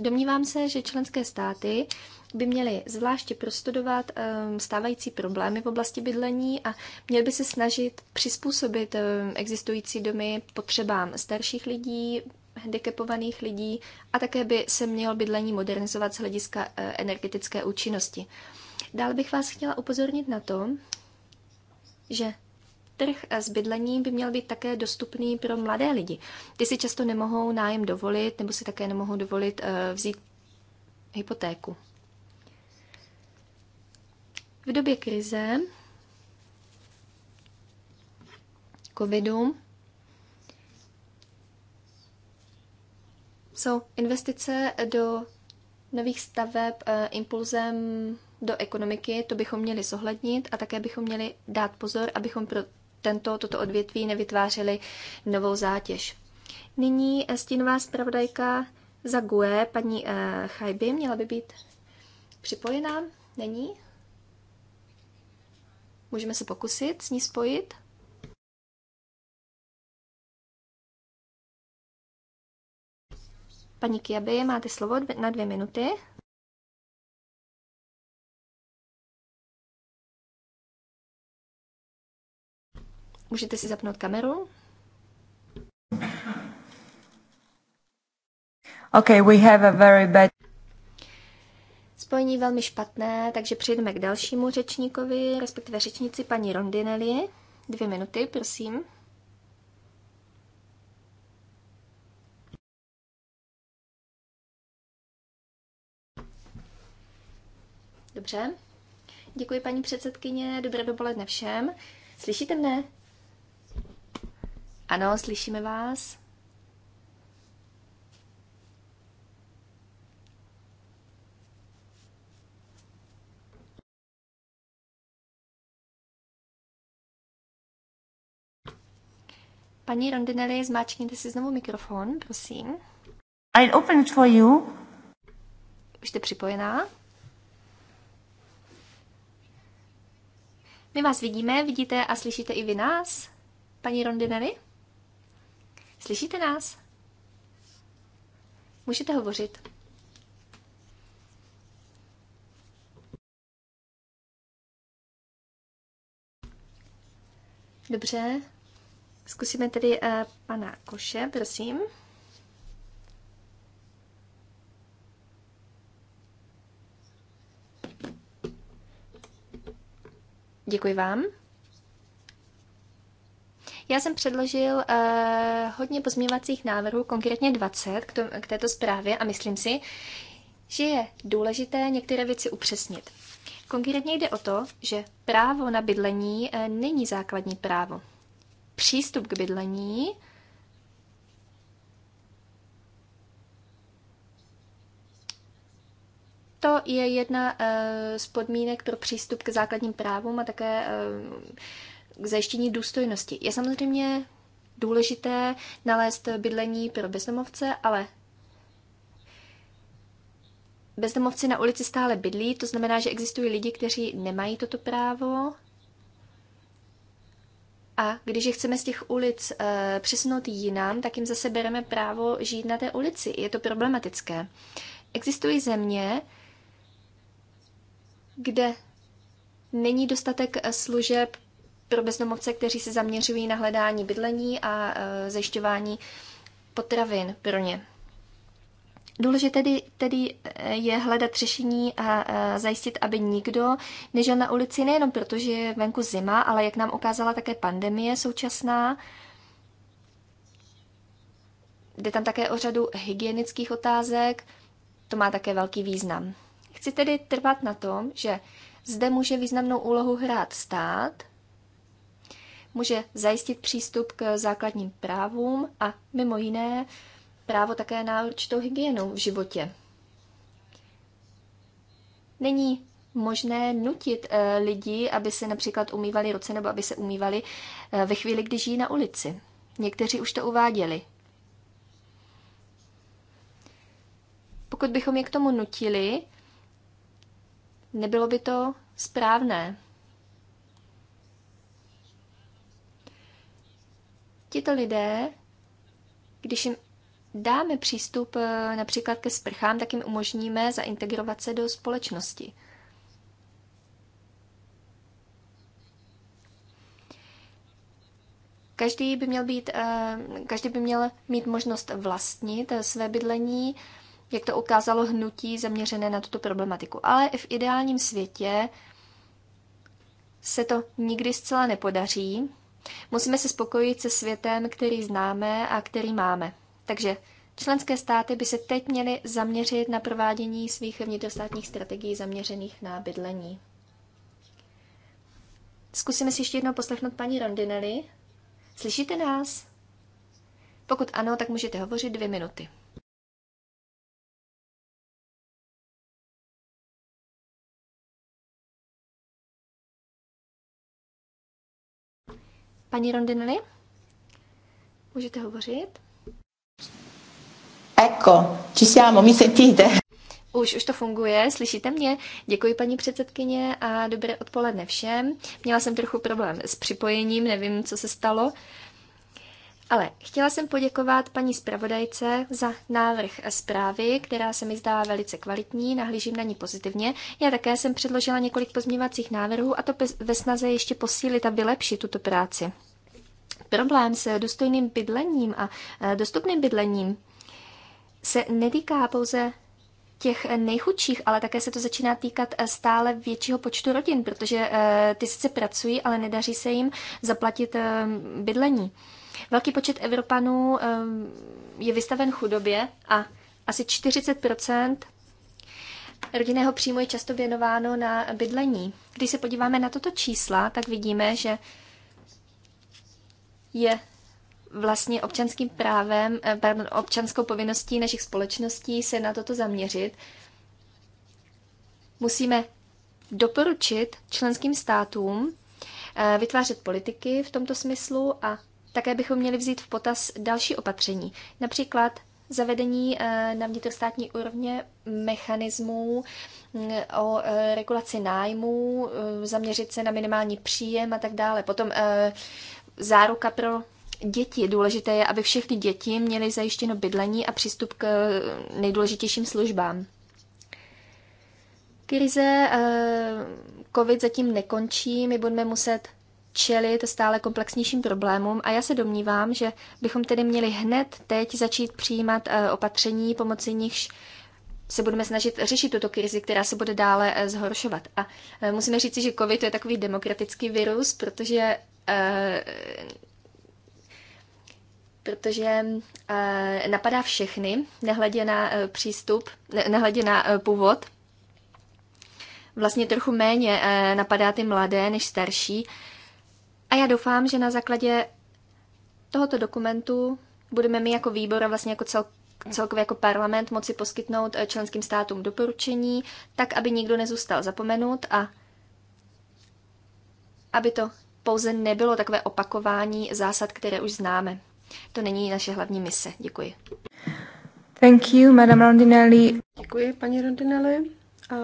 Domnívám se, že členské státy by měly zvláště prostudovat ehm, stávající problémy v oblasti bydlení a měly by se snažit přizpůsobit ehm, existující domy potřebám starších lidí, handicapovaných lidí a také by se mělo bydlení modernizovat z hlediska eh, energetické účinnosti. Dále bych vás chtěla upozornit na to, že trh s bydlením by měl být také dostupný pro mladé lidi. Ty si často nemohou nájem dovolit, nebo si také nemohou dovolit eh, vzít hypotéku. V době krize covidu jsou investice do nových staveb eh, impulzem do ekonomiky, to bychom měli zohlednit a také bychom měli dát pozor, abychom pro tento, toto odvětví nevytvářeli novou zátěž. Nyní eh, stínová zpravodajka za GUE, paní uh, Chajby, měla by být připojená? Není? Můžeme se pokusit s ní spojit? Paní Kiaby, máte slovo na dvě minuty. Můžete si zapnout kameru. Okay, we have a very bad... Spojení velmi špatné, takže přejdeme k dalšímu řečníkovi, respektive řečnici paní Rondinelli. Dvě minuty, prosím. Dobře. Děkuji, paní předsedkyně. Dobré dopoledne všem. Slyšíte mne? Ano, slyšíme vás. Paní Rondinelli, zmáčkněte si znovu mikrofon, prosím. I'll open it for you. Už jste připojená? My vás vidíme, vidíte a slyšíte i vy nás, paní Rondinelli? Slyšíte nás? Můžete hovořit. Dobře, zkusíme tedy uh, pana Koše, prosím. Děkuji vám. Já jsem předložil uh, hodně pozměňovacích návrhů, konkrétně 20 k, to, k této zprávě a myslím si, že je důležité některé věci upřesnit. Konkrétně jde o to, že právo na bydlení eh, není základní právo. Přístup k bydlení to je jedna eh, z podmínek pro přístup k základním právům a také k zajištění důstojnosti. Je samozřejmě důležité nalézt bydlení pro bezdomovce, ale bezdomovci na ulici stále bydlí, to znamená, že existují lidi, kteří nemají toto právo. A když je chceme z těch ulic e, přesunout jinam, tak jim zase bereme právo žít na té ulici. Je to problematické. Existují země, kde není dostatek eh, služeb pro bezdomovce, kteří se zaměřují na hledání bydlení a e, zajišťování potravin pro ně. Důležité tedy, tedy e, je hledat řešení a e, zajistit, aby nikdo nežil na ulici nejenom proto, že je venku zima, ale jak nám ukázala také pandemie současná. Jde tam také o řadu hygienických otázek, to má také velký význam. Chci tedy trvat na tom, že zde může významnou úlohu hrát stát, může zajistit přístup k základním právům a mimo jiné právo také na určitou hygienu v životě. Není možné nutit eh, lidi, aby se například umývali ruce nebo aby se umývali eh, ve chvíli, kdy žijí na ulici. Někteří už to uváděli. Pokud bychom je k tomu nutili, nebylo by to správné. Tito lidé, když jim dáme přístup eh, například ke sprchám, tak jim umožníme zaintegrovat se do společnosti. Každý by měl, být, eh, každý by měl mít možnost vlastnit eh, své bydlení, jak to ukázalo hnutí zaměřené na tuto problematiku. Ale v ideálním světě se to nikdy zcela nepodaří, Musíme se spokojit se světem, který známe a který máme. Takže členské státy by se teď měly zaměřit na provádění svých vnitrostátních strategií zaměřených na bydlení. Zkusíme si ještě jednou poslechnout paní Rondinelli. Slyšíte nás? Pokud ano, tak můžete hovořit dvě minuty. Paní Rondinelli, můžete hovořit? Ecco, ci siamo, mi sentite? Už, už to funguje, slyšíte mě? Děkuji paní předsedkyně a dobré odpoledne všem. Měla jsem trochu problém s připojením, nevím, co se stalo. Ale chtěla jsem poděkovat paní zpravodajce za návrh zprávy, která se mi zdá velice kvalitní, nahlížím na ní pozitivně. Já také jsem předložila několik pozměňovacích návrhů a to ve snaze ještě posílit a vylepšit tuto práci. Problém s důstojným bydlením a e, dostupným bydlením se netýká pouze těch nejchudších, ale také se to začíná týkat e, stále většího počtu rodin, protože e, ty sice pracují, ale nedaří se jim zaplatit bydlení. Velký počet Evropanů je vystaven chudobě a asi 40 rodinného příjmu je často věnováno na bydlení. Když se podíváme na toto čísla, tak vidíme, že je vlastně občanským právem, eh, pardon, občanskou povinností našich společností se na toto zaměřit. Musíme doporučit členským státům eh, vytvářet politiky v tomto smyslu a také bychom měli vzít v potaz další opatření, například zavedení eh, na vnitrostátní úrovně mechanismů mm, o eh, regulaci nájmů, eh, zaměřit se na minimální příjem a tak dále. Potom záruka pro děti. Důležité je, aby všechny děti měly zajištěno bydlení a přístup k nejdůležitějším službám. Krize COVID zatím nekončí, my budeme muset čelit stále komplexnějším problémům a já se domnívám, že bychom tedy měli hned teď začít přijímat eh, opatření, pomocí nichž se budeme snažit řešit tuto krizi, která se bude dále eh, zhoršovat. A eh, musíme říci, že COVID je takový demokratický virus, protože protože napadá všechny, nehledě na přístup, nehledě na původ. Vlastně trochu méně napadá ty mladé než starší, a já doufám, že na základě tohoto dokumentu budeme my jako výbor a vlastně jako cel, celkově jako parlament moci poskytnout eh, členským státům doporučení, tak aby nikdo nezůstal zapomenut a aby to pouze nebylo takové opakování zásad, které už známe. To není naše hlavní mise. Děkuji. Thank you, Madam Rondinelli. Děkuji, paní Rondinelli. A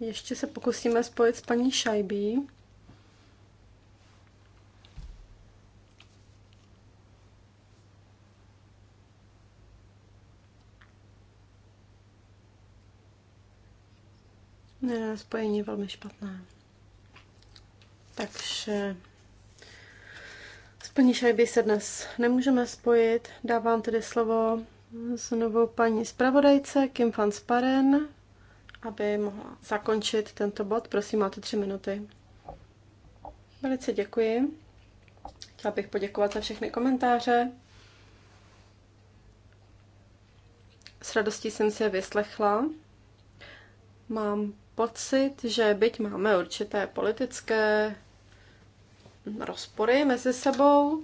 ještě se pokusíme spojit s paní Šajbí. Ne, spojení je velmi špatné. Takže s paní Šajby se dnes nemůžeme spojit. Dávám tedy slovo znovu paní zpravodajce Kim van Sparen, aby mohla zakončit tento bod. Prosím, máte tři minuty. Velice děkuji. Chtěla bych poděkovat za všechny komentáře. S radostí jsem si je vyslechla. Mám pocit, že byť máme určité politické rozpory mezi sebou,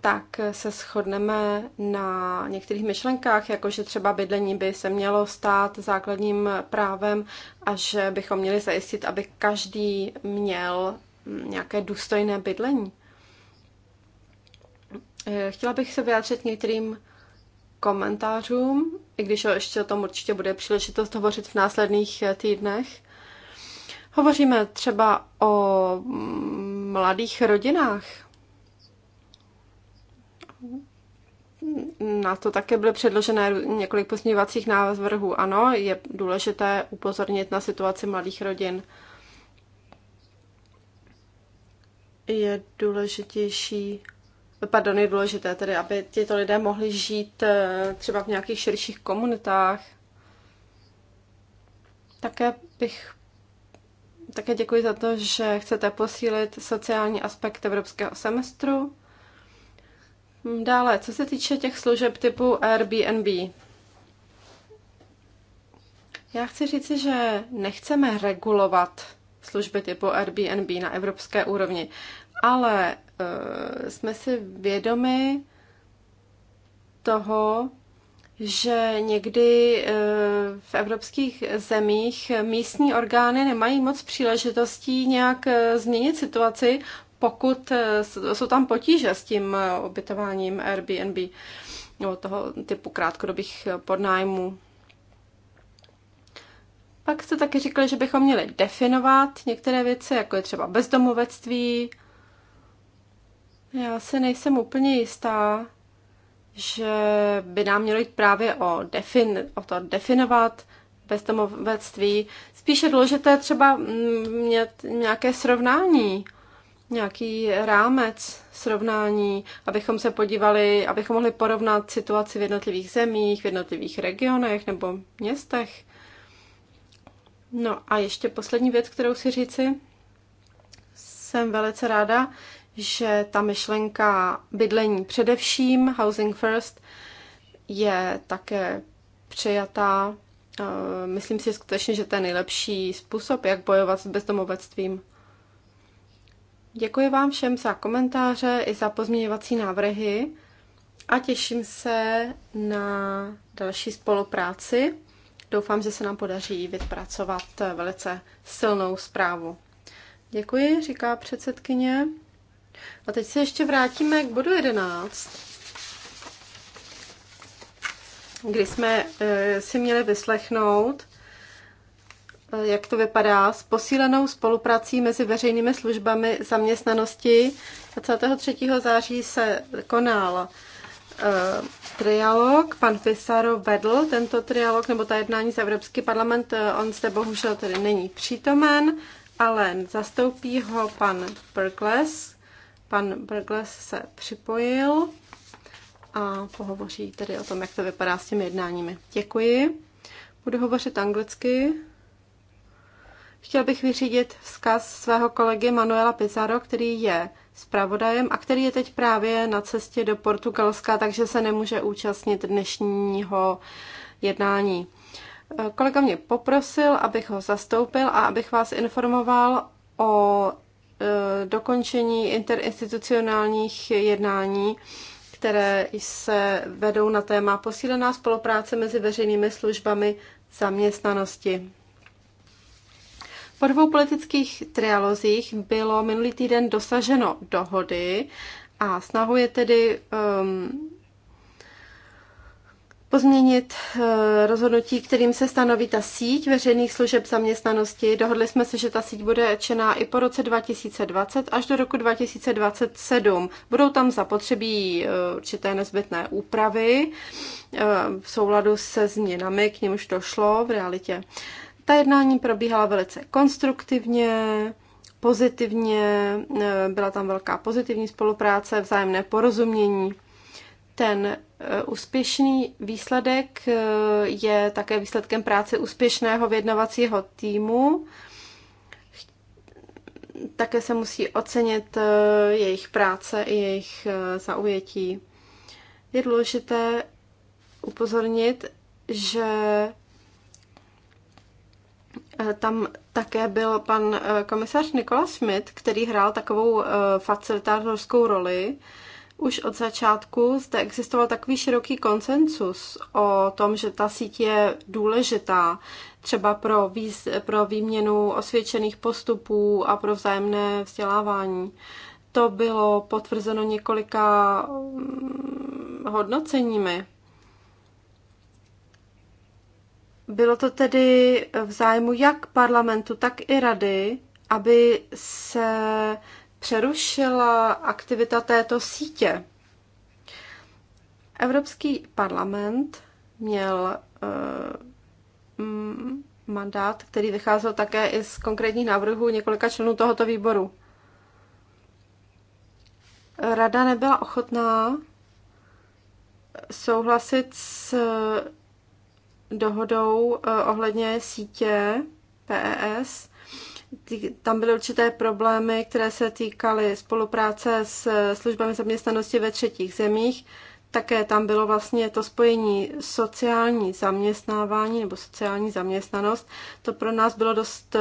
tak se shodneme na některých myšlenkách, jako že třeba bydlení by se mělo stát základním právem a že bychom měli zajistit, aby každý měl nějaké důstojné bydlení. Eh, chtěla bych se vyjádřit některým komentářům, i když ještě o tom určitě bude příležitost hovořit v následných eh, týdnech. Hovoříme třeba o mm, mladých rodinách. Na to také bylo předložené několik pozměňovacích návrhů. Ano, je důležité upozornit na situaci mladých rodin. Je důležitější pardon, je důležité tedy, aby tyto lidé mohli žít eh, třeba v nějakých širších komunitách. Také bych také děkuji za to, že chcete posílit sociální aspekt evropského semestru. Dále, co se týče těch služeb typu Airbnb. Já chci říci, že nechceme regulovat služby typu Airbnb na evropské úrovni, ale Eh, jsme si vědomi toho, že někdy eh, v evropských zemích místní orgány nemají moc příležitostí nějak eh, změnit situaci, pokud jsou tam potíže s tím obytováním Airbnb nebo toho typu krátkodobých podnájmů. Pak jste taky říkali, že bychom měli definovat některé věci, jako je třeba bezdomovectví, já se nejsem úplně jistá, že by nám mělo jít právě o, defin, o to definovat bezdomovectví. Spíše důležité třeba mm, mět nějaké srovnání, nějaký rámec srovnání, abychom se podívali, abychom mohli porovnat situaci v jednotlivých zemích, v jednotlivých regionech nebo městech. No a ještě poslední věc, kterou si říci. Jsem velice ráda, že ta myšlenka bydlení především, housing first, je také přijatá. Eh, myslím si skutečně, že to je nejlepší způsob, jak bojovat s bezdomovectvím. Děkuji vám všem za komentáře i za pozměňovací návrhy a těším se na další spolupráci. Doufám, že se nám podaří vypracovat velice silnou zprávu. Děkuji, říká předsedkyně. A teď se ještě vrátíme k bodu 11, kdy jsme eh, si měli vyslechnout, eh, jak to vypadá s posílenou spoluprací mezi veřejnými službami zaměstnanosti. 23. září se konal eh, trialog. Pan Pisaro vedl tento trialog nebo ta jednání z Evropský parlament. On zde bohužel tedy není přítomen, ale zastoupí ho pan Perkles, Pan Brgles se připojil a pohovoří tedy o tom, jak to vypadá s těmi jednáními. Děkuji. Budu hovořit anglicky. Chtěl bych vyřídit vzkaz svého kolegy Manuela Pizarro, který je zpravodajem a který je teď právě na cestě do Portugalska, takže se nemůže účastnit dnešního jednání. Kolega mě poprosil, abych ho zastoupil a abych vás informoval o Eh, dokončení interinstitucionálních jednání, které se vedou na téma posílená spolupráce mezi veřejnými službami zaměstnanosti. Po dvou politických trialozích bylo minulý týden dosaženo dohody a snahu je tedy um, pozměnit eh, rozhodnutí, kterým se stanoví ta síť veřejných služeb zaměstnanosti. Dohodli jsme se, že ta síť bude čená i po roce 2020 až do roku 2027. Budou tam zapotřebí eh, určité nezbytné úpravy eh, v souladu se změnami, k nimž došlo v realitě. Ta jednání probíhala velice konstruktivně, pozitivně, byla tam velká pozitivní spolupráce, vzájemné porozumění ten eh, úspěšný výsledek eh, je také výsledkem práce úspěšného vyjednavacího týmu. Také se musí ocenit eh, jejich práce i jejich zaujetí. Je důležité upozornit, že tam také byl pan komisař Nikola Schmidt, který hrál takovou facilitátorskou roli, už od začátku zde existoval takový široký konsensus o tom, že ta síť je důležitá třeba pro, výz, pro výměnu osvědčených postupů a pro vzájemné vzdělávání. To bylo potvrzeno několika mm, hodnoceními. Bylo to tedy v zájmu jak parlamentu, tak i rady, aby se přerušila aktivita této sítě. Evropský parlament měl eh, mandát, který vycházel také i z konkrétních návrhů několika členů tohoto výboru. Rada nebyla ochotná souhlasit s eh, dohodou eh, ohledně sítě PES, tam byly určité problémy, které se týkaly spolupráce s službami zaměstnanosti ve třetích zemích. Také tam bylo vlastně to spojení sociální zaměstnávání nebo sociální zaměstnanost. To pro nás bylo dost eh,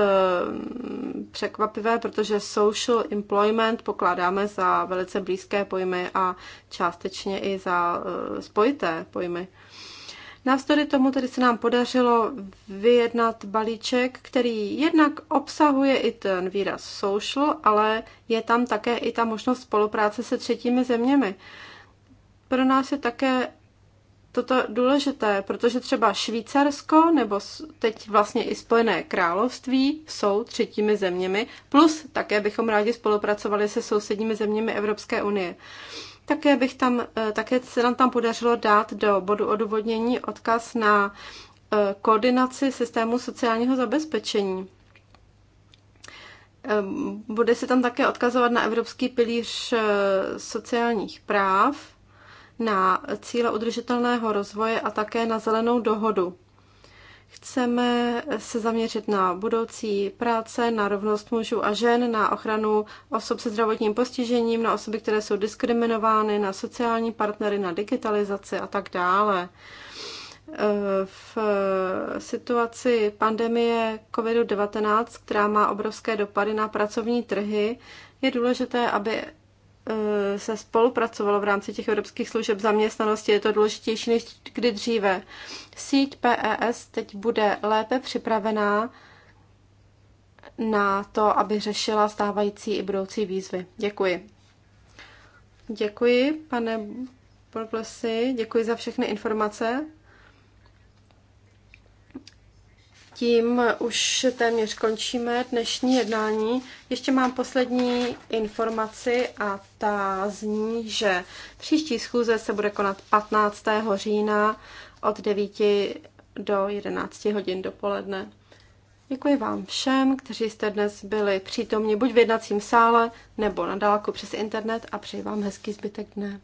překvapivé, protože social employment pokládáme za velice blízké pojmy a částečně i za eh, spojité pojmy. Navzdory tomu tedy se nám podařilo vyjednat balíček, který jednak obsahuje i ten výraz social, ale je tam také i ta možnost spolupráce se třetími zeměmi. Pro nás je také toto důležité, protože třeba Švýcarsko nebo teď vlastně i Spojené království jsou třetími zeměmi, plus také bychom rádi spolupracovali se sousedními zeměmi Evropské unie. Také bych tam, eh, také se nám tam podařilo dát do bodu odůvodnění odkaz na eh, koordinaci systému sociálního zabezpečení. Eh, bude se tam také odkazovat na Evropský pilíř sociálních práv, na cíle udržitelného rozvoje a také na zelenou dohodu. Chceme se zaměřit na budoucí práce, na rovnost mužů a žen, na ochranu osob se zdravotním postižením, na osoby, které jsou diskriminovány, na sociální partnery, na digitalizaci a tak dále. V situaci pandemie COVID-19, která má obrovské dopady na pracovní trhy, je důležité, aby Eh, se spolupracovalo v rámci těch evropských služeb zaměstnanosti, je to důležitější než kdy dříve. Síť PES teď bude lépe připravená na to, aby řešila stávající i budoucí výzvy. Děkuji. Děkuji, pane Polplesi, děkuji za všechny informace. tím už téměř končíme dnešní jednání. Ještě mám poslední informaci a ta zní, že příští schůze se bude konat 15. října od 9 do 11 hodin dopoledne. Děkuji vám všem, kteří jste dnes byli přítomni buď v jednacím sále nebo na dálku přes internet a přeji vám hezký zbytek dne.